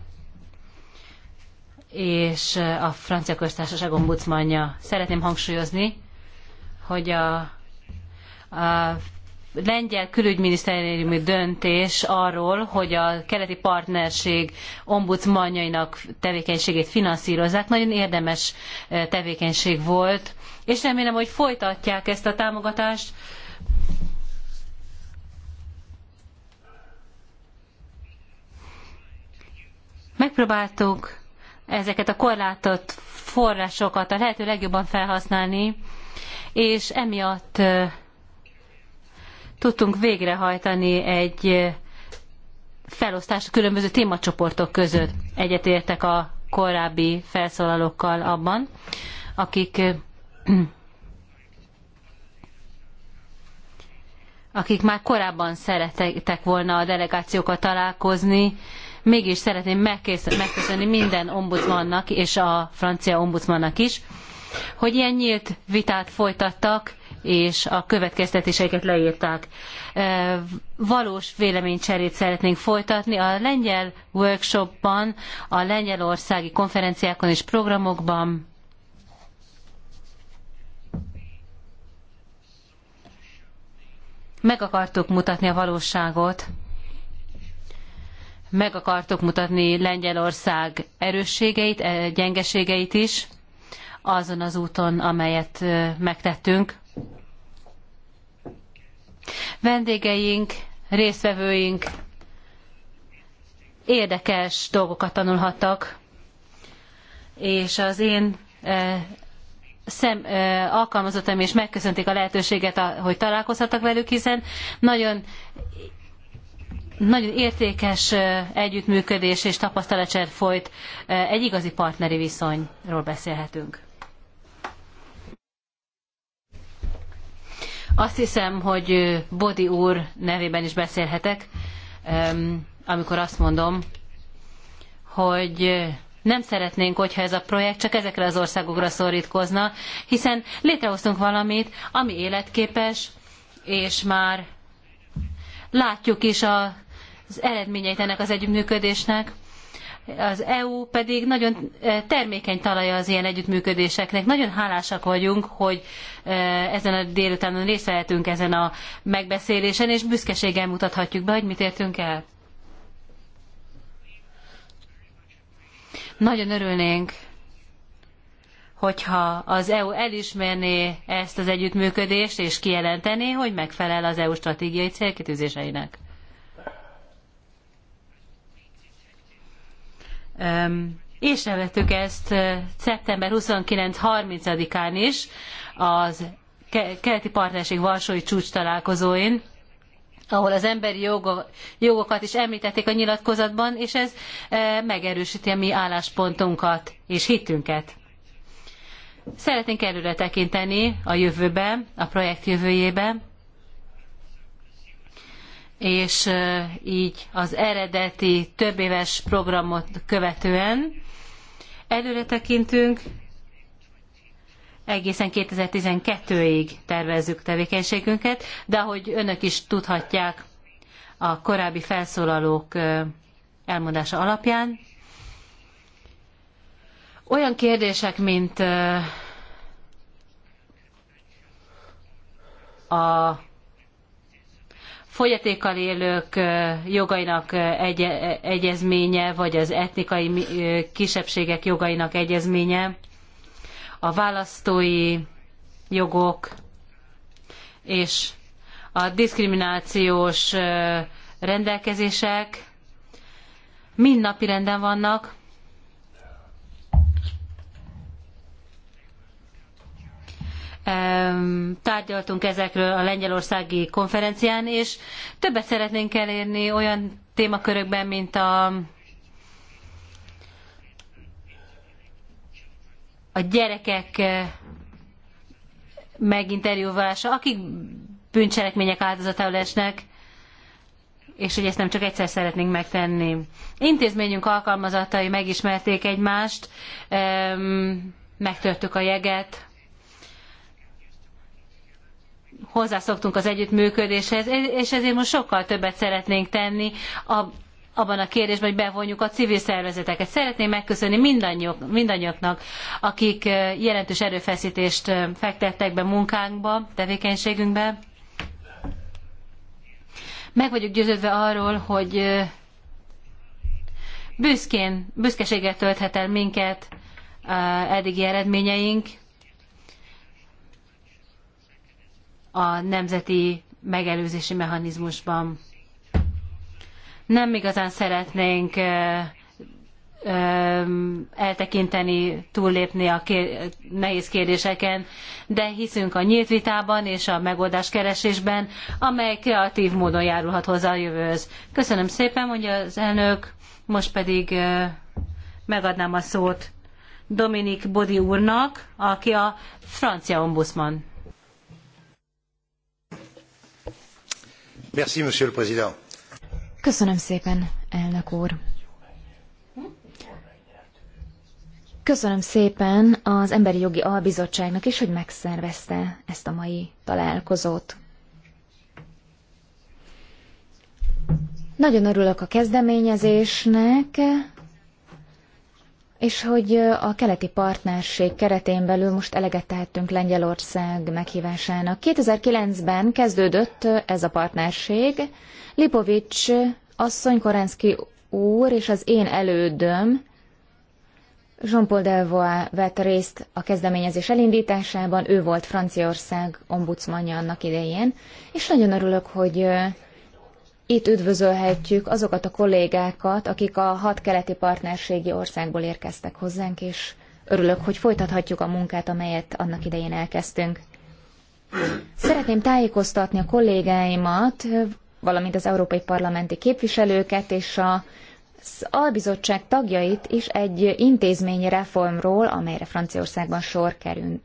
és a francia köztársaság ombudsmanja. Szeretném hangsúlyozni, hogy a, a lengyel külügyminisztériumi döntés arról, hogy a keleti partnerség ombudsmanjainak tevékenységét finanszírozzák, nagyon érdemes e, tevékenység volt, és remélem, hogy folytatják ezt a támogatást. Megpróbáltuk ezeket a korlátott forrásokat a lehető legjobban felhasználni, és emiatt e, tudtunk végrehajtani egy felosztást a különböző témacsoportok között. Egyetértek a korábbi felszólalókkal abban, akik akik már korábban szerettek volna a delegációkkal találkozni, mégis szeretném megköszönni minden ombudsmannak és a francia ombudsmannak is, hogy ilyen nyílt vitát folytattak, és a következtetéseiket leírták. Valós véleménycserét szeretnénk folytatni. A lengyel workshopban, a lengyelországi konferenciákon és programokban meg akartuk mutatni a valóságot, meg akartok mutatni Lengyelország erősségeit, eh, gyengeségeit is, azon az úton, amelyet eh, megtettünk vendégeink, résztvevőink érdekes dolgokat tanulhattak, és az én e, szem, e, alkalmazottam és megköszönték a lehetőséget, hogy találkozhattak velük, hiszen nagyon nagyon értékes e, együttműködés és tapasztalatcsere folyt, egy igazi partneri viszonyról beszélhetünk. Azt hiszem, hogy Bodi úr nevében is beszélhetek, amikor azt mondom, hogy nem szeretnénk, hogyha ez a projekt csak ezekre az országokra szorítkozna, hiszen létrehoztunk valamit, ami életképes, és már látjuk is az eredményeit ennek az együttműködésnek. Az EU pedig nagyon eh, termékeny talaja az ilyen együttműködéseknek. Nagyon hálásak vagyunk, hogy eh, ezen a délutánon részt vehetünk ezen a megbeszélésen, és büszkeséggel mutathatjuk be, hogy mit értünk el. Nagyon örülnénk, hogyha az EU elismerné ezt az együttműködést, és kijelentené, hogy megfelel az EU stratégiai célkitűzéseinek. észrevettük ezt szeptember 29-30-án is az keleti partnerség Varsói csúcs találkozóin, ahol az emberi jogokat is említették a nyilatkozatban, és ez megerősíti a mi álláspontunkat és hitünket. Szeretnénk előre tekinteni a jövőbe, a projekt jövőjébe, és így az eredeti többéves programot követően előre tekintünk, egészen 2012-ig tervezzük tevékenységünket, de ahogy önök is tudhatják a korábbi felszólalók elmondása alapján, olyan kérdések, mint a fogyatékkal élők jogainak egy egyezménye, vagy az etnikai kisebbségek jogainak egyezménye, a választói jogok és a diszkriminációs rendelkezések mind napirenden vannak, tárgyaltunk ezekről a lengyelországi konferencián, és többet szeretnénk elérni olyan témakörökben, mint a a gyerekek eh, meginterjúvása, akik bűncselekmények áldozatául esnek, és hogy ezt nem csak egyszer szeretnénk megtenni. Intézményünk alkalmazatai megismerték egymást, megtörtük a jeget, hozzászoktunk az együttműködéshez, és ezért most sokkal többet szeretnénk tenni a abban a kérdésben, hogy bevonjuk a civil szervezeteket. Szeretném megköszönni mindannyiok, mindannyioknak, akik jelentős erőfeszítést fektettek be munkánkba, tevékenységünkbe. Meg vagyok győződve arról, hogy büszkén, büszkeséggel tölthet el minket eddigi eredményeink, a nemzeti megelőzési mechanizmusban. Nem igazán szeretnénk eltekinteni, túllépni a kér, nehéz kérdéseken, de hiszünk a nyílt vitában és a megoldás keresésben, amely kreatív módon járulhat hozzá a jövőhöz. Köszönöm szépen, mondja az elnök, most pedig megadnám a szót Dominik Bodi úrnak, aki a francia ombudsman. Köszönöm szépen, elnök úr. Köszönöm szépen az Emberi Jogi Albizottságnak is, hogy megszervezte ezt a mai találkozót. Nagyon örülök a kezdeményezésnek, és hogy a keleti partnerség keretén belül most eleget tehettünk Lengyelország meghívásának. 2009-ben kezdődött ez a partnerség. Lipovics asszony, Korenszki úr és az én elődöm Jean-Paul Delvois vett részt a kezdeményezés elindításában, ő volt Franciaország ombudsmanja annak idején, és nagyon örülök, hogy itt üdvözölhetjük azokat a kollégákat, akik a hat keleti partnerségi országból érkeztek hozzánk, és örülök, hogy folytathatjuk a munkát, amelyet annak idején elkezdtünk. Szeretném tájékoztatni a kollégáimat, valamint az európai parlamenti képviselőket és a az albizottság tagjait is egy intézményi reformról, amelyre Franciaországban sor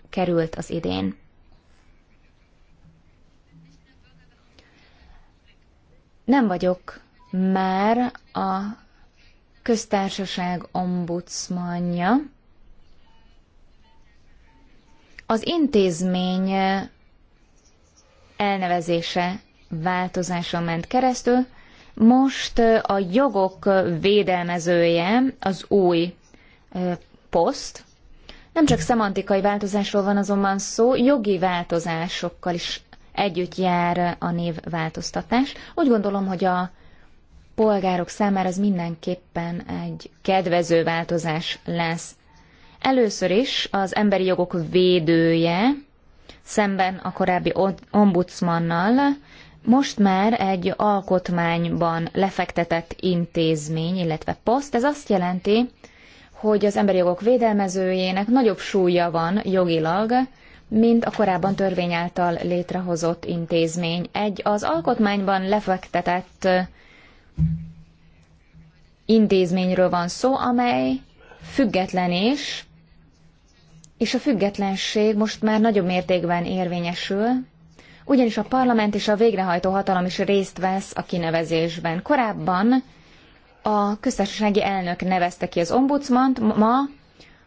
került az idén. nem vagyok már a köztársaság ombudsmanja. Az intézmény elnevezése változáson ment keresztül, most a jogok védelmezője az új poszt. Nem csak szemantikai változásról van azonban szó, jogi változásokkal is együtt jár a névváltoztatás. Úgy gondolom, hogy a polgárok számára ez mindenképpen egy kedvező változás lesz. Először is az emberi jogok védője, szemben a korábbi ombudsmannal, most már egy alkotmányban lefektetett intézmény, illetve poszt. Ez azt jelenti, hogy az emberi jogok védelmezőjének nagyobb súlya van jogilag, mint a korábban törvény által létrehozott intézmény. Egy az alkotmányban lefektetett intézményről van szó, amely független is, és a függetlenség most már nagyobb mértékben érvényesül, ugyanis a parlament és a végrehajtó hatalom is részt vesz a kinevezésben. Korábban a köztársasági elnök nevezte ki az ombudsmant, ma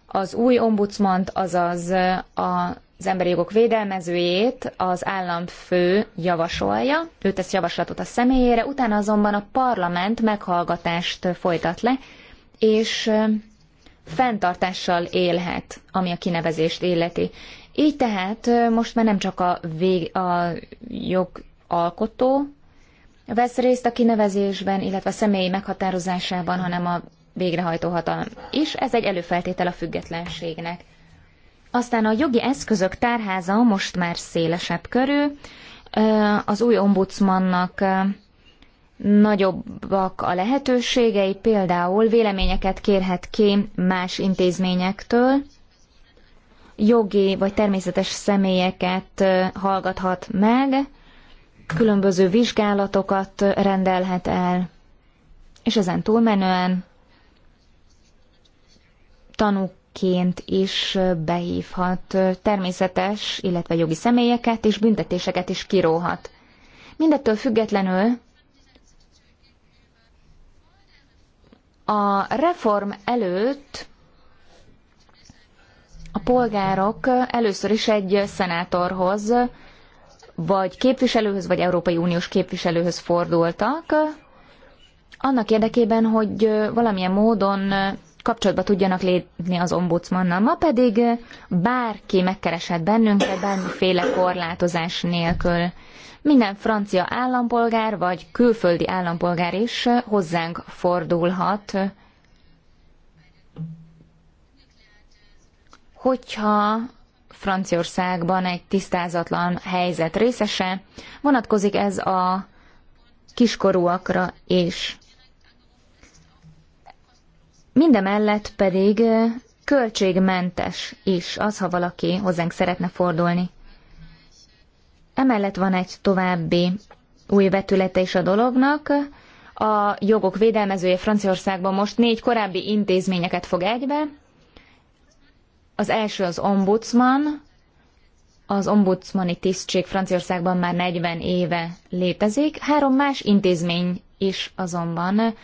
az új ombudsmant, azaz a az emberi jogok védelmezőjét az államfő javasolja, ő tesz javaslatot a személyére, utána azonban a parlament meghallgatást folytat le, és fenntartással élhet, ami a kinevezést illeti. Így tehát most már nem csak a, vég, a jogalkotó vesz részt a kinevezésben, illetve a személy meghatározásában, hanem a végrehajtó hatalom is. Ez egy előfeltétel a függetlenségnek. Aztán a jogi eszközök tárháza most már szélesebb körül. Az új ombudsmannak nagyobbak a lehetőségei, például véleményeket kérhet ki más intézményektől, jogi vagy természetes személyeket hallgathat meg, különböző vizsgálatokat rendelhet el, és ezen túlmenően tanúk bíróként is behívhat természetes, illetve jogi személyeket és büntetéseket is kiróhat. Mindettől függetlenül a reform előtt a polgárok először is egy szenátorhoz, vagy képviselőhöz, vagy Európai Uniós képviselőhöz fordultak, annak érdekében, hogy valamilyen módon kapcsolatba tudjanak lépni az ombudsmannal. Ma pedig eh, bárki megkeresett bennünket bármiféle korlátozás nélkül. Minden francia állampolgár vagy külföldi állampolgár is eh, hozzánk fordulhat, hogyha Franciaországban egy tisztázatlan helyzet részese, vonatkozik ez a kiskorúakra és Mindemellett pedig költségmentes is az, ha valaki hozzánk szeretne fordulni. Emellett van egy további új vetülete is a dolognak. A jogok védelmezője Franciaországban most négy korábbi intézményeket fog egybe. Az első az ombudsman, az ombudsmani tisztség Franciaországban már 40 éve létezik, három más intézmény is azonban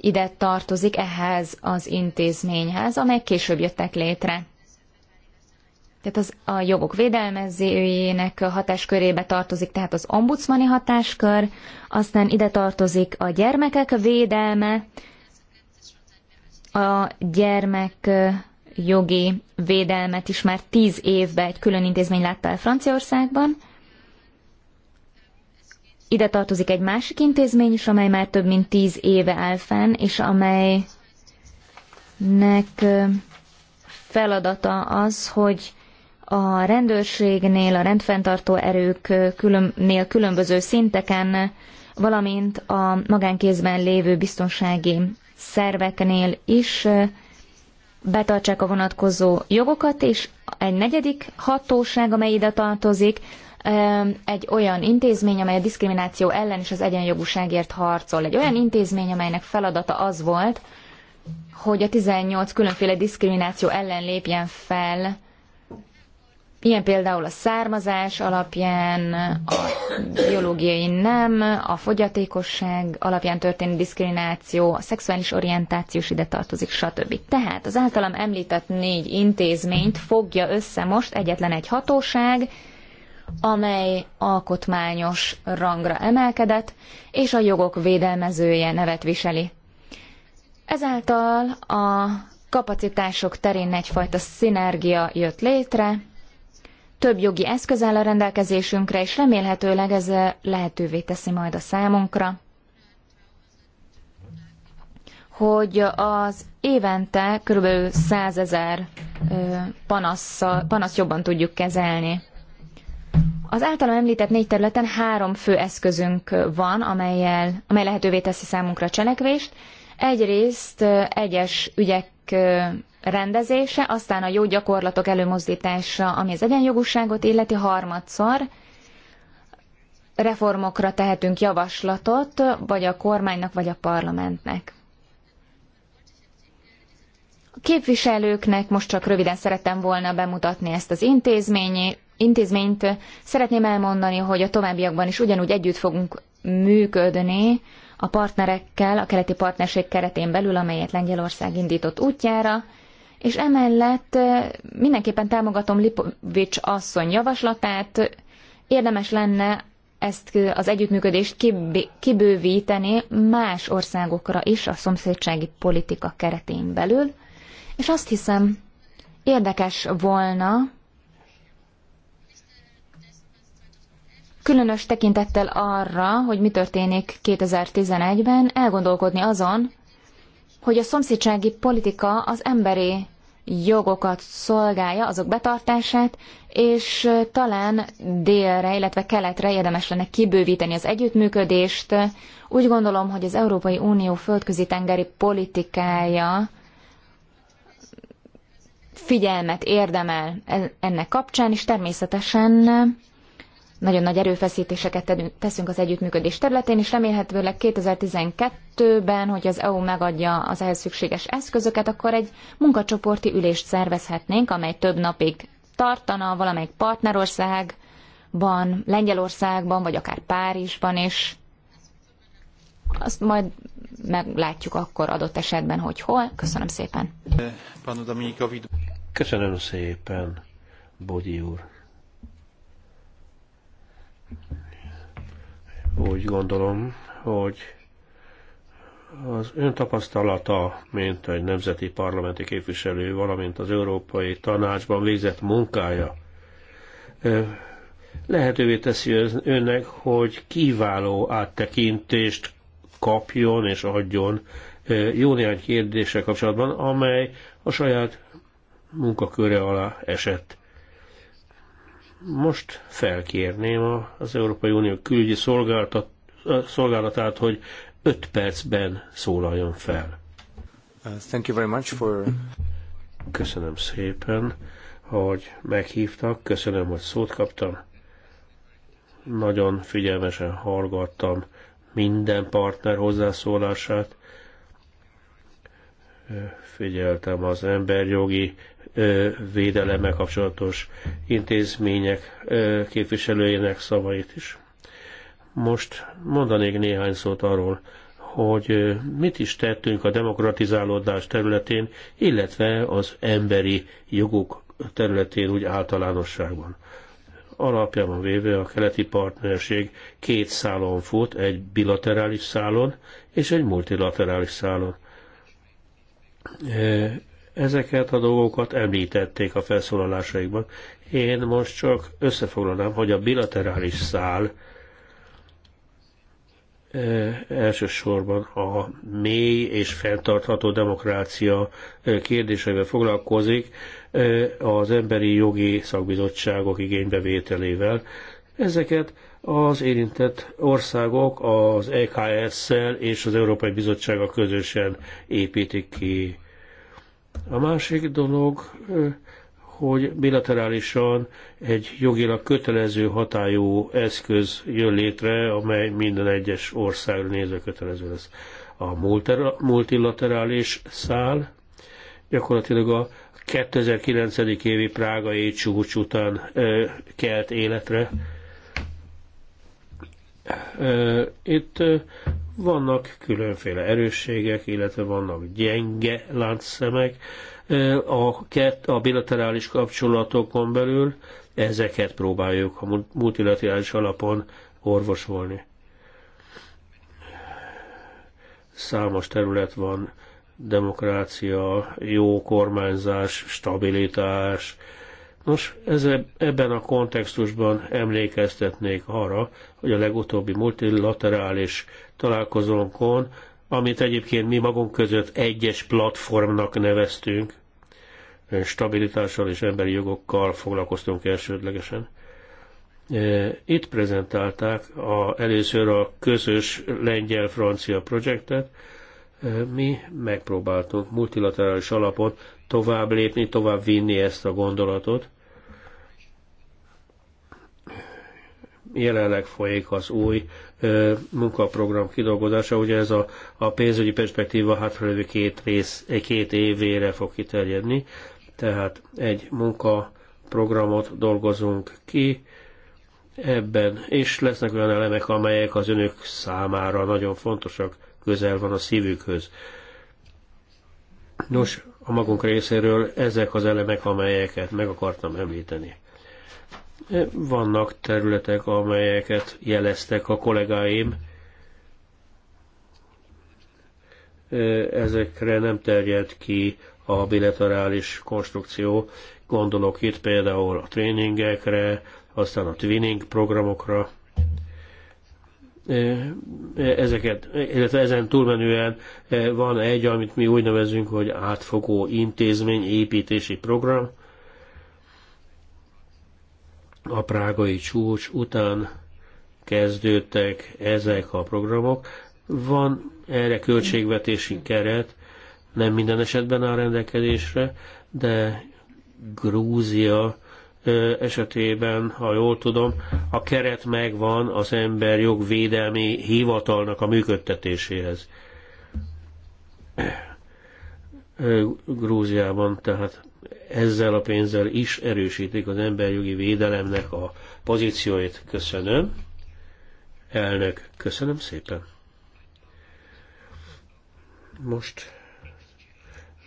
ide tartozik ehhez az intézményhez, amely később jöttek létre. Tehát az a jogok védelmezőjének hatáskörébe tartozik, tehát az ombudsmani hatáskör, aztán ide tartozik a gyermekek védelme, a gyermek jogi védelmet is már tíz évben, egy külön intézmény látta el Franciaországban, ide tartozik egy másik intézmény is, amely már több mint tíz éve áll fenn, és amelynek feladata az, hogy a rendőrségnél, a rendfenntartó erőknél külön, különböző szinteken, valamint a magánkézben lévő biztonsági szerveknél is betartsák a vonatkozó jogokat, és egy negyedik hatóság, amely ide tartozik, egy olyan intézmény, amely a diszkrimináció ellen és az egyenjogúságért harcol. Egy olyan intézmény, amelynek feladata az volt, hogy a 18 különféle diszkrimináció ellen lépjen fel, ilyen például a származás alapján, a biológiai nem, a fogyatékosság alapján történő diszkrimináció, a szexuális orientációs ide tartozik, stb. Tehát az általam említett négy intézményt fogja össze most egyetlen egy hatóság, amely alkotmányos rangra emelkedett, és a jogok védelmezője nevet viseli. Ezáltal a kapacitások terén egyfajta szinergia jött létre, több jogi eszköz áll a rendelkezésünkre, és remélhetőleg ez lehetővé teszi majd a számunkra, hogy az évente kb. 100 ezer panasz jobban tudjuk kezelni. Az általam említett négy területen három fő eszközünk van, amelyel, amely lehetővé teszi számunkra a cselekvést. Egyrészt egyes ügyek rendezése, aztán a jó gyakorlatok előmozdítása, ami az egyenjogúságot illeti harmadszor, reformokra tehetünk javaslatot, vagy a kormánynak, vagy a parlamentnek. A képviselőknek most csak röviden szerettem volna bemutatni ezt az intézményi intézményt. Szeretném elmondani, hogy a továbbiakban is ugyanúgy együtt fogunk működni a partnerekkel, a keleti partnerség keretén belül, amelyet Lengyelország indított útjára, és emellett eh, mindenképpen támogatom Lipovics asszony javaslatát, érdemes lenne ezt az együttműködést kibővíteni más országokra is a szomszédsági politika keretén belül, és azt hiszem érdekes volna különös tekintettel arra, hogy mi történik 2011-ben, elgondolkodni azon, hogy a szomszédsági politika az emberi jogokat szolgálja, azok betartását, és talán délre, illetve keletre érdemes lenne kibővíteni az együttműködést. Úgy gondolom, hogy az Európai Unió földközi tengeri politikája figyelmet érdemel ennek kapcsán, és természetesen nagyon nagy erőfeszítéseket teszünk az együttműködés területén, és remélhetőleg 2012-ben, hogy az EU megadja az ehhez szükséges eszközöket, akkor egy munkacsoporti ülést szervezhetnénk, amely több napig tartana valamelyik partnerországban, Lengyelországban, vagy akár Párizsban is. Azt majd meglátjuk akkor adott esetben, hogy hol. Köszönöm szépen. Köszönöm szépen, Bodi úr. Úgy gondolom, hogy az ön tapasztalata, mint egy nemzeti parlamenti képviselő, valamint az Európai Tanácsban végzett munkája lehetővé teszi önnek, hogy kiváló áttekintést kapjon és adjon jó néhány kérdése kapcsolatban, amely a saját munkaköre alá esett. Most felkérném az Európai Unió külügyi szolgálatát, hogy öt percben szólaljon fel. Uh, thank you very much for... Köszönöm szépen, hogy meghívtak, köszönöm, hogy szót kaptam. Nagyon figyelmesen hallgattam minden partner hozzászólását. Figyeltem az emberjogi védelemmel kapcsolatos intézmények képviselőjének szavait is. Most mondanék néhány szót arról, hogy mit is tettünk a demokratizálódás területén, illetve az emberi jogok területén úgy általánosságban. Alapjában véve a keleti partnerség két szálon fut, egy bilaterális szálon és egy multilaterális szálon Ezeket a dolgokat említették a felszólalásaikban. Én most csak összefoglalnám, hogy a bilaterális szál e, elsősorban a mély és fenntartható demokrácia e, kérdéseivel foglalkozik e, az emberi jogi szakbizottságok igénybevételével. Ezeket az érintett országok az EKS-szel és az Európai Bizottsága közösen építik ki. A másik dolog, hogy bilaterálisan egy jogilag kötelező hatályú eszköz jön létre, amely minden egyes országra nézve kötelező lesz. A multilaterális szál gyakorlatilag a 2009. évi prágai csúcs után ö, kelt életre. Ö, itt vannak különféle erősségek, illetve vannak gyenge láncszemek a, kett, a bilaterális kapcsolatokon belül, ezeket próbáljuk a multilaterális alapon orvosolni. Számos terület van, demokrácia, jó kormányzás, stabilitás. Nos, ez, ebben a kontextusban emlékeztetnék arra, hogy a legutóbbi multilaterális találkozónkon, amit egyébként mi magunk között egyes platformnak neveztünk, stabilitással és emberi jogokkal foglalkoztunk elsődlegesen. E, itt prezentálták a, először a közös lengyel-francia projektet. E, mi megpróbáltunk multilaterális alapon tovább lépni, tovább vinni ezt a gondolatot. jelenleg folyik az új munkaprogram kidolgozása, ugye ez a, a pénzügyi perspektíva hátralévő két, rész, két évére fog kiterjedni, tehát egy munkaprogramot dolgozunk ki, ebben, és lesznek olyan elemek, amelyek az önök számára nagyon fontosak, közel van a szívükhöz. Nos, a magunk részéről ezek az elemek, amelyeket meg akartam említeni. Vannak területek, amelyeket jeleztek a kollégáim. Ezekre nem terjed ki a bilaterális konstrukció. Gondolok itt például a tréningekre, aztán a twinning programokra. Ezeket, illetve ezen túlmenően van egy, amit mi úgy nevezünk, hogy átfogó intézményépítési program, a prágai csúcs után kezdődtek ezek a programok. Van erre költségvetési keret, nem minden esetben áll rendelkezésre, de Grúzia esetében, ha jól tudom, a keret megvan az ember jogvédelmi hivatalnak a működtetéséhez. Grúziában tehát ezzel a pénzzel is erősítik az emberjogi védelemnek a pozícióit. Köszönöm. Elnök, köszönöm szépen. Most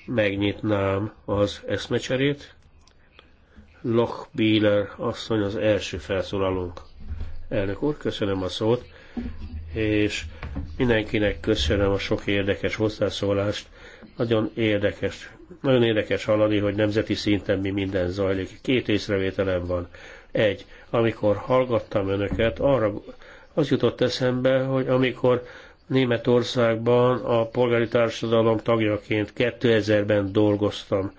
megnyitnám az eszmecserét. Loch Bieler asszony az első felszólalónk. Elnök úr, köszönöm a szót, és mindenkinek köszönöm a sok érdekes hozzászólást. Nagyon érdekes nagyon érdekes hallani, hogy nemzeti szinten mi minden zajlik. Két észrevételem van. Egy, amikor hallgattam önöket, arra az jutott eszembe, hogy amikor Németországban a polgári társadalom tagjaként 2000-ben dolgoztam,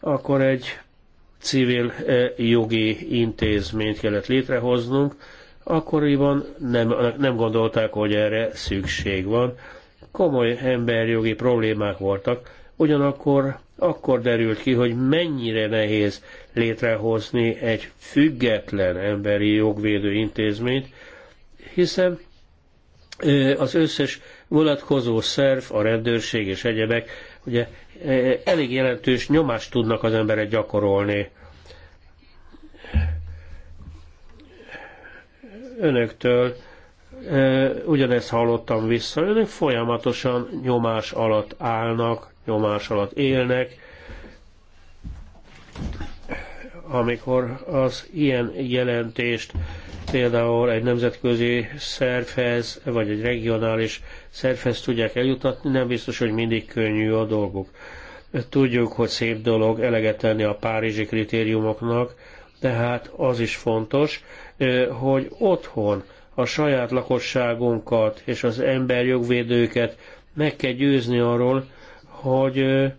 akkor egy civil eh, jogi intézményt kellett létrehoznunk, akkoriban nem, nem gondolták, hogy erre szükség van, komoly emberjogi problémák voltak, ugyanakkor akkor derült ki, hogy mennyire nehéz létrehozni egy független emberi jogvédő intézményt, hiszen az összes vonatkozó szerv, a rendőrség és egyebek ugye elég jelentős nyomást tudnak az emberek gyakorolni. Önöktől ugyanezt hallottam vissza, önök folyamatosan nyomás alatt állnak, nyomás alatt élnek, amikor az ilyen jelentést például egy nemzetközi szervhez, vagy egy regionális szervhez tudják eljutatni, nem biztos, hogy mindig könnyű a dolguk. Tudjuk, hogy szép dolog eleget tenni a párizsi kritériumoknak, de hát az is fontos, hogy otthon a saját lakosságunkat és az emberjogvédőket meg kell győzni arról, hogy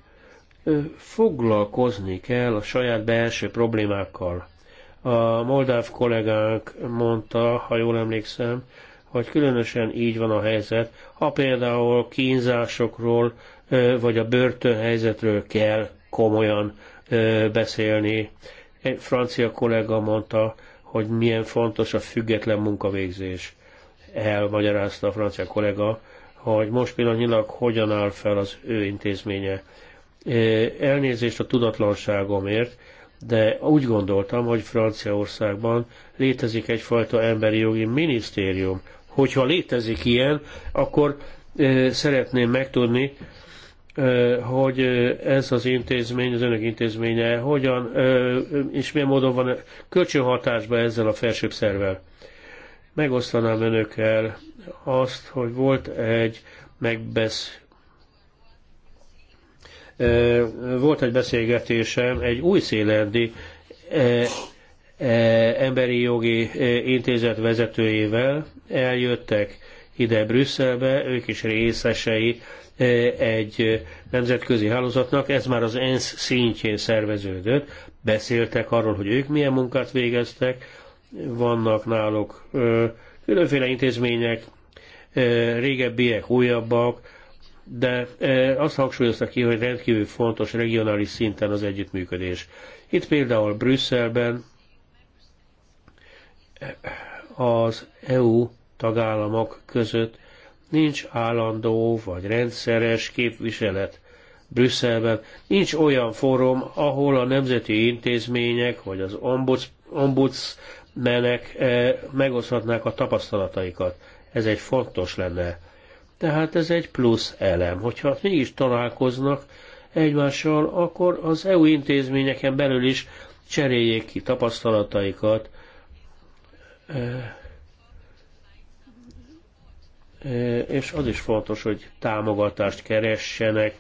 foglalkozni kell a saját belső problémákkal. A moldáv kollégánk mondta, ha jól emlékszem, hogy különösen így van a helyzet, ha például kínzásokról vagy a börtönhelyzetről kell komolyan beszélni. Egy francia kollega mondta, hogy milyen fontos a független munkavégzés. Elmagyarázta a francia kollega, hogy most pillanatnyilag hogyan áll fel az ő intézménye. Elnézést a tudatlanságomért, de úgy gondoltam, hogy Franciaországban létezik egyfajta emberi jogi minisztérium. Hogyha létezik ilyen, akkor szeretném megtudni, hogy ez az intézmény, az önök intézménye hogyan és milyen módon van kölcsönhatásban ezzel a felsőbb szervel. Megosztanám önökkel azt, hogy volt egy megbesz... volt egy beszélgetésem egy új szélendi emberi jogi intézet vezetőjével eljöttek ide Brüsszelbe, ők is részesei egy nemzetközi hálózatnak, ez már az ENSZ szintjén szerveződött, beszéltek arról, hogy ők milyen munkát végeztek, vannak náluk különféle intézmények, régebbiek, újabbak, de azt hangsúlyozta ki, hogy rendkívül fontos regionális szinten az együttműködés. Itt például Brüsszelben az EU tagállamok között nincs állandó vagy rendszeres képviselet Brüsszelben, nincs olyan fórum, ahol a nemzeti intézmények vagy az ombuds, ombudsmenek eh, megoszthatnák a tapasztalataikat. Ez egy fontos lenne. Tehát ez egy plusz elem. Hogyha mégis találkoznak egymással, akkor az EU intézményeken belül is cseréljék ki tapasztalataikat, eh, E, és az is fontos, hogy támogatást keressenek,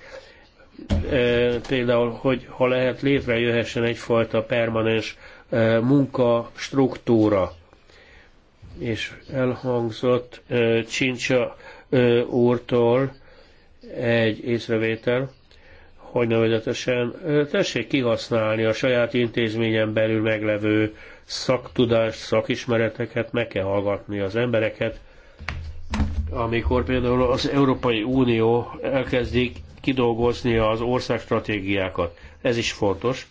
e, például, hogy ha lehet, létrejöhessen egyfajta permanens e, munkastruktúra. És elhangzott Csincsa úrtól egy észrevétel, hogy nevezetesen tessék kihasználni a saját intézményen belül meglevő szaktudást, szakismereteket, meg kell hallgatni az embereket, amikor például az Európai Unió elkezdik kidolgozni az ország stratégiákat. Ez is fontos.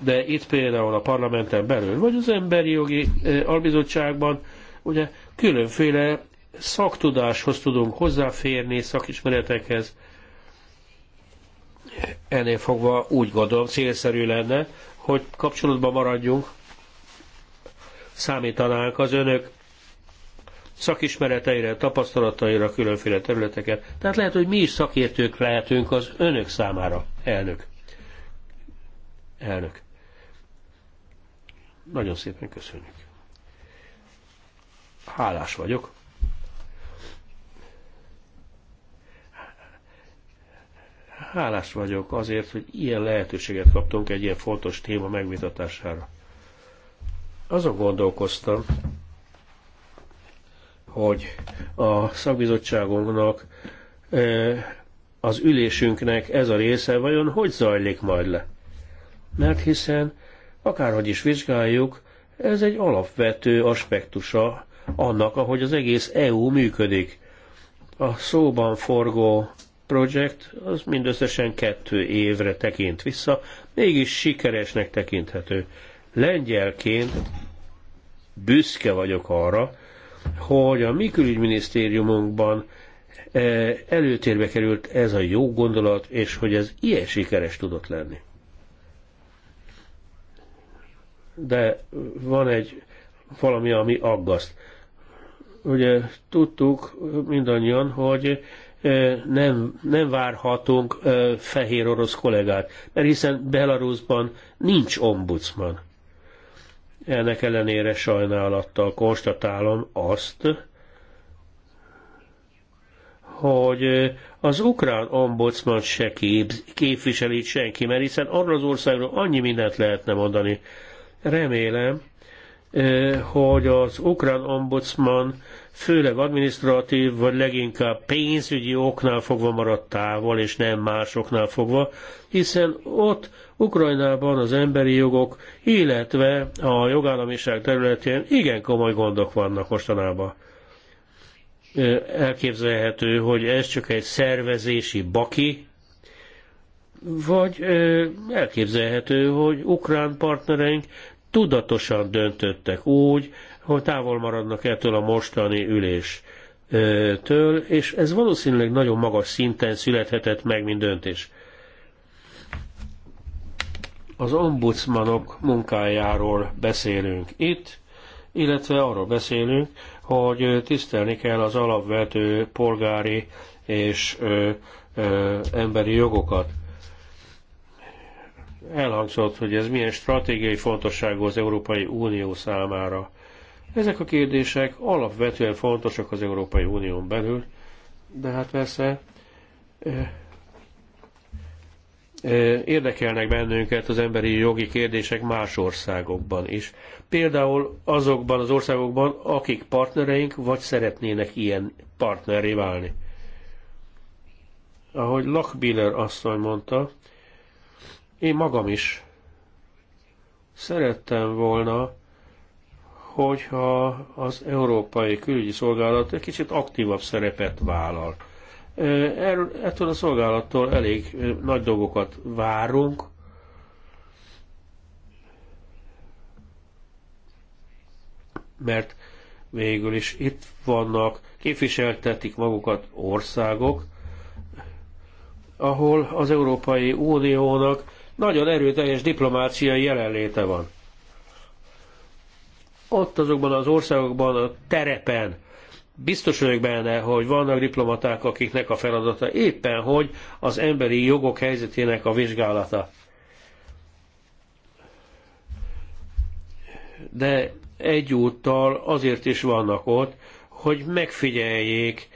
De itt például a parlamenten belül, vagy az Emberi Jogi eh, Albizottságban, ugye különféle szaktudáshoz tudunk hozzáférni, szakismeretekhez. Ennél fogva úgy gondolom, célszerű lenne, hogy kapcsolatban maradjunk, számítanánk az önök szakismereteire, tapasztalataira különféle területeken. Tehát lehet, hogy mi is szakértők lehetünk az önök számára, elnök. Elnök. Nagyon szépen köszönjük. Hálás vagyok. Hálás vagyok azért, hogy ilyen lehetőséget kaptunk egy ilyen fontos téma megvitatására. Azon gondolkoztam, hogy a szakbizottságunknak, e, az ülésünknek ez a része vajon hogy zajlik majd le. Mert hiszen, akárhogy is vizsgáljuk, ez egy alapvető aspektusa annak, ahogy az egész EU működik. A szóban forgó projekt az mindösszesen kettő évre tekint vissza, mégis sikeresnek tekinthető. Lengyelként büszke vagyok arra, hogy a mi külügyminisztériumunkban e, előtérbe került ez a jó gondolat, és hogy ez ilyen sikeres tudott lenni. De van egy valami, ami aggaszt. Ugye tudtuk mindannyian, hogy e, nem, nem várhatunk e, fehér orosz kollégát, mert hiszen Belarusban nincs ombudsman. Ennek ellenére sajnálattal konstatálom azt, hogy az ukrán ombudsman se képz, képviseli senki, mert hiszen arról az országról annyi mindent lehetne mondani. Remélem, eh, hogy az ukrán ombudsman főleg administratív, vagy leginkább pénzügyi oknál fogva maradt távol, és nem másoknál fogva, hiszen ott Ukrajnában az emberi jogok, illetve a jogállamiság területén igen komoly gondok vannak mostanában. Elképzelhető, hogy ez csak egy szervezési baki, vagy elképzelhető, hogy ukrán partnereink tudatosan döntöttek úgy, hogy távol maradnak ettől a mostani ülés től, és ez valószínűleg nagyon magas szinten születhetett meg, mint döntés. Az ombudsmanok munkájáról beszélünk itt, illetve arról beszélünk, hogy tisztelni kell az alapvető polgári és ö, ö, emberi jogokat. Elhangzott, hogy ez milyen stratégiai fontosságú az Európai Unió számára. Ezek a kérdések alapvetően fontosak az Európai Unión belül, de hát persze érdekelnek bennünket az emberi jogi kérdések más országokban is. Például azokban az országokban, akik partnereink, vagy szeretnének ilyen partneré válni. Ahogy Lachbiller asszony mondta, én magam is szerettem volna hogyha az Európai Külügyi Szolgálat egy kicsit aktívabb szerepet vállal. Erről, ettől a szolgálattól elég nagy dolgokat várunk. Mert végül is itt vannak, képviseltetik magukat országok, ahol az Európai Uniónak nagyon erőteljes diplomáciai jelenléte van ott azokban az országokban a terepen biztos vagyok benne, hogy vannak diplomaták, akiknek a feladata éppen, hogy az emberi jogok helyzetének a vizsgálata. De egyúttal azért is vannak ott, hogy megfigyeljék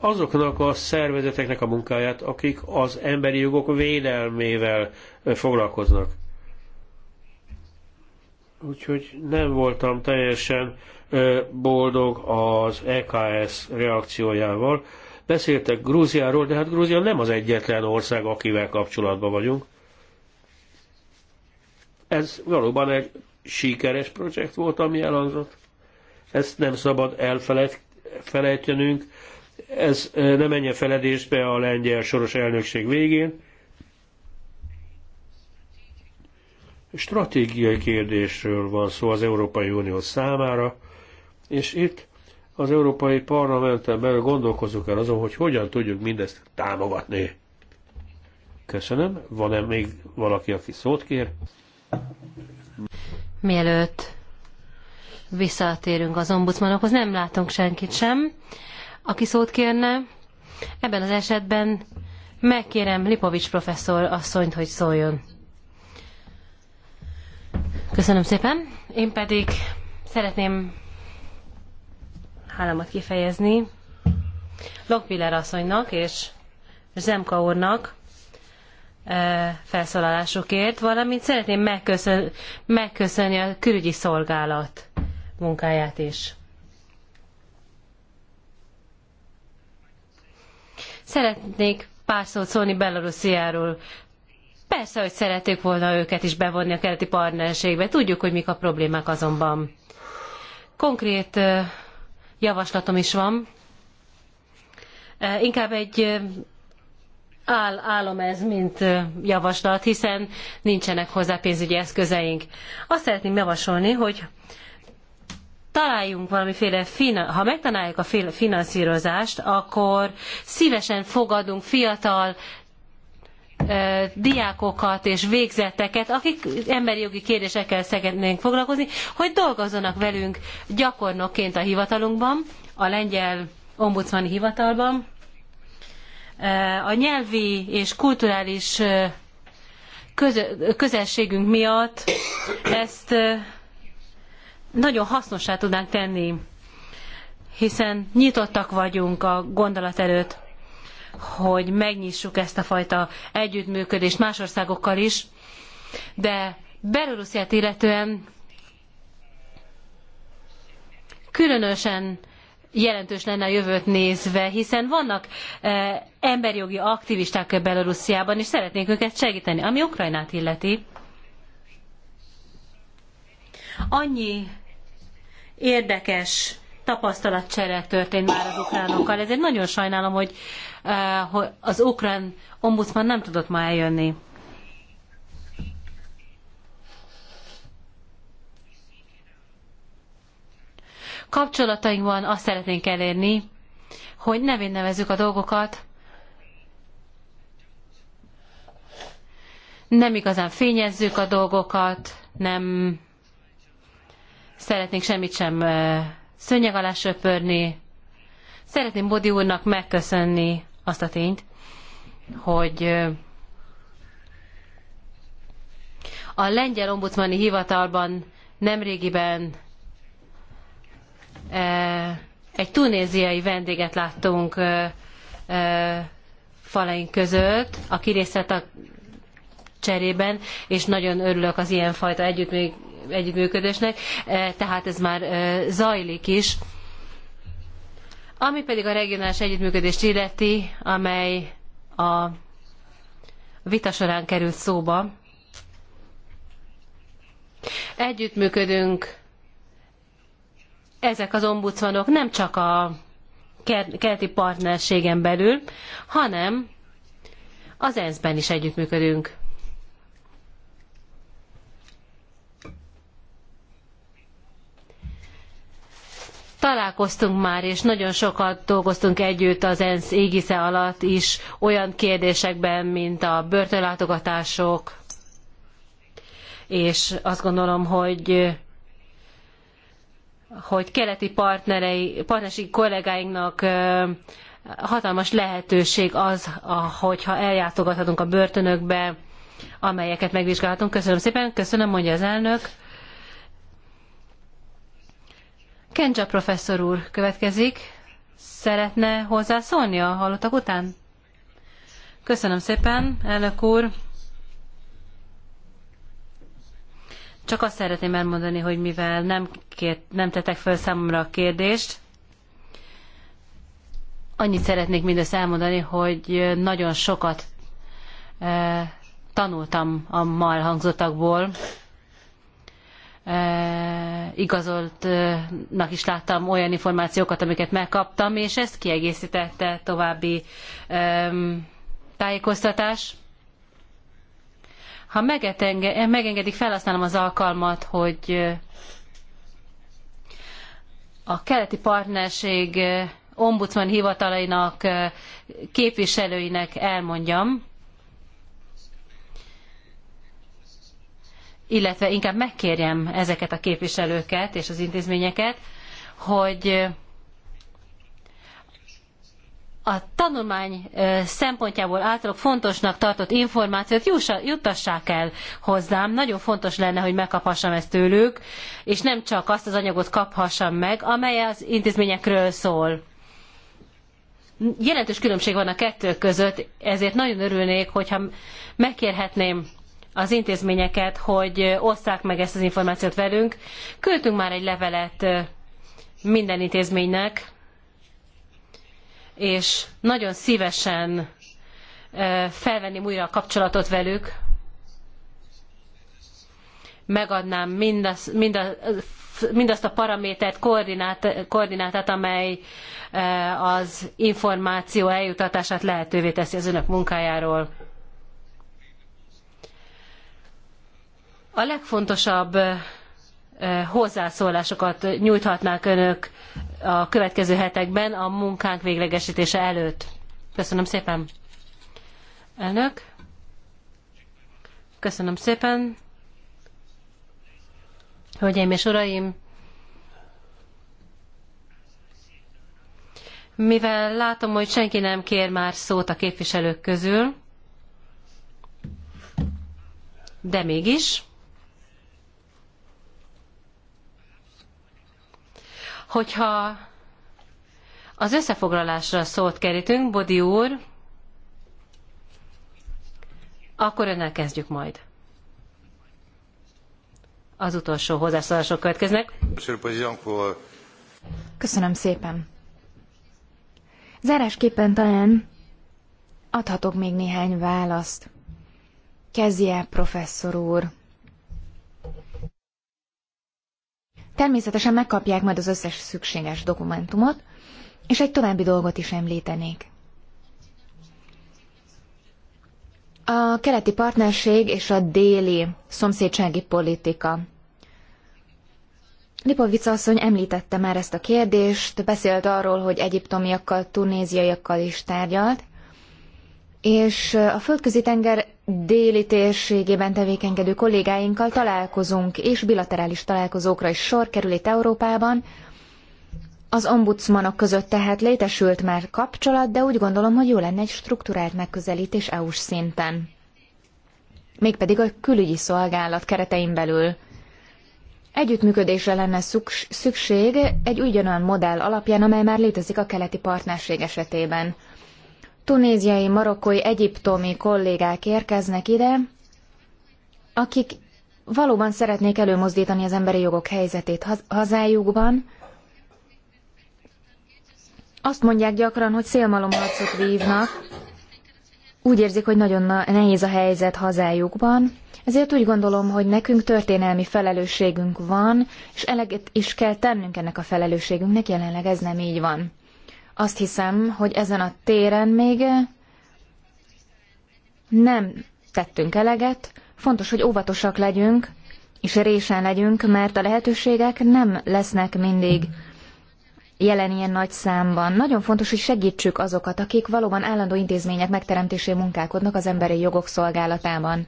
azoknak a szervezeteknek a munkáját, akik az emberi jogok védelmével foglalkoznak. Úgyhogy nem voltam teljesen boldog az EKS reakciójával. Beszéltek Grúziáról, de hát Grúzia nem az egyetlen ország, akivel kapcsolatban vagyunk. Ez valóban egy sikeres projekt volt, ami elhangzott. Ezt nem szabad elfelejtenünk. Ez nem menjen feledésbe a lengyel soros elnökség végén. stratégiai kérdésről van szó az Európai Unió számára, és itt az Európai Parlamenten belül gondolkozunk el azon, hogy hogyan tudjuk mindezt támogatni. Köszönöm. Van-e még valaki, aki szót kér? Mielőtt visszatérünk az ombudsmanokhoz, nem látunk senkit sem, aki szót kérne. Ebben az esetben megkérem Lipovics professzor asszonyt, hogy szóljon. Köszönöm szépen. Én pedig szeretném hálámat kifejezni Lokpiller asszonynak és Zemka úrnak felszólalásukért, valamint szeretném megköszön, megköszönni a külügyi szolgálat munkáját is. Szeretnék pár szót szólni Belarusziáról. Persze, hogy szeretük volna őket is bevonni a keleti partnerségbe, tudjuk, hogy mik a problémák azonban. Konkrét javaslatom is van. Inkább egy áll, állom ez, mint javaslat, hiszen nincsenek hozzá pénzügyi eszközeink. Azt szeretném javasolni, hogy találjunk valamiféle, ha megtaláljuk a finanszírozást, akkor szívesen fogadunk fiatal diákokat és végzetteket, akik emberi jogi kérdésekkel szeretnénk foglalkozni, hogy dolgozzanak velünk gyakornokként a hivatalunkban, a lengyel ombudsmani hivatalban. A nyelvi és kulturális közelségünk miatt ezt nagyon hasznosá tudnánk tenni, hiszen nyitottak vagyunk a gondolat előtt hogy megnyissuk ezt a fajta együttműködést más országokkal is, de Belorussziát illetően különösen jelentős lenne a jövőt nézve, hiszen vannak e, emberi jogi aktivisták Belorussziában, és szeretnénk őket segíteni, ami Ukrajnát illeti. Annyi érdekes tapasztalatcsere történt már az ukránokkal, ezért nagyon sajnálom, hogy Eh, hogy az ukrán ombudsman nem tudott ma eljönni. Kapcsolatainkban azt szeretnénk elérni, hogy nevén nevezzük a dolgokat, nem igazán fényezzük a dolgokat, nem szeretnénk semmit sem eh, szőnyeg alá söpörni. Szeretném Bodi úrnak megköszönni azt a tényt, hogy a lengyel ombudsmani hivatalban nemrégiben egy tunéziai vendéget láttunk falaink között, aki részt a cserében, és nagyon örülök az ilyenfajta együttműködésnek, tehát ez már zajlik is. Ami pedig a regionális együttműködést illeti, amely a vita során került szóba, együttműködünk ezek az ombudsmanok nem csak a keleti partnerségen belül, hanem az ENSZ-ben is együttműködünk. találkoztunk már, és nagyon sokat dolgoztunk együtt az ENSZ égisze alatt is olyan kérdésekben, mint a börtönlátogatások, és azt gondolom, hogy hogy keleti partnerei, partnerségi kollégáinknak hatalmas lehetőség az, hogyha eljátogathatunk a börtönökbe, amelyeket megvizsgálhatunk. Köszönöm szépen, köszönöm, mondja az elnök. Kenja professzor úr következik. Szeretne hozzászólni a hallottak után? Köszönöm szépen, elnök úr. Csak azt szeretném elmondani, hogy mivel nem, kért, nem tettek föl számomra a kérdést, annyit szeretnék mindezt elmondani, hogy nagyon sokat e, tanultam a ma elhangzottakból. Eh, igazoltnak is láttam olyan információkat, amiket megkaptam, és ezt kiegészítette további tájékoztatás. Ha eh, megengedik, felhasználom az alkalmat, hogy eh, a keleti partnerség ombudsman hivatalainak képviselőinek elmondjam, illetve inkább megkérjem ezeket a képviselőket és az intézményeket, hogy a tanulmány szempontjából általuk fontosnak tartott információt juttassák el hozzám. Nagyon fontos lenne, hogy megkaphassam ezt tőlük, és nem csak azt az anyagot kaphassam meg, amely az intézményekről szól. Jelentős különbség van a kettő között, ezért nagyon örülnék, hogyha megkérhetném az intézményeket, hogy osszák meg ezt az információt velünk. Küldtünk már egy levelet minden intézménynek, és nagyon szívesen felvenném újra a kapcsolatot velük. Megadnám mindaz, mindaz, mindazt a paramétert, koordinát, koordinátát, amely az információ eljutatását lehetővé teszi az önök munkájáról. a legfontosabb hozzászólásokat nyújthatnák önök a következő hetekben a munkánk véglegesítése előtt. Köszönöm szépen. Elnök. Köszönöm szépen. Hölgyeim és uraim, mivel látom, hogy senki nem kér már szót a képviselők közül, de mégis. Hogyha az összefoglalásra szót kerítünk, Bodi úr, akkor önnel kezdjük majd. Az utolsó hozzászólások következnek. Euh, Köszönöm szépen. Zárásképpen talán adhatok még néhány választ. Kezdje, professzor úr. Természetesen megkapják majd az összes szükséges dokumentumot, és egy további dolgot is említenék. A keleti partnerség és a déli szomszédsági politika. Lipovica asszony említette már ezt a kérdést, beszélt arról, hogy egyiptomiakkal, tunéziaiakkal is tárgyalt, és a földközi tenger déli térségében tevékenykedő kollégáinkkal találkozunk, és bilaterális találkozókra is sor kerül itt Európában. Az ombudsmanok között tehát létesült már kapcsolat, de úgy gondolom, hogy jó lenne egy strukturált megközelítés EU-s szinten. Mégpedig a külügyi szolgálat keretein belül. Együttműködésre lenne szükség egy ugyanolyan modell alapján, amely már létezik a keleti partnerség esetében tunéziai, marokkói, egyiptomi kollégák érkeznek ide, akik valóban szeretnék előmozdítani az emberi jogok helyzetét hazájukban. Azt mondják gyakran, hogy szélmalomharcot vívnak, úgy érzik, hogy nagyon nehéz a helyzet hazájukban, ezért úgy gondolom, hogy nekünk történelmi felelősségünk van, és eleget is kell tennünk ennek a felelősségünknek, jelenleg ez nem így van. Azt hiszem, hogy ezen a téren még nem tettünk eleget. Fontos, hogy óvatosak legyünk, és résen legyünk, mert a lehetőségek nem lesznek mindig jelen ilyen nagy számban. Nagyon fontos, hogy segítsük azokat, akik valóban állandó intézmények megteremtésé munkálkodnak az emberi jogok szolgálatában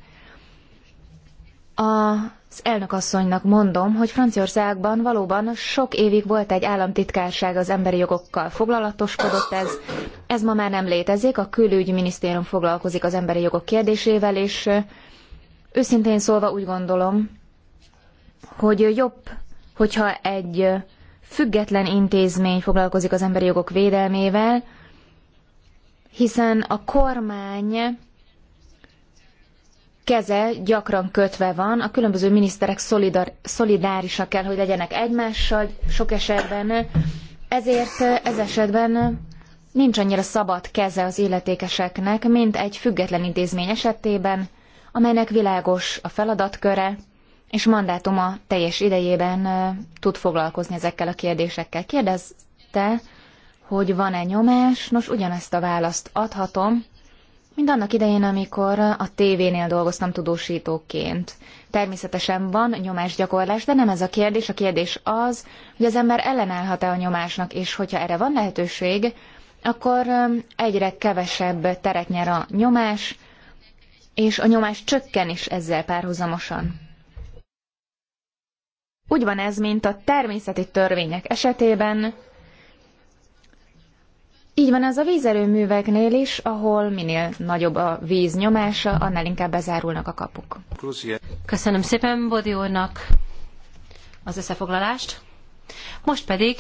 az elnökasszonynak mondom, hogy Franciaországban valóban sok évig volt egy államtitkárság az emberi jogokkal foglalatoskodott ez. Ez ma már nem létezik, a külügyminisztérium foglalkozik az emberi jogok kérdésével, és őszintén szólva úgy gondolom, hogy jobb, hogyha egy független intézmény foglalkozik az emberi jogok védelmével, hiszen a kormány keze gyakran kötve van, a különböző miniszterek szolidar, szolidárisak kell, hogy legyenek egymással sok esetben, ezért eh, ez esetben nincs annyira szabad keze az illetékeseknek, mint egy független intézmény esetében, amelynek világos a feladatköre, és mandátuma teljes idejében eh, tud foglalkozni ezekkel a kérdésekkel. Kérdezte, hogy van-e nyomás? Nos, ugyanezt a választ adhatom mint annak idején, amikor a tévénél dolgoztam tudósítóként. Természetesen van nyomásgyakorlás, de nem ez a kérdés. A kérdés az, hogy az ember ellenállhat-e a nyomásnak, és hogyha erre van lehetőség, akkor egyre kevesebb teret nyer a nyomás, és a nyomás csökken is ezzel párhuzamosan. Úgy van ez, mint a természeti törvények esetében, így van ez a vízerőműveknél is, ahol minél nagyobb a víz nyomása, annál inkább bezárulnak a kapuk. Köszönöm szépen Bodi úrnak az összefoglalást. Most pedig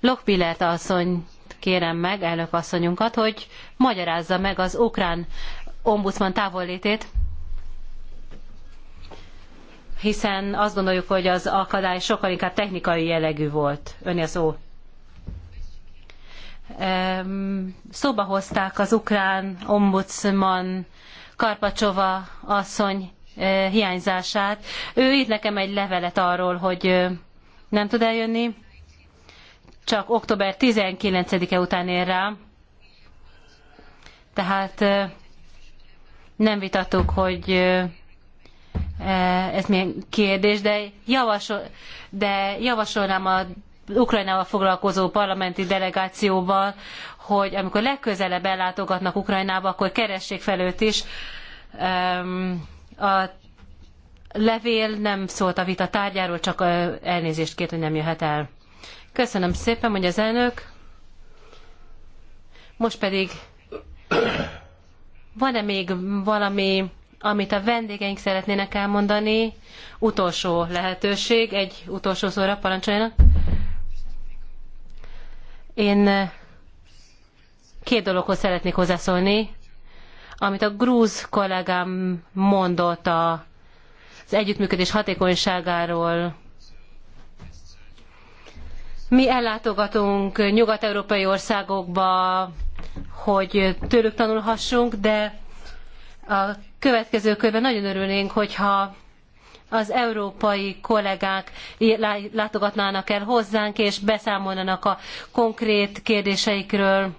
Lochbillert asszony kérem meg, elnök asszonyunkat, hogy magyarázza meg az ukrán ombudsman távollétét, hiszen azt gondoljuk, hogy az akadály sokkal inkább technikai jellegű volt. ön a szó szóba hozták az ukrán ombudsman Karpacsova asszony eh, hiányzását. Ő írt nekem egy levelet arról, hogy eh, nem tud eljönni, csak október 19-e után ér rá. Tehát eh, nem vitattuk, hogy ez milyen kérdés, de, javasol, de javasolnám a Ukrajnával foglalkozó parlamenti delegációval, hogy amikor legközelebb ellátogatnak Ukrajnába, akkor keressék fel őt is. A levél nem szólt a vita tárgyáról, csak elnézést kért, hogy nem jöhet el. Köszönöm szépen, hogy az elnök. Most pedig van-e még valami, amit a vendégeink szeretnének elmondani? Utolsó lehetőség, egy utolsó szóra parancsoljanak. Én eh, két dologhoz szeretnék hozzászólni, amit a grúz kollégám mondott a, az együttműködés hatékonyságáról. Mi ellátogatunk nyugat-európai országokba, hogy tőlük tanulhassunk, de a következő körben nagyon örülnénk, hogyha az európai kollégák látogatnának el hozzánk, és beszámolnának a konkrét kérdéseikről,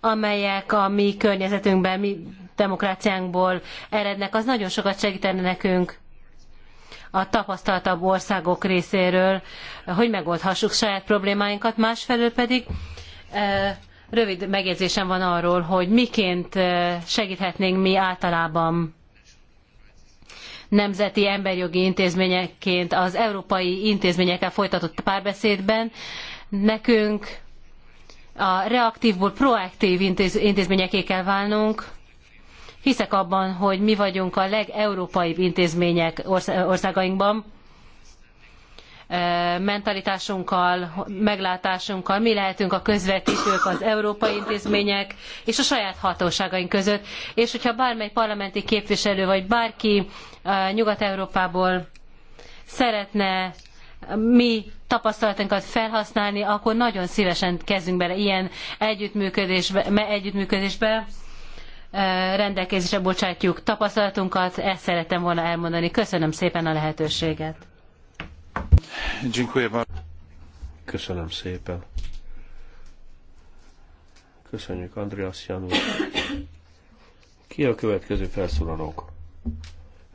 amelyek a mi környezetünkben, mi demokráciánkból erednek, az nagyon sokat segítene nekünk a tapasztaltabb országok részéről, hogy megoldhassuk saját problémáinkat, másfelől pedig e, rövid megjegyzésem van arról, hogy miként e, segíthetnénk mi általában nemzeti emberjogi intézményeként az európai intézményekkel folytatott párbeszédben. Nekünk a reaktívból proaktív intéz, intézményeké kell válnunk. Hiszek abban, hogy mi vagyunk a legeurópaibb intézmények országainkban mentalitásunkkal, meglátásunkkal, mi lehetünk a közvetítők az európai intézmények és a saját hatóságaink között, és hogyha bármely parlamenti képviselő vagy bárki Nyugat-Európából szeretne mi tapasztalatunkat felhasználni, akkor nagyon szívesen kezdünk bele ilyen együttműködésbe, együttműködésbe rendelkezésre bocsátjuk tapasztalatunkat, ezt szerettem volna elmondani. Köszönöm szépen a lehetőséget. Köszönöm szépen. Köszönjük, Andreas Janus. Ki a következő felszólalók.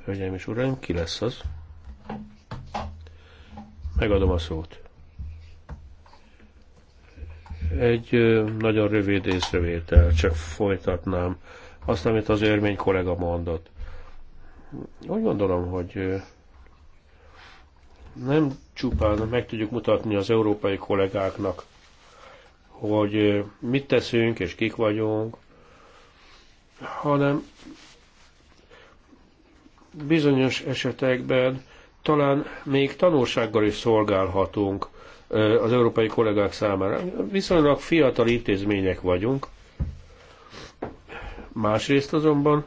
Hölgyeim és uraim, ki lesz az? Megadom a szót. Egy nagyon rövid észrevétel, csak folytatnám azt, amit az örmény kollega mondott. Úgy gondolom, hogy nem csupán meg tudjuk mutatni az európai kollégáknak, hogy mit teszünk és kik vagyunk, hanem bizonyos esetekben talán még tanulsággal is szolgálhatunk az európai kollégák számára. Viszonylag fiatal intézmények vagyunk. Másrészt azonban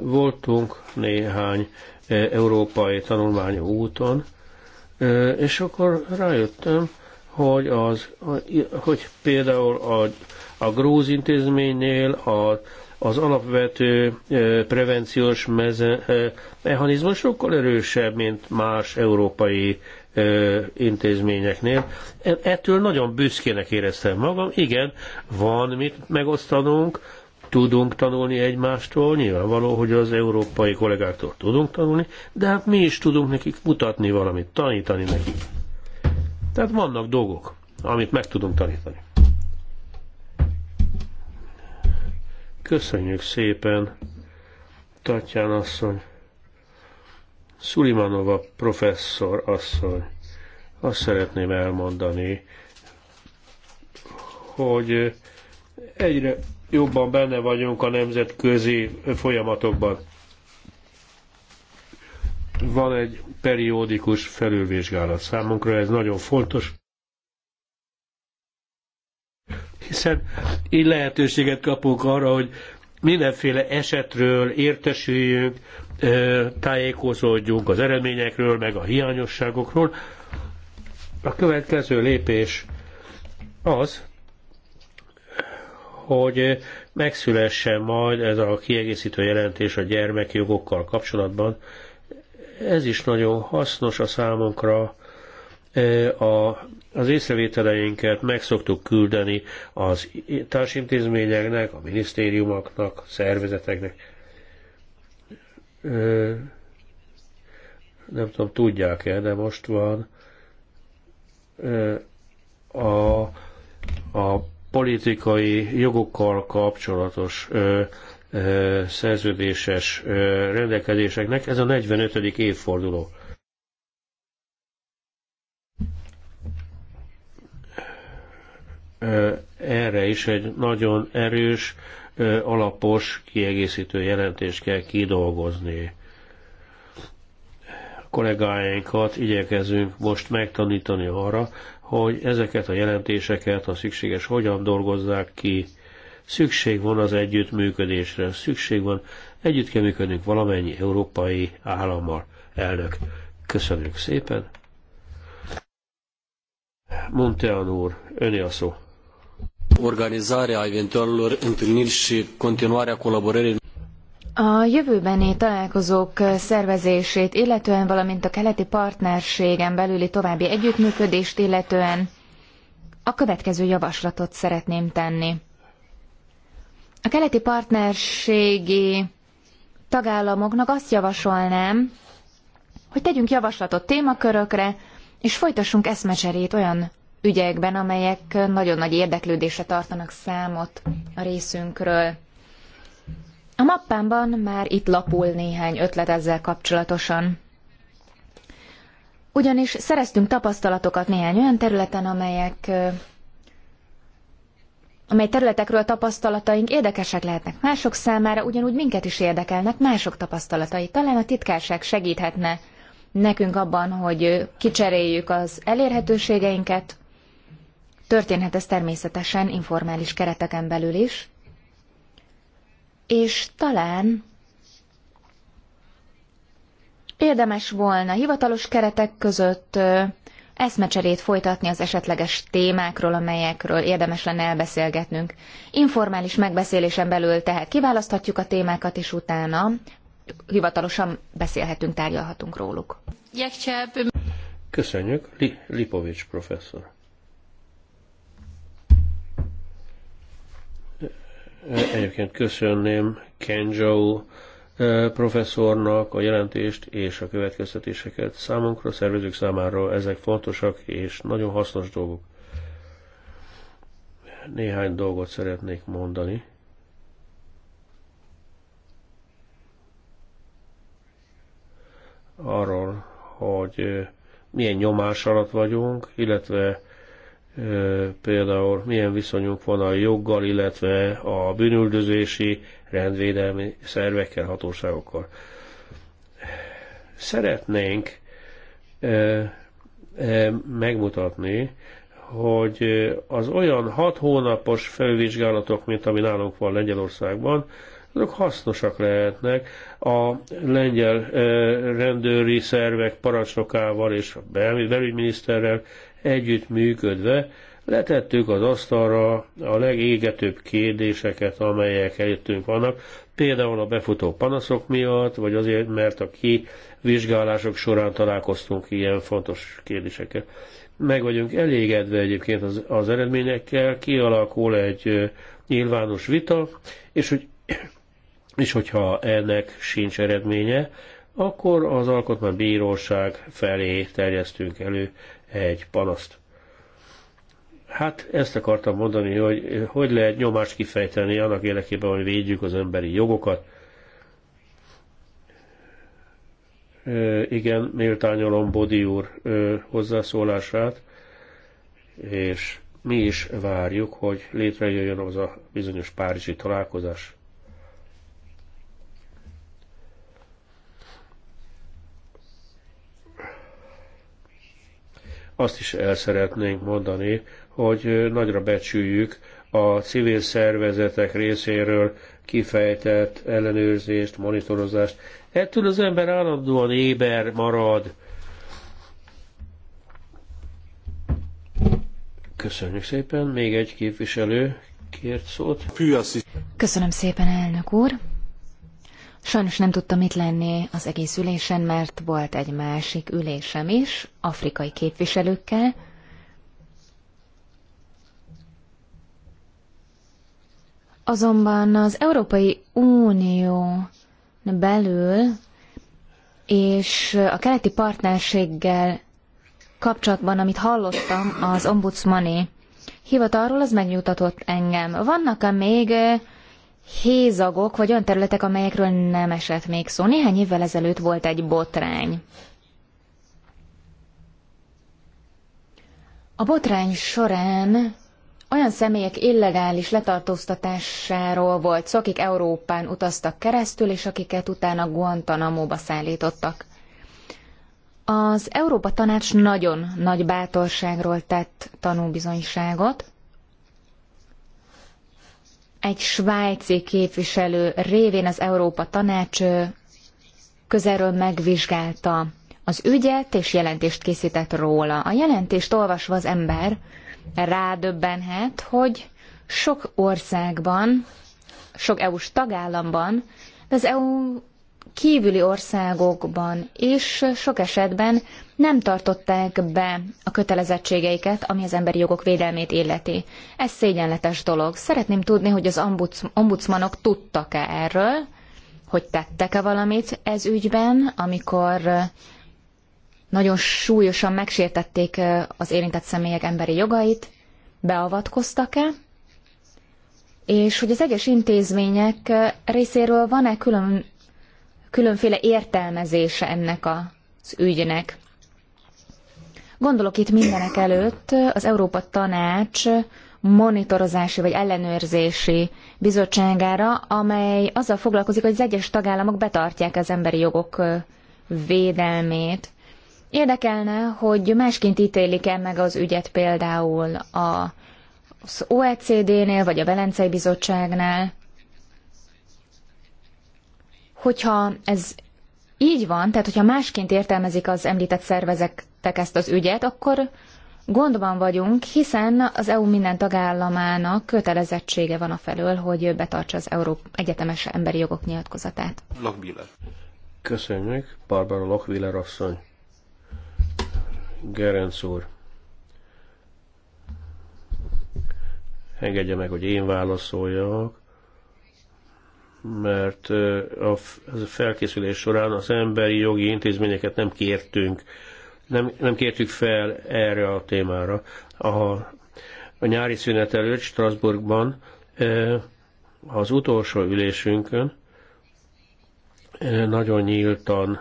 Voltunk néhány európai tanulmányú úton, és akkor rájöttem, hogy, az, hogy például a, a grúz intézménynél a, az alapvető prevenciós meze, mechanizmus sokkal erősebb, mint más európai intézményeknél. E, ettől nagyon büszkének éreztem magam. Igen, van mit megosztanunk, tudunk tanulni egymástól, nyilvánvaló, hogy az európai kollégáktól tudunk tanulni, de hát mi is tudunk nekik mutatni valamit, tanítani nekik. Tehát vannak dolgok, amit meg tudunk tanítani. Köszönjük szépen, Tatján asszony, Szulimanova professzor asszony. Azt szeretném elmondani, hogy egyre jobban benne vagyunk a nemzetközi folyamatokban. Van egy periódikus felülvizsgálat számunkra, ez nagyon fontos, hiszen így lehetőséget kapunk arra, hogy mindenféle esetről értesüljünk, tájékozódjunk az eredményekről, meg a hiányosságokról. A következő lépés az, hogy megszülessen majd ez a kiegészítő jelentés a gyermekjogokkal kapcsolatban. Ez is nagyon hasznos a számunkra. E, a, az észrevételeinket meg szoktuk küldeni az társintézményeknek, a minisztériumoknak, szervezeteknek. E, nem tudom, tudják-e, de most van e, a, a politikai jogokkal kapcsolatos ö, ö, szerződéses ö, rendelkezéseknek. Ez a 45. évforduló. Erre is egy nagyon erős, alapos, kiegészítő jelentést kell kidolgozni kollégáinkat igyekezünk most megtanítani arra, hogy ezeket a jelentéseket, ha szükséges, hogyan dolgozzák ki. Szükség van az együttműködésre, szükség van, együtt kell működnünk valamennyi európai állammal. Elnök, köszönjük szépen. Montean úr, öné a szó. Organizarea eventualelor întâlniri și continuarea colaborării a jövőbeni találkozók szervezését, illetően valamint a keleti partnerségen belüli további együttműködést, illetően a következő javaslatot szeretném tenni. A keleti partnerségi tagállamoknak azt javasolnám, hogy tegyünk javaslatot témakörökre, és folytassunk eszmecserét olyan ügyekben, amelyek nagyon nagy érdeklődésre tartanak számot a részünkről. A mappámban már itt lapul néhány ötlet ezzel kapcsolatosan. Ugyanis szereztünk tapasztalatokat néhány olyan területen, amelyek amely területekről a tapasztalataink érdekesek lehetnek mások számára, ugyanúgy minket is érdekelnek mások tapasztalatai. Talán a titkárság segíthetne nekünk abban, hogy kicseréljük az elérhetőségeinket. Történhet ez természetesen informális kereteken belül is és talán érdemes volna hivatalos keretek között eszmecserét folytatni az esetleges témákról, amelyekről érdemes lenne elbeszélgetnünk. Informális megbeszélésen belül tehát kiválaszthatjuk a témákat, és utána hivatalosan beszélhetünk, tárgyalhatunk róluk. Köszönjük, Lipovics professzor. Egyébként köszönném Kenjo professzornak a jelentést és a következtetéseket számunkra, a szervezők számára ezek fontosak és nagyon hasznos dolgok. Néhány dolgot szeretnék mondani. Arról, hogy milyen nyomás alatt vagyunk, illetve például milyen viszonyunk van a joggal, illetve a bűnüldözési, rendvédelmi szervekkel, hatóságokkal. Szeretnénk megmutatni, hogy az olyan hat hónapos felvizsgálatok, mint ami nálunk van Lengyelországban, azok hasznosak lehetnek a lengyel rendőri szervek parancsnokával és a belügyminiszterrel együtt működve letettük az asztalra a legégetőbb kérdéseket, amelyek előttünk vannak, például a befutó panaszok miatt, vagy azért, mert a kivizsgálások során találkoztunk ilyen fontos kérdésekkel. Meg vagyunk elégedve egyébként az, az eredményekkel, kialakul egy nyilvános vita, és, hogy, és hogyha ennek sincs eredménye, akkor az Alkotmánybíróság felé terjesztünk elő egy panaszt. Hát ezt akartam mondani, hogy hogy lehet nyomást kifejteni annak érdekében, hogy védjük az emberi jogokat. E, igen, méltányolom Bodi úr e, hozzászólását, és mi is várjuk, hogy létrejöjjön az a bizonyos párizsi találkozás. Azt is el szeretnénk mondani, hogy nagyra becsüljük a civil szervezetek részéről kifejtett ellenőrzést, monitorozást. Ettől az ember állandóan éber marad. Köszönjük szépen. Még egy képviselő kért szót. Köszönöm szépen, elnök úr. Sajnos nem tudtam itt lenni az egész ülésen, mert volt egy másik ülésem is, afrikai képviselőkkel. Azonban az Európai Unió belül és a keleti partnerséggel kapcsolatban, amit hallottam az ombudsmani hivatalról, az megnyugtatott engem. Vannak-e még eh, hézagok, vagy olyan területek, amelyekről nem esett még szó. Néhány évvel ezelőtt volt egy botrány. A botrány során olyan személyek illegális letartóztatásáról volt szó, akik Európán utaztak keresztül, és akiket utána Guantanamo-ba szállítottak. Az Európa Tanács nagyon nagy bátorságról tett tanúbizonyságot, egy svájci képviselő révén az Európa Tanács közelről megvizsgálta az ügyet, és jelentést készített róla. A jelentést olvasva az ember rádöbbenhet, hogy sok országban, sok EU-s tagállamban, de az EU kívüli országokban is sok esetben nem tartották be a kötelezettségeiket, ami az emberi jogok védelmét illeti. Ez szégyenletes dolog. Szeretném tudni, hogy az ombudsmanok tudtak-e erről, hogy tettek-e valamit ez ügyben, amikor nagyon súlyosan megsértették az érintett személyek emberi jogait, beavatkoztak-e, és hogy az egyes intézmények részéről van-e külön, különféle értelmezése ennek az ügynek. Gondolok itt mindenek előtt az Európa Tanács monitorozási vagy ellenőrzési bizottságára, amely azzal foglalkozik, hogy az egyes tagállamok betartják az emberi jogok védelmét. Érdekelne, hogy másként ítélik-e meg az ügyet például az OECD-nél, vagy a Velencei Bizottságnál. Hogyha ez így van, tehát hogyha másként értelmezik az említett szervezek vezényelték ezt az ügyet, akkor gondban vagyunk, hiszen az EU minden tagállamának kötelezettsége van a felől, hogy betartsa az Euró Egyetemes Emberi Jogok nyilatkozatát. Lochbiller. Köszönjük, Barbara Lochbiller asszony. Gerenc úr. Engedje meg, hogy én válaszoljak mert a felkészülés során az emberi jogi intézményeket nem kértünk nem, nem kértük fel erre a témára. A, a nyári szünet előtt Strasbourgban az utolsó ülésünkön nagyon nyíltan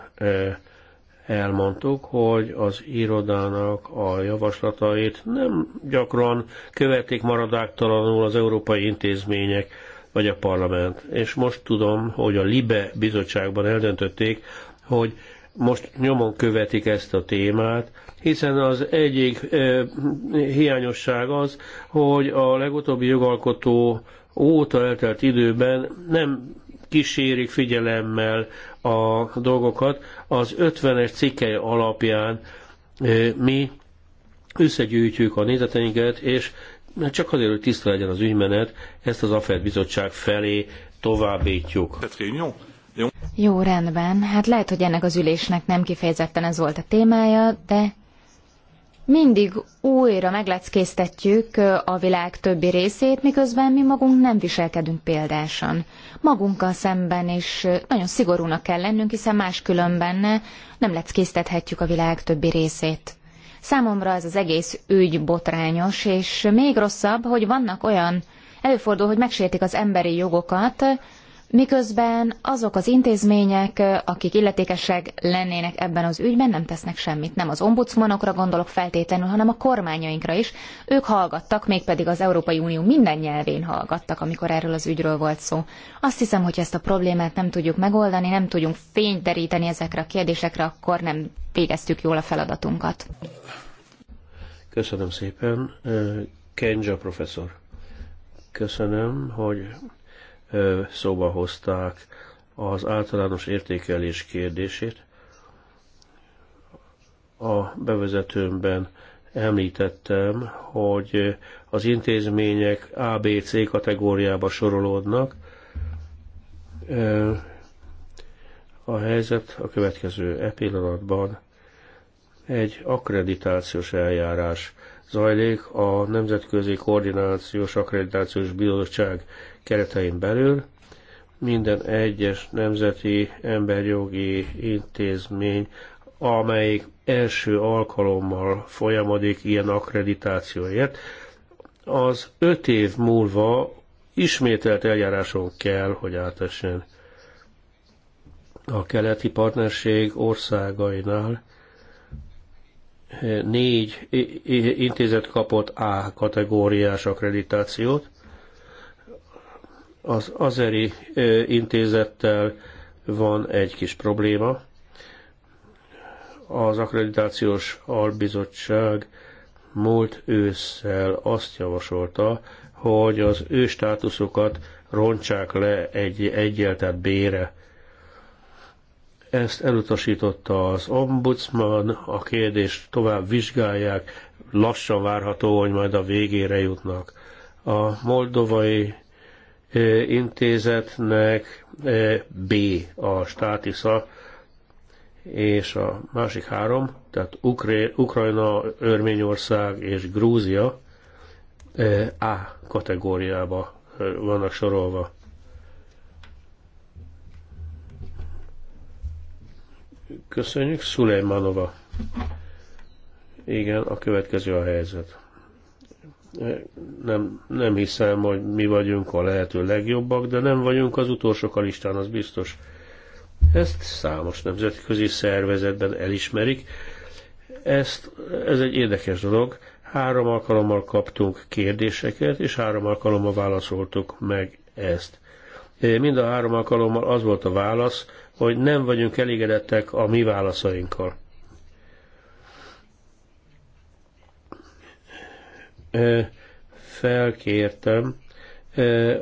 elmondtuk, hogy az irodának a javaslatait nem gyakran követik maradáktalanul az európai intézmények vagy a parlament. És most tudom, hogy a LIBE bizottságban eldöntötték, hogy most nyomon követik ezt a témát, hiszen az egyik e, hiányosság az, hogy a legutóbbi jogalkotó óta eltelt időben nem kísérik figyelemmel a dolgokat. Az 50-es cikke alapján e, mi összegyűjtjük a nézeteinket, és csak azért, hogy tiszta legyen az ügymenet, ezt az AFED bizottság felé továbbítjuk. Jó, rendben. Hát lehet, hogy ennek az ülésnek nem kifejezetten ez volt a témája, de mindig újra megleckéztetjük a világ többi részét, miközben mi magunk nem viselkedünk példásan. Magunkkal szemben is nagyon szigorúnak kell lennünk, hiszen máskülönben nem leckéztethetjük a világ többi részét. Számomra ez az egész ügy botrányos, és még rosszabb, hogy vannak olyan, előfordul, hogy megsértik az emberi jogokat, miközben azok az intézmények, akik illetékesek lennének ebben az ügyben, nem tesznek semmit. Nem az ombudsmanokra gondolok feltétlenül, hanem a kormányainkra is. Ők hallgattak, mégpedig az Európai Unió minden nyelvén hallgattak, amikor erről az ügyről volt szó. Azt hiszem, hogy ezt a problémát nem tudjuk megoldani, nem tudjunk fényt deríteni ezekre a kérdésekre, akkor nem végeztük jól a feladatunkat. Köszönöm szépen. Kenja professzor. Köszönöm, hogy szóba hozták az általános értékelés kérdését. A bevezetőmben említettem, hogy az intézmények ABC kategóriába sorolódnak. A helyzet a következő e pillanatban egy akkreditációs eljárás zajlik a Nemzetközi Koordinációs Akkreditációs Bizottság keretein belül minden egyes nemzeti emberjogi intézmény, amelyik első alkalommal folyamodik ilyen akkreditációért, az öt év múlva ismételt eljáráson kell, hogy átessen a keleti partnerség országainál négy intézet kapott A kategóriás akkreditációt, az Azeri intézettel van egy kis probléma. Az Akkreditációs Albizottság múlt ősszel azt javasolta, hogy az ő státuszokat roncsák le egy egyeltet bére. Ezt elutasította az ombudsman, a kérdést tovább vizsgálják, lassan várható, hogy majd a végére jutnak. A moldovai intézetnek B a státisza, és a másik három, tehát Ukrajna, Örményország és Grúzia A kategóriába vannak sorolva. Köszönjük, Szulejmanova. Igen, a következő a helyzet nem, nem hiszem, hogy mi vagyunk a lehető legjobbak, de nem vagyunk az utolsók a listán, az biztos. Ezt számos nemzetközi szervezetben elismerik. Ezt, ez egy érdekes dolog. Három alkalommal kaptunk kérdéseket, és három alkalommal válaszoltuk meg ezt. Mind a három alkalommal az volt a válasz, hogy nem vagyunk elégedettek a mi válaszainkkal. felkértem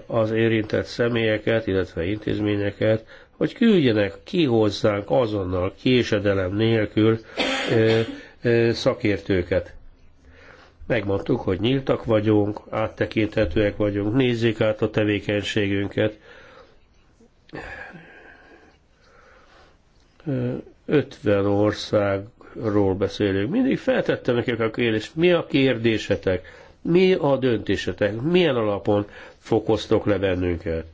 az érintett személyeket, illetve intézményeket, hogy küldjenek ki hozzánk azonnal késedelem nélkül szakértőket. Megmondtuk, hogy nyíltak vagyunk, áttekinthetőek vagyunk, nézzék át a tevékenységünket. 50 ország ról beszélünk. Mindig feltettem nekik a kérdést, mi a kérdésetek, mi a döntésetek, milyen alapon fokoztok le bennünket.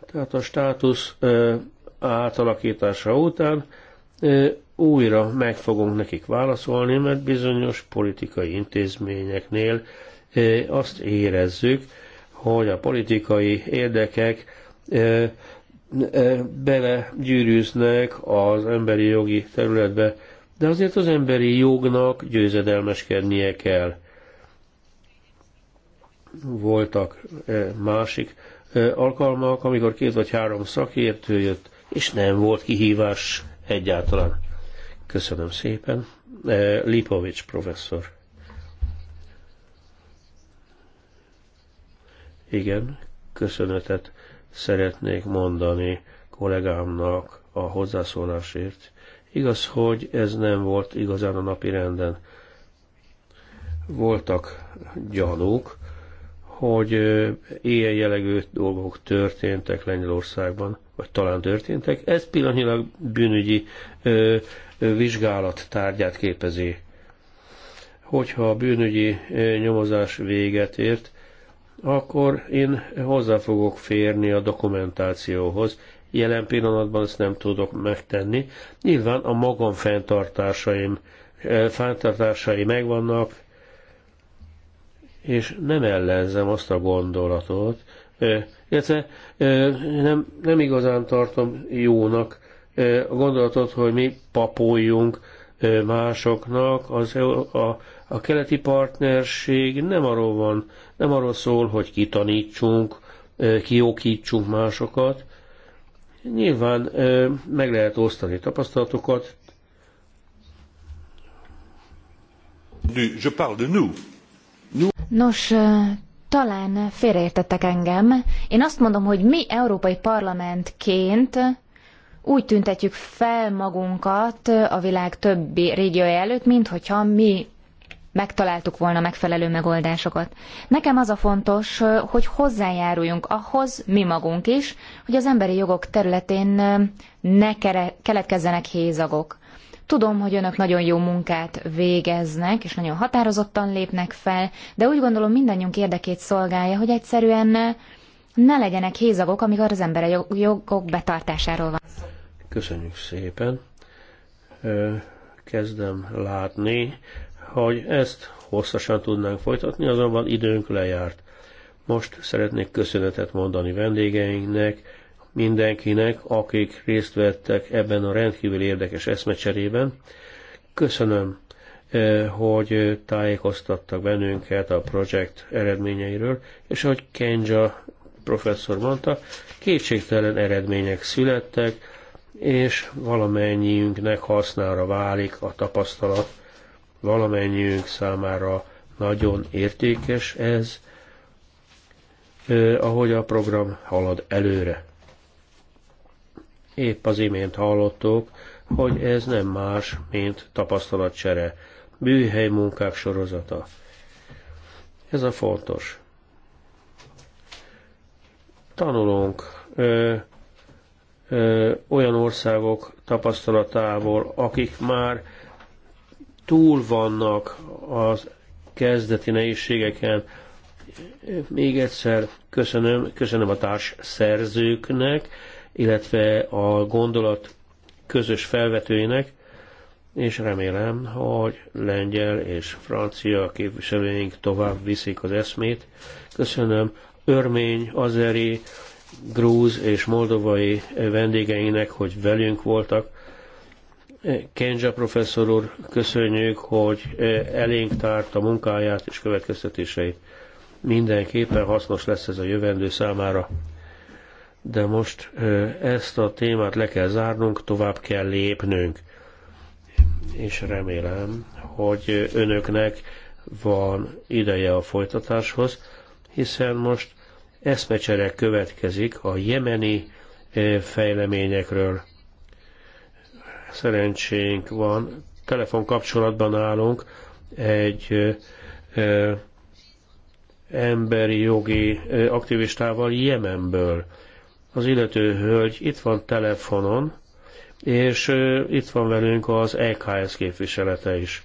Tehát a státusz átalakítása után újra meg fogunk nekik válaszolni, mert bizonyos politikai intézményeknél azt érezzük, hogy a politikai érdekek belegyűrűznek az emberi jogi területbe, de azért az emberi jognak győzedelmeskednie kell. Voltak másik alkalmak, amikor két vagy három szakértő jött, és nem volt kihívás egyáltalán. Köszönöm szépen. Lipovics professzor. Igen, köszönetet szeretnék mondani kollégámnak a hozzászólásért. Igaz, hogy ez nem volt igazán a napi renden. Voltak gyanúk, hogy ilyen jellegű dolgok történtek Lengyelországban, vagy talán történtek. Ez pillanatnyilag bűnügyi ö, ö, vizsgálat tárgyát képezi. Hogyha a bűnügyi ö, nyomozás véget ért, akkor én hozzá fogok férni a dokumentációhoz. Jelen pillanatban ezt nem tudok megtenni. Nyilván a magam fenntartásaim, eh, fenntartásai megvannak, és nem ellenzem azt a gondolatot, eh, illetve eh, nem, nem igazán tartom jónak a gondolatot, hogy mi papoljunk másoknak. Az, a, a keleti partnerség nem arról van, nem arról szól, hogy kitanítsunk, kiokítsunk másokat. Nyilván meg lehet osztani tapasztalatokat. Je parle de nous. Nos, talán félreértettek engem. Én azt mondom, hogy mi európai parlamentként úgy tüntetjük fel magunkat a világ többi régiója előtt, minthogyha mi megtaláltuk volna megfelelő megoldásokat. Nekem az a fontos, hogy hozzájáruljunk ahhoz, mi magunk is, hogy az emberi jogok területén ne keletkezzenek hézagok. Tudom, hogy önök nagyon jó munkát végeznek, és nagyon határozottan lépnek fel, de úgy gondolom mindannyiunk érdekét szolgálja, hogy egyszerűen ne legyenek hézagok, amikor az emberi jogok betartásáról van. Köszönjük szépen. Kezdem látni, hogy ezt hosszasan tudnánk folytatni, azonban időnk lejárt. Most szeretnék köszönetet mondani vendégeinknek, mindenkinek, akik részt vettek ebben a rendkívül érdekes eszmecserében. Köszönöm, hogy tájékoztattak bennünket a projekt eredményeiről, és hogy Kenja professzor mondta, kétségtelen eredmények születtek, és valamennyiünknek hasznára válik a tapasztalat, valamennyiünk számára nagyon értékes ez, ahogy a program halad előre. Épp az imént hallottuk, hogy ez nem más, mint tapasztalatcsere, bűhely munkák sorozata. Ez a fontos tanulunk ö, ö, olyan országok tapasztalatából, akik már túl vannak az kezdeti nehézségeken. Még egyszer köszönöm, köszönöm a társ szerzőknek, illetve a gondolat közös felvetőinek, és remélem, hogy lengyel és francia képviselőink tovább viszik az eszmét. Köszönöm örmény, azeri, grúz és moldovai vendégeinek, hogy velünk voltak. Kenja professzor úr, köszönjük, hogy e, elénk tárt a munkáját és következtetéseit. Mindenképpen hasznos lesz ez a jövendő számára. De most e, ezt a témát le kell zárnunk, tovább kell lépnünk. És remélem, hogy önöknek van ideje a folytatáshoz, hiszen most eszmecsere következik a jemeni eh, fejleményekről. Szerencsénk van, telefonkapcsolatban állunk egy eh, eh, emberi jogi aktivistával Jemenből. Az illető hölgy itt van telefonon, és itt van velünk az EKS képviselete is.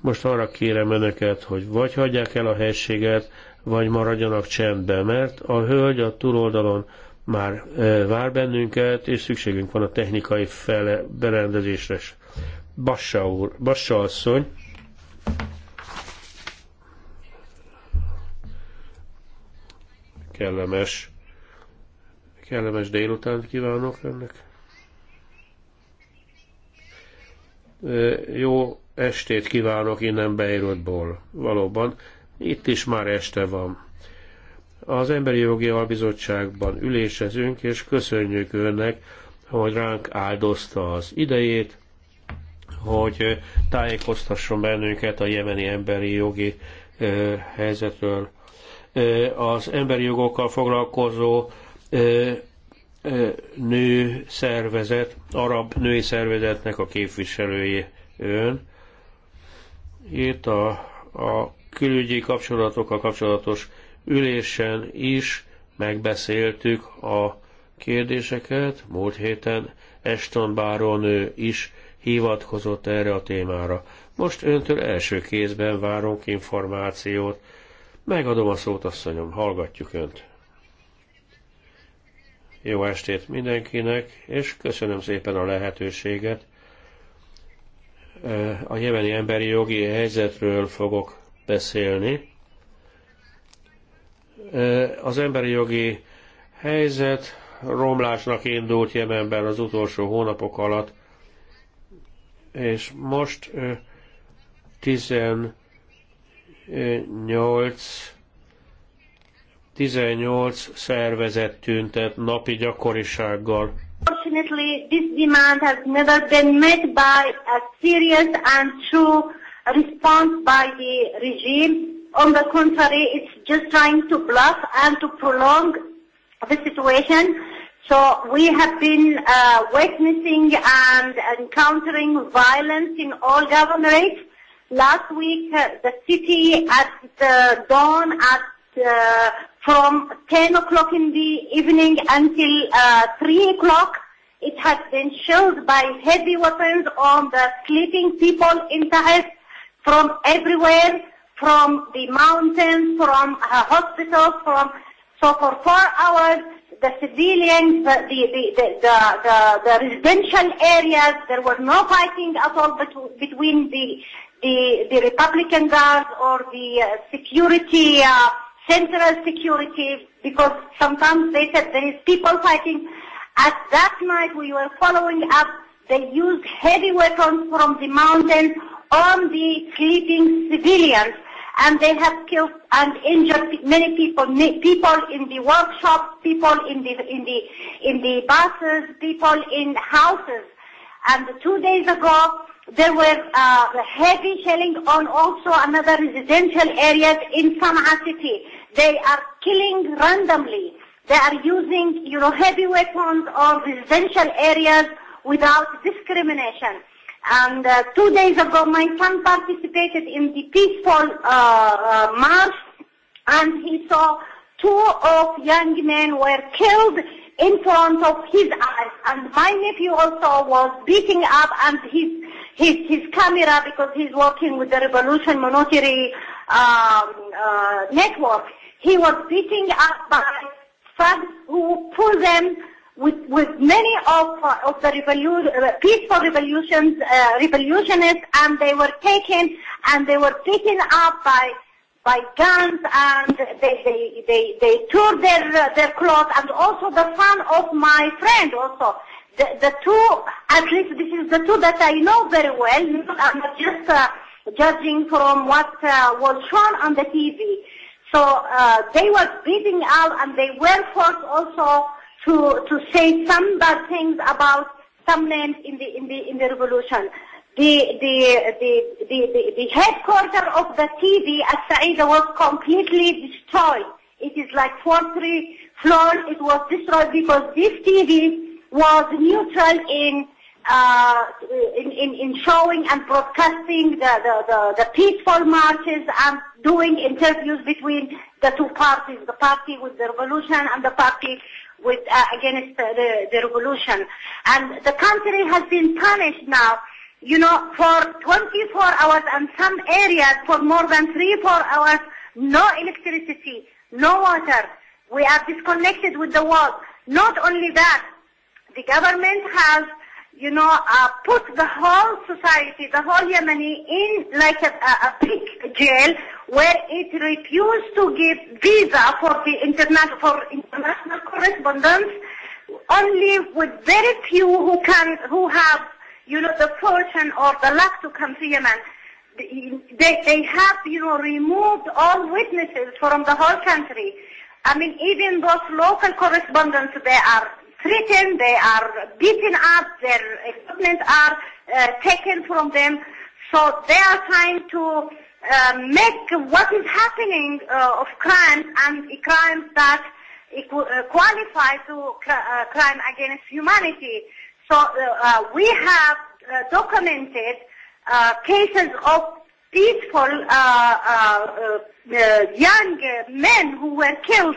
Most arra kérem önöket, hogy vagy hagyják el a helységet, vagy maradjanak csendben, mert a hölgy a túloldalon már e, vár bennünket, és szükségünk van a technikai fele berendezésre. Bassa úr, Bassa asszony. Kellemes, kellemes délutánt kívánok önnek. E, jó estét kívánok innen Beirutból. Valóban itt is már este van. Az Emberi Jogi Albizottságban ülésezünk, és köszönjük önnek, hogy ránk áldozta az idejét, hogy tájékoztasson bennünket a jemeni emberi jogi helyzetről. Az emberi jogokkal foglalkozó nő szervezet, arab női szervezetnek a képviselője ön. Itt a, a külügyi kapcsolatokkal kapcsolatos ülésen is megbeszéltük a kérdéseket. Múlt héten Eston Báronő is hivatkozott erre a témára. Most öntől első kézben várunk információt. Megadom a szót, asszonyom, hallgatjuk önt. Jó estét mindenkinek, és köszönöm szépen a lehetőséget. Eh, a jemeni emberi jogi helyzetről fogok beszélni. Az emberi jogi helyzet romlásnak indult Jemenben az utolsó hónapok alatt, és most 18 18 szervezet tüntet napi gyakorisággal. Unfortunately, this demand has never been met by a serious and true response by the regime. On the contrary, it's just trying to bluff and to prolong the situation. So we have been uh, witnessing and encountering violence in all governorates. Last week, uh, the city at the dawn at uh, from 10 o'clock in the evening until uh, 3 o'clock, it has been shelled by heavy weapons on the sleeping people in Tahrir from everywhere, from the mountains, from uh, hospitals, from so for four hours the civilians, the the the the, the, the residential areas, there was no fighting at all between the the the Republican guards or the uh, security. Uh, central security because sometimes they said there is people fighting. At that night we were following up. They used heavy weapons from the mountains on the sleeping civilians and they have killed and injured many people, people in the workshops, people in the, in the, in the buses, people in houses. And two days ago, there were uh, heavy shelling on also another residential areas in Sana'a city. They are killing randomly. They are using, you know, heavy weapons on residential areas without discrimination. And uh, two days ago, my son participated in the peaceful uh, uh, march, and he saw two of young men were killed in front of his eyes. And my nephew also was beating up, and his his his camera because he's working with the Revolution Monetary um, uh, Network. He was beating up by thugs who pulled them with, with many of, uh, of the revolu- uh, peaceful revolutions, uh, revolutionists, and they were taken and they were taken up by by guns, and they they they, they tore their uh, their clothes, and also the son of my friend also. The, the two, at least this is the two that I know very well. I'm not just uh, judging from what uh, was shown on the TV. So uh, they were beating out, and they were forced also to to say some bad things about some names in the in the in the revolution. The the the the, the, the headquarter of the TV at Saida was completely destroyed. It is like four three floor. It was destroyed because this TV was neutral in. Uh, in, in, in showing and broadcasting the, the, the, the peaceful marches and doing interviews between the two parties, the party with the revolution and the party with uh, against the, the revolution. And the country has been punished now, you know, for 24 hours and some areas for more than three, four hours, no electricity, no water. We are disconnected with the world. Not only that, the government has you know, uh, put the whole society, the whole Yemeni in like a, a, a big jail where it refused to give visa for the interna- for international correspondents, only with very few who can, who have, you know, the fortune or the luck to come to Yemen. They, they have, you know, removed all witnesses from the whole country. I mean, even those local correspondents, they are threatened, they are beaten up, their equipment are uh, taken from them. So they are trying to uh, make what is happening uh, of crimes and crimes that uh, qualify to cr uh, crime against humanity. So uh, uh, we have uh, documented uh, cases of peaceful uh, uh, uh, young men who were killed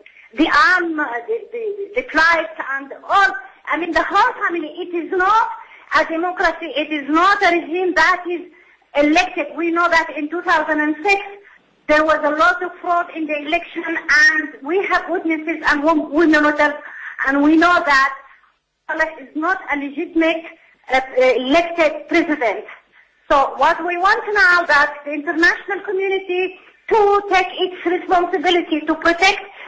the arm, uh, the, the, the plight and all. I mean, the whole family. It is not a democracy. It is not a regime that is elected. We know that in 2006 there was a lot of fraud in the election, and we have witnesses and we monitors, and we know that Saleh is not a legitimate uh, elected president. So what we want now that the international community to take its responsibility to protect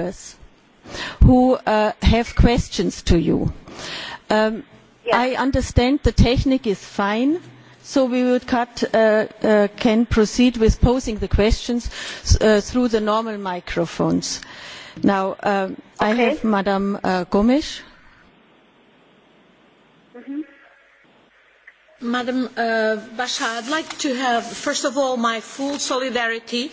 members who uh, have questions to you. Um, yes. I understand the technique is fine, so we would cut, uh, uh, can proceed with posing the questions uh, through the normal microphones. Now, um, okay. I have Madame uh, Gomes. Mm-hmm. Madam uh, Basha, I'd like to have, first of all, my full solidarity uh,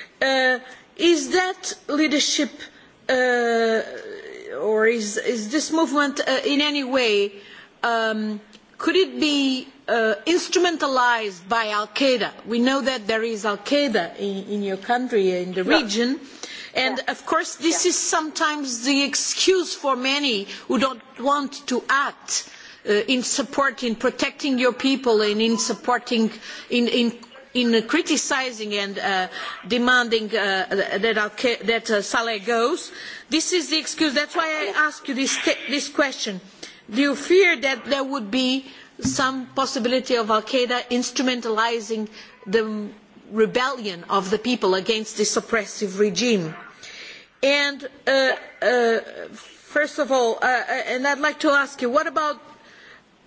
Uh, is that leadership uh, or is, is this movement uh, in any way, um, could it be uh, instrumentalized by Al-Qaeda? We know that there is Al-Qaeda in, in your country, in the region. And yeah. of course, this yeah. is sometimes the excuse for many who don't want to act uh, in support, in protecting your people and in supporting, in, in in criticising and uh, demanding uh, that, that uh, Saleh goes. This is the excuse. That's why I ask you this, this question. Do you fear that there would be some possibility of Al-Qaeda instrumentalising the rebellion of the people against this oppressive regime? And uh, uh, first of all, uh, and I'd like to ask you, what about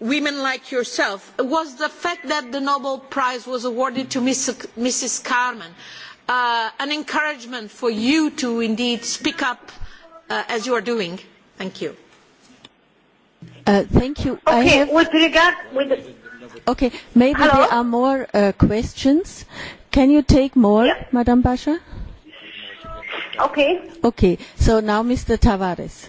women like yourself was the fact that the Nobel Prize was awarded to Mrs. Carmen uh, an encouragement for you to indeed speak up uh, as you are doing? Thank you. Uh, thank you. Okay, have... with regard with the... Okay, maybe Hello? there are more uh, questions. Can you take more, yep. Madam Basha? Okay. Okay, so now Mr. Tavares.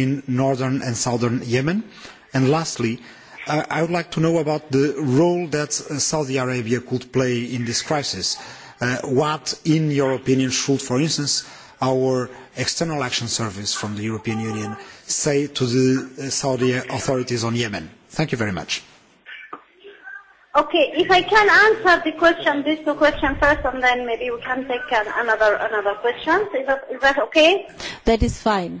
in northern and southern Yemen? And lastly, uh, I would like to know about the role that uh, Saudi Arabia could play in this crisis. Uh, what, in your opinion, should, for instance, our external action service from the European Union say to the uh, Saudi authorities on Yemen? Thank you very much. Okay, if I can answer the question, these two questions first, and then maybe we can take another another question. Is that, is that okay? That is fine.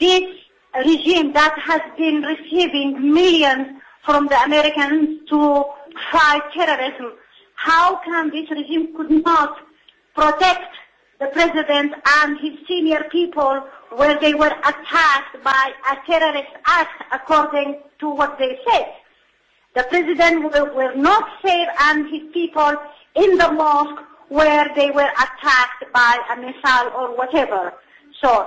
this regime that has been receiving millions from the Americans to fight terrorism. How can this regime could not protect the president and his senior people where they were attacked by a terrorist act according to what they said? The president will, will not save and his people in the mosque where they were attacked by a missile or whatever. So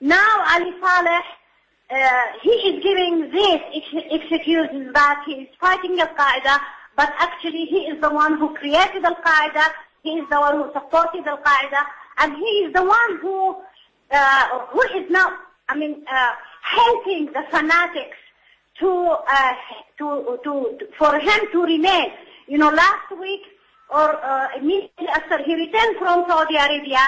Now Ali Saleh, uh, he is giving this ex that he is fighting Al-Qaeda, but actually he is the one who created Al-Qaeda, he is the one who supported Al-Qaeda, and he is the one who, uh, who is now, I mean, uh, helping the fanatics to, uh, to, to, to, for him to remain. You know, last week, or uh, immediately after he returned from Saudi Arabia,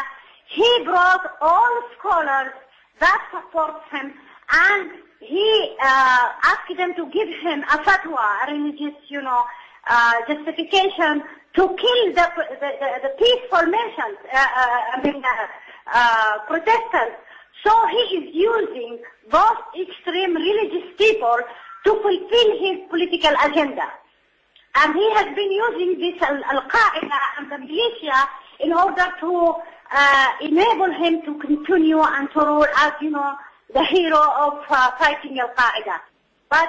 he brought all scholars that supports him and he uh, asked them to give him a fatwa, a religious, you know, uh, justification to kill the, the, the, the peaceful merchants, uh, uh, I mean, uh, uh, protesters. So he is using both extreme religious people to fulfill his political agenda. And he has been using this al-Qaeda and the militia in order to uh, enable him to continue and to rule as, you know, the hero of uh, fighting Al-Qaeda. But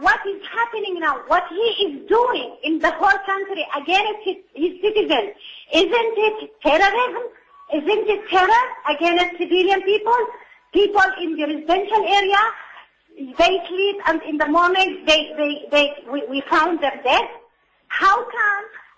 what is happening now, what he is doing in the whole country against his, his citizens, isn't it terrorism? Isn't it terror against civilian people? People in the residential area, they sleep and in the morning they, they, they, we, we found them dead. How come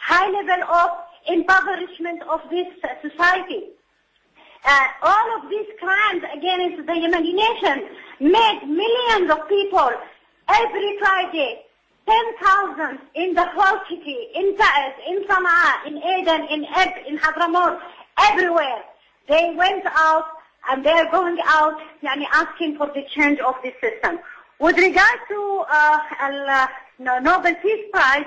high level of impoverishment of this society. Uh, all of these crimes against the Yemeni nation made millions of people every Friday, 10,000 in the whole city, in Taiz, in Sana'a, in Aden, in Eb, in Hadramaut, everywhere. They went out and they are going out yani, asking for the change of the system. With regard to uh, the uh, Nobel Peace Prize,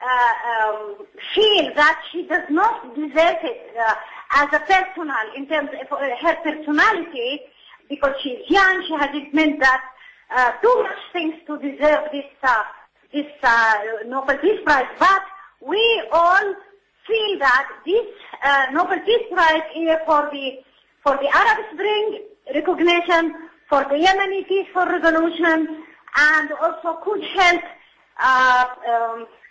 uh, um, feel that she does not deserve it uh, as a personal, in terms of uh, her personality, because she's young, she hasn't meant that uh, too much things to deserve this uh, this uh, Nobel Peace Prize. But we all feel that this uh, Nobel Peace Prize here for the for the Arab Spring recognition, for the Yemeni peaceful resolution, and also could help uh, um,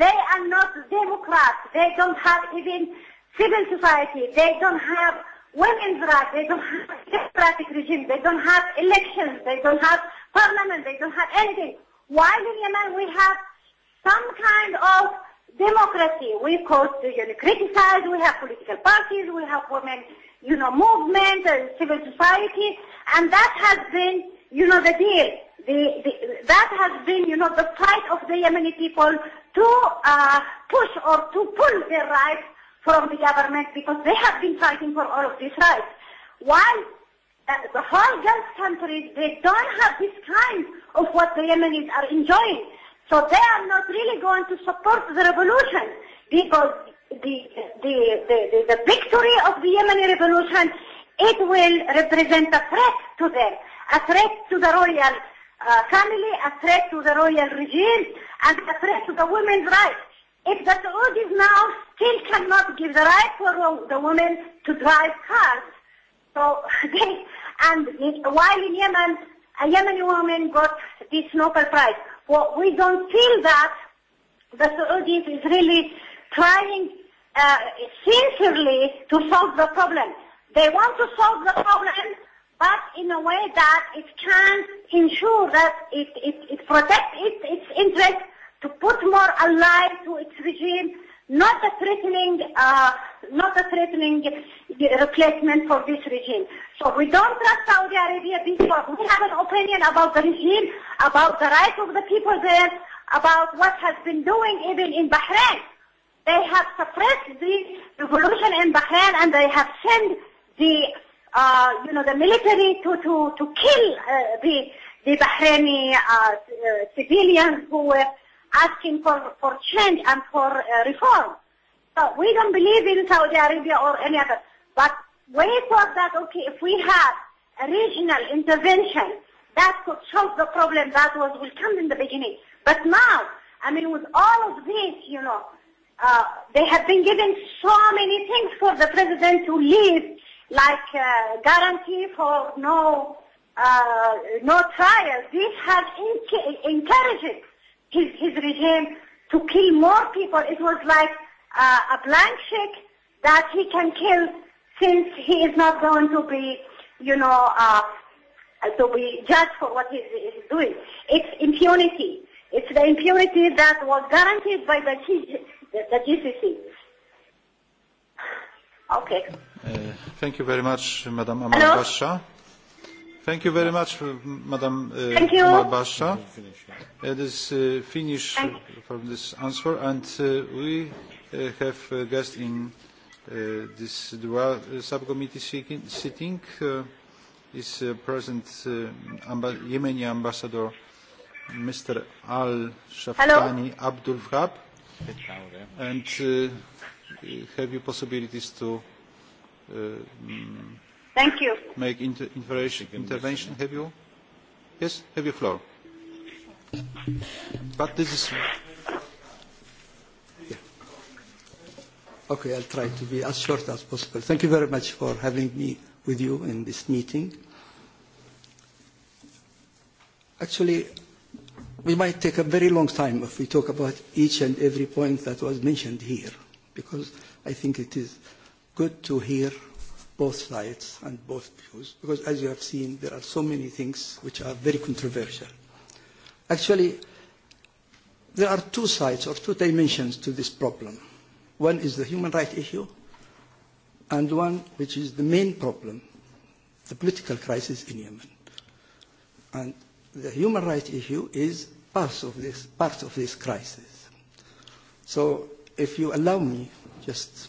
They are not democrats. They don't have even civil society. They don't have women's rights. They don't have democratic regime. They don't have elections. They don't have parliament. They don't have anything. While in Yemen we have some kind of democracy. We cause to you know, criticize. We have political parties. We have women, you know, movement and civil society, and that has been you know, the deal. The, the, that has been, you know, the fight of the Yemeni people to uh, push or to pull their rights from the government because they have been fighting for all of these rights. While uh, the whole Gulf countries, they don't have this kind of what the Yemenis are enjoying. So they are not really going to support the revolution because the, the, the, the, the victory of the Yemeni revolution, it will represent a threat to them a threat to the royal uh, family, a threat to the royal regime, and a threat to the women's rights. If the Saudis now still cannot give the right for the women to drive cars, so they, and while in Yemen, a Yemeni woman got this Nobel Prize. Well, we don't feel that the Saudis is really trying uh, sincerely to solve the problem. They want to solve the problem but in a way that it can ensure that it, it, it protects it, its interest to put more allies to its regime, not a threatening, uh, not a threatening replacement for this regime. So we don't trust Saudi Arabia because we have an opinion about the regime, about the rights of the people there, about what has been doing even in Bahrain. They have suppressed the revolution in Bahrain and they have sent the uh, you know, the military to, to, to kill uh, the, the Bahraini uh, uh, civilians who were asking for, for change and for uh, reform. So we don't believe in Saudi Arabia or any other. But we thought that, okay, if we had a regional intervention, that could solve the problem that was will come in the beginning. But now, I mean, with all of this, you know, uh, they have been given so many things for the president to leave like uh, guarantee for no uh, no trial. This has encouraged his, his regime to kill more people. It was like uh, a blank check that he can kill since he is not going to be, you know, uh, to be judged for what he is doing. It's impunity. It's the impunity that was guaranteed by the, G- the, the GCC. Okay. Uh, thank you very much, Madam Amal Basha. Thank you very much, Madam uh, Amal Basha. It is uh, finished from this answer, and uh, we uh, have a guest in uh, this dual uh, subcommittee seeking, sitting. Uh, is uh, present uh, amb Yemeni ambassador, Mr. Al Shaftani Abdul Wahab. And uh, have you possibilities to Uh, Thank you. make inter intervention? Have you? Yes, have your floor. But this is. Yeah. Okay, I'll try to be as short as possible. Thank you very much for having me with you in this meeting. Actually, we might take a very long time if we talk about each and every point that was mentioned here, because I think it is good to hear both sides and both views, because as you have seen, there are so many things which are very controversial. Actually, there are two sides or two dimensions to this problem. One is the human rights issue, and one which is the main problem, the political crisis in Yemen. And the human rights issue is part of this, part of this crisis. So if you allow me just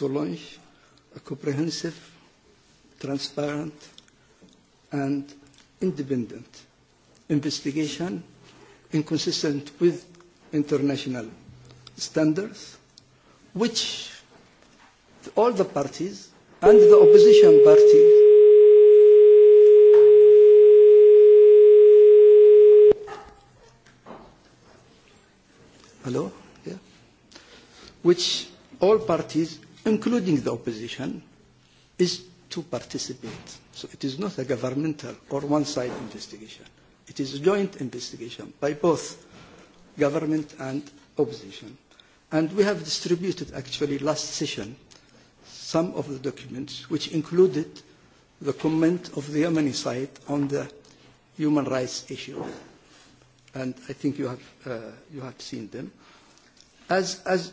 to launch a comprehensive, transparent, and independent investigation inconsistent with international standards, which all the parties and the opposition party hello yeah which all parties including the opposition, is to participate. So it is not a governmental or one-side investigation. It is a joint investigation by both government and opposition. And we have distributed, actually, last session, some of the documents which included the comment of the Yemeni side on the human rights issue. And I think you have, uh, you have seen them. As, as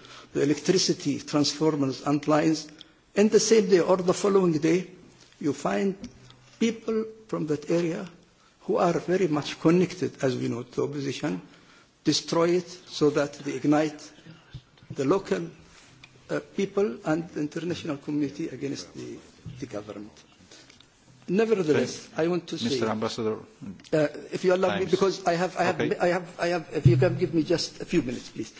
the electricity transformers and lines, and the same day or the following day, you find people from that area who are very much connected, as we know, to opposition, destroy it so that they ignite the local uh, people and the international community against the, the government. Nevertheless, I want to say, Mr. Ambassador, uh, if you allow times. me, because I have, I have, okay. I have, I have, if you can give me just a few minutes, please. Uh,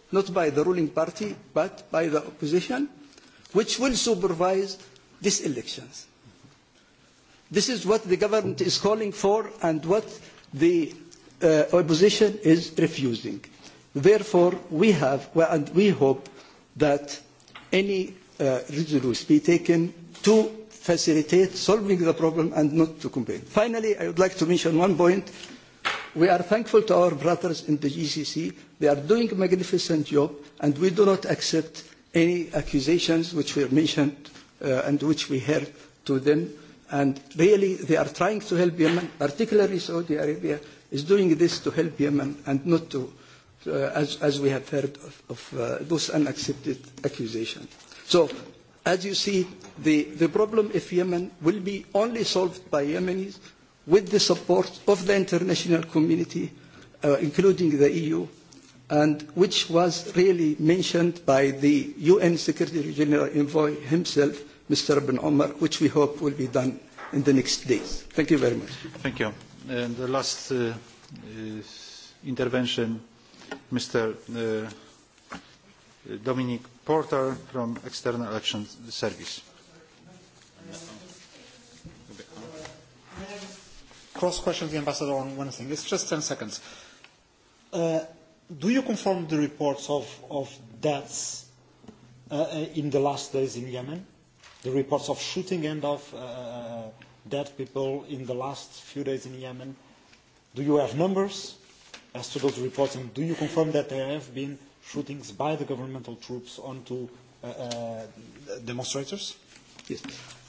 not by the ruling party, but by the opposition, which will supervise these elections. This is what the government is calling for and what the uh, opposition is refusing. Therefore, we have, and we hope that any uh, resolution be taken to facilitate solving the problem and not to complain. Finally, I would like to mention one point We are thankful to our brothers in the GCC. They are doing a magnificent job, and we do not accept any accusations which were mentioned uh, and which we heard to them. And really, they are trying to help Yemen, particularly Saudi Arabia is doing this to help Yemen and not to, uh, as, as we have heard of, of uh, those unaccepted accusations. So, as you see, the, the problem of Yemen will be only solved by Yemenis with the support of the international community, uh, including the EU, and which was really mentioned by the UN Secretary General Envoy himself, Mr. Ben Omar, which we hope will be done in the next days. Thank you very much. Thank you. And the last uh, uh intervention, Mr. Uh, Dominic Porter from External Action Service. cross-question the ambassador on one thing. It's just 10 seconds. Uh, do you confirm the reports of, of deaths uh, uh, in the last days in Yemen? The reports of shooting and of uh, dead people in the last few days in Yemen? Do you have numbers as to those reports? And do you confirm that there have been shootings by the governmental troops onto uh, uh, demonstrators? Yes.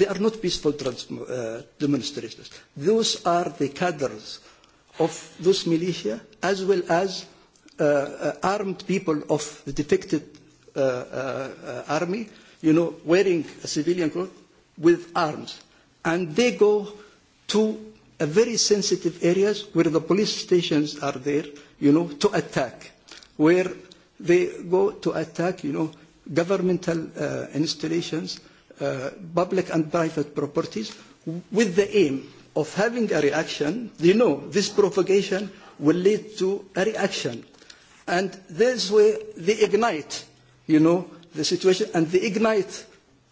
They are not peaceful uh, demonstrations. Those are the cadres of those militia as well as uh, uh, armed people of the defected uh, uh, army, you know, wearing a civilian clothes with arms. And they go to a very sensitive areas where the police stations are there, you know, to attack, where they go to attack, you know, governmental uh, installations Uh, public and private properties with the aim of having a reaction. They know this propagation will lead to a reaction. And this way they ignite, you know, the situation and they ignite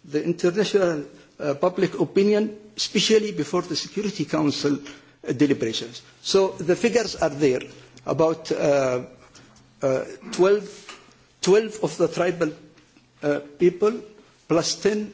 the international uh, public opinion, especially before the Security Council uh, deliberations. So the figures are there about uh, uh, 12, 12 of the tribal uh, people plus 10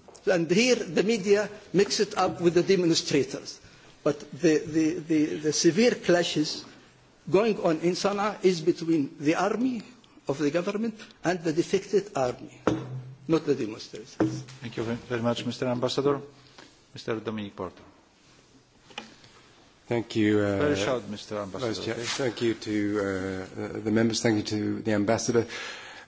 And here the media mix it up with the demonstrators. But the, the, the, the severe clashes going on in Sana'a is between the army of the government and the defected army, not the demonstrators. Thank you very much, Mr. Ambassador. Mr. Dominic Porter. Thank you. Uh, Very short, Mr. Ambassador. Thank you to uh, uh, the members. Thank you to the ambassador. Uh,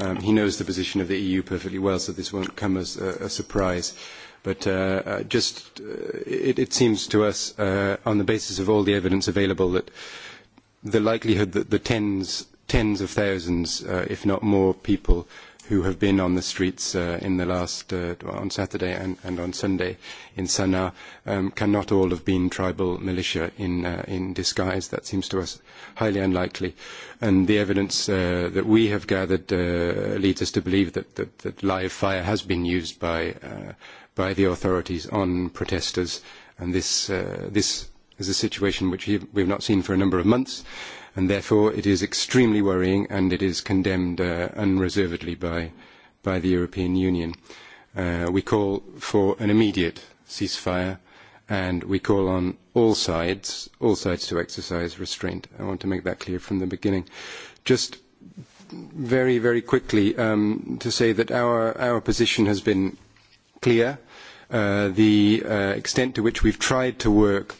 Um, he knows the position of the EU perfectly well, so this won't come as a, a surprise. But uh, uh just uh, it, it, seems to us, uh, on the basis of all the evidence available, that the likelihood that the tens, tens of thousands, uh, if not more, people who have been on the streets uh, in the last uh, on Saturday and, and on Sunday in Sana'a um, cannot all have been tribal militia in uh, in disguise. That seems to us highly unlikely, and the evidence uh, that we have gathered uh, leads us to believe that, that that live fire has been used by uh, by the authorities on protesters, and this uh, this is a situation which we have not seen for a number of months and therefore it is extremely worrying and it is condemned uh, unreservedly by, by the European Union. Uh, we call for an immediate ceasefire and we call on all sides, all sides to exercise restraint. I want to make that clear from the beginning. Just very, very quickly um, to say that our, our position has been clear. Uh, the uh, extent to which we've tried to work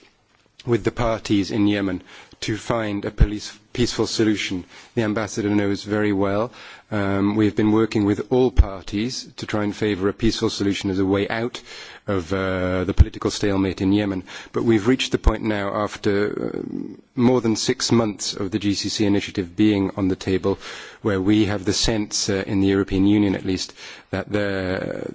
with the parties in Yemen to find a police, peaceful solution. The ambassador knows very well. Um, have been working with all parties to try and favour a peaceful solution as a way out of uh, the political stalemate in Yemen. But we've reached the point now, after uh, more than six months of the GCC initiative being on the table, where we have the sense, uh, in the European Union at least, that there,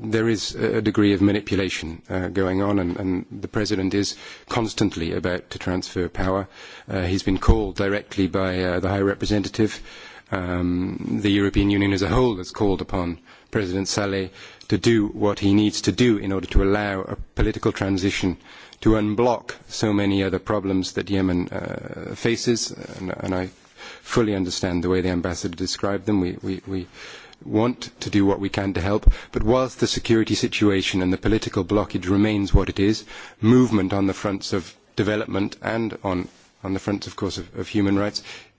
there is a degree of manipulation uh, going on, and, and the President is constantly about to transfer power. Uh, he's been called directly by uh, the High Representative. Um, the European Union as a whole is called upon uh, President Saleh to do what he needs to do in order to allow a political transition to unblock so many other problems that Yemen uh, faces. And, and I fully understand the way the ambassador described them. We, we, we want to do what we can to help. But whilst the security situation and the political blockage remains what it is, movement on the fronts of development and on, on the fronts, of course, of, of human rights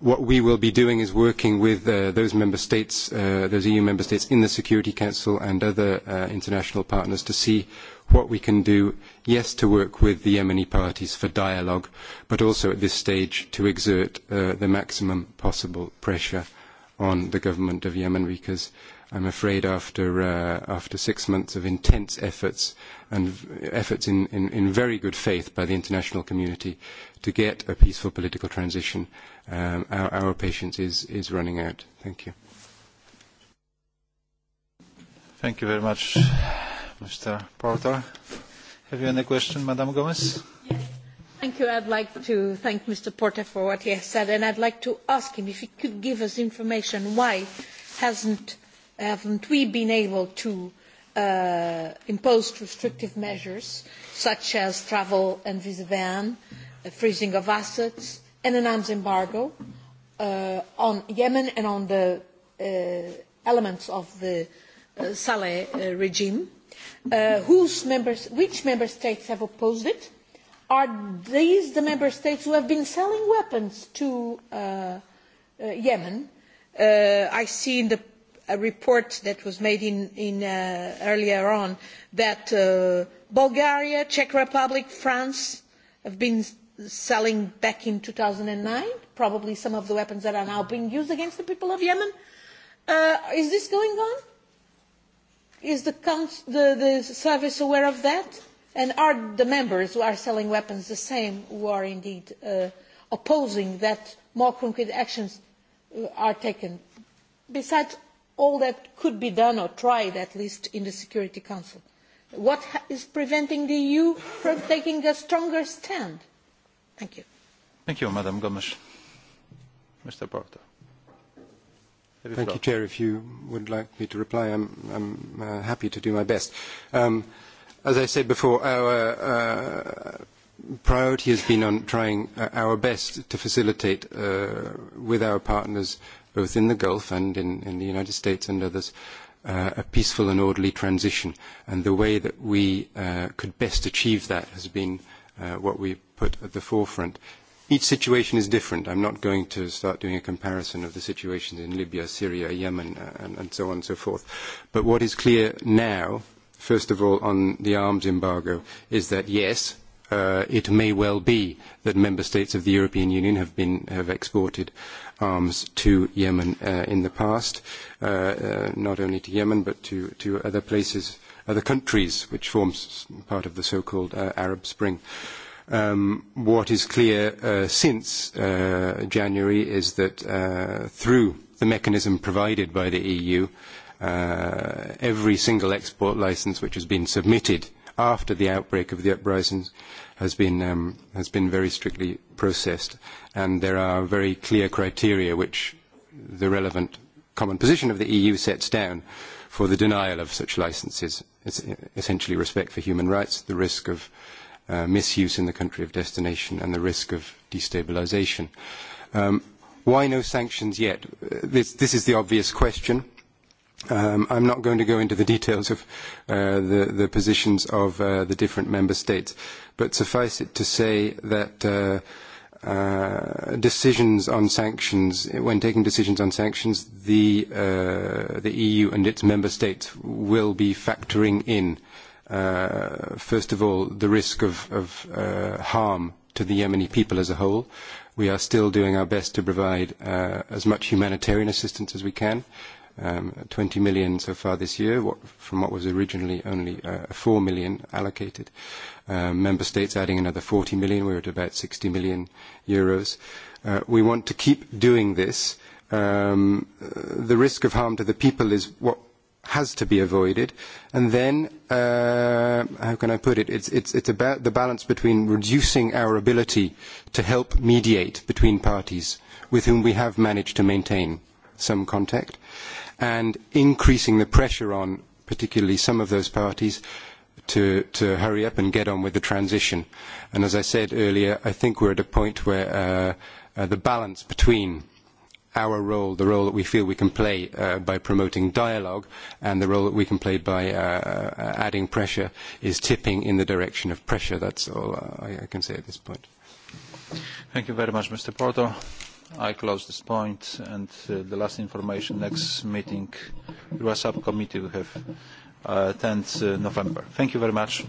what we will be doing is working with uh, those member states, uh, those EU member states in the Security Council and other uh, international partners to see what we can do, yes, to work with the Yemeni parties for dialogue, but also at this stage to exert uh, the maximum possible pressure on the government of Yemen because I'm afraid after, uh, after six months of intense efforts and efforts in, in, in very good faith by the international community, to get a peaceful political transition, um, our, our patience is, is running out. Thank you. Thank you very much, Mr. Porter. Have you any question, Madam Gomez? Yes. Thank you. I'd like to thank Mr. Porter for what he has said, and I'd like to ask him if he could give us information why hasn't haven't we been able to uh, impose restrictive measures such as travel and visa ban a freezing of assets and an arms embargo uh, on Yemen and on the uh, elements of the uh, Saleh regime. Uh, whose members, which member states have opposed it? Are these the member states who have been selling weapons to uh, uh, Yemen? Uh, I see in the a report that was made in, in, uh, earlier on that uh, Bulgaria, Czech Republic, France have been selling back in 2009, probably some of the weapons that are now being used against the people of Yemen. Uh, is this going on? Is the, council, the, the service aware of that? And are the members who are selling weapons the same who are indeed uh, opposing that more concrete actions uh, are taken, besides all that could be done or tried, at least in the Security Council? What is preventing the EU from taking a stronger stand? Thank you. Thank you, Madam Gomes. Mr. Porter. Thank floor. you, Chair. If you would like me to reply, I'm, I'm uh, happy to do my best. Um, as I said before, our uh, priority has been on trying uh, our best to facilitate uh, with our partners, both in the Gulf and in, in the United States and others, uh, a peaceful and orderly transition. And the way that we uh, could best achieve that has been uh, what we've put at the forefront. Each situation is different. I'm not going to start doing a comparison of the situations in Libya, Syria, Yemen, uh, and, and so on and so forth. But what is clear now, first of all, on the arms embargo, is that yes, uh, it may well be that member states of the European Union have been have exported arms to Yemen uh, in the past, uh, uh, not only to Yemen but to to other places, other countries, which forms part of the so-called uh, Arab Spring. Uh, Um, what is clear uh, since uh, January is that uh, through the mechanism provided by the EU, uh, every single export license which has been submitted after the outbreak of the uprisings has been um, has been very strictly processed, and there are very clear criteria which the relevant common position of the EU sets down for the denial of such licences. It's essentially respect for human rights, the risk of uh, uh, misuse in the country of destination and the risk of destabilization. Um, why no sanctions yet? Uh, this, this is the obvious question. Um, I'm not going to go into the details of uh, the, the positions of uh, the different member states, but suffice it to say that uh, Uh, decisions on sanctions, when taking decisions on sanctions, the, uh, the EU and its member states will be factoring in Uh, first of all, the risk of, of uh, harm to the Yemeni people as a whole. We are still doing our best to provide uh, as much humanitarian assistance as we can. Um, 20 million so far this year, what, from what was originally only uh, 4 million allocated. Um, member states adding another 40 million. We're at about 60 million euros. Uh, we want to keep doing this. Um, uh, the risk of harm to the people is what has to be avoided. And then, uh, how can I put it? It's, it's, it's about the balance between reducing our ability to help mediate between parties with whom we have managed to maintain some contact and increasing the pressure on particularly some of those parties to, to hurry up and get on with the transition. And as I said earlier, I think we're at a point where uh, uh, the balance between our role, the role that we feel we can play uh, by promoting dialogue, and the role that we can play by uh, uh adding pressure, is tipping in the direction of pressure. That's all I, I can say at this point. Thank you very much, Mr. Porto. I close this point, and uh, the last information, next meeting, the subcommittee will have uh, 10th uh, November. Thank you very much.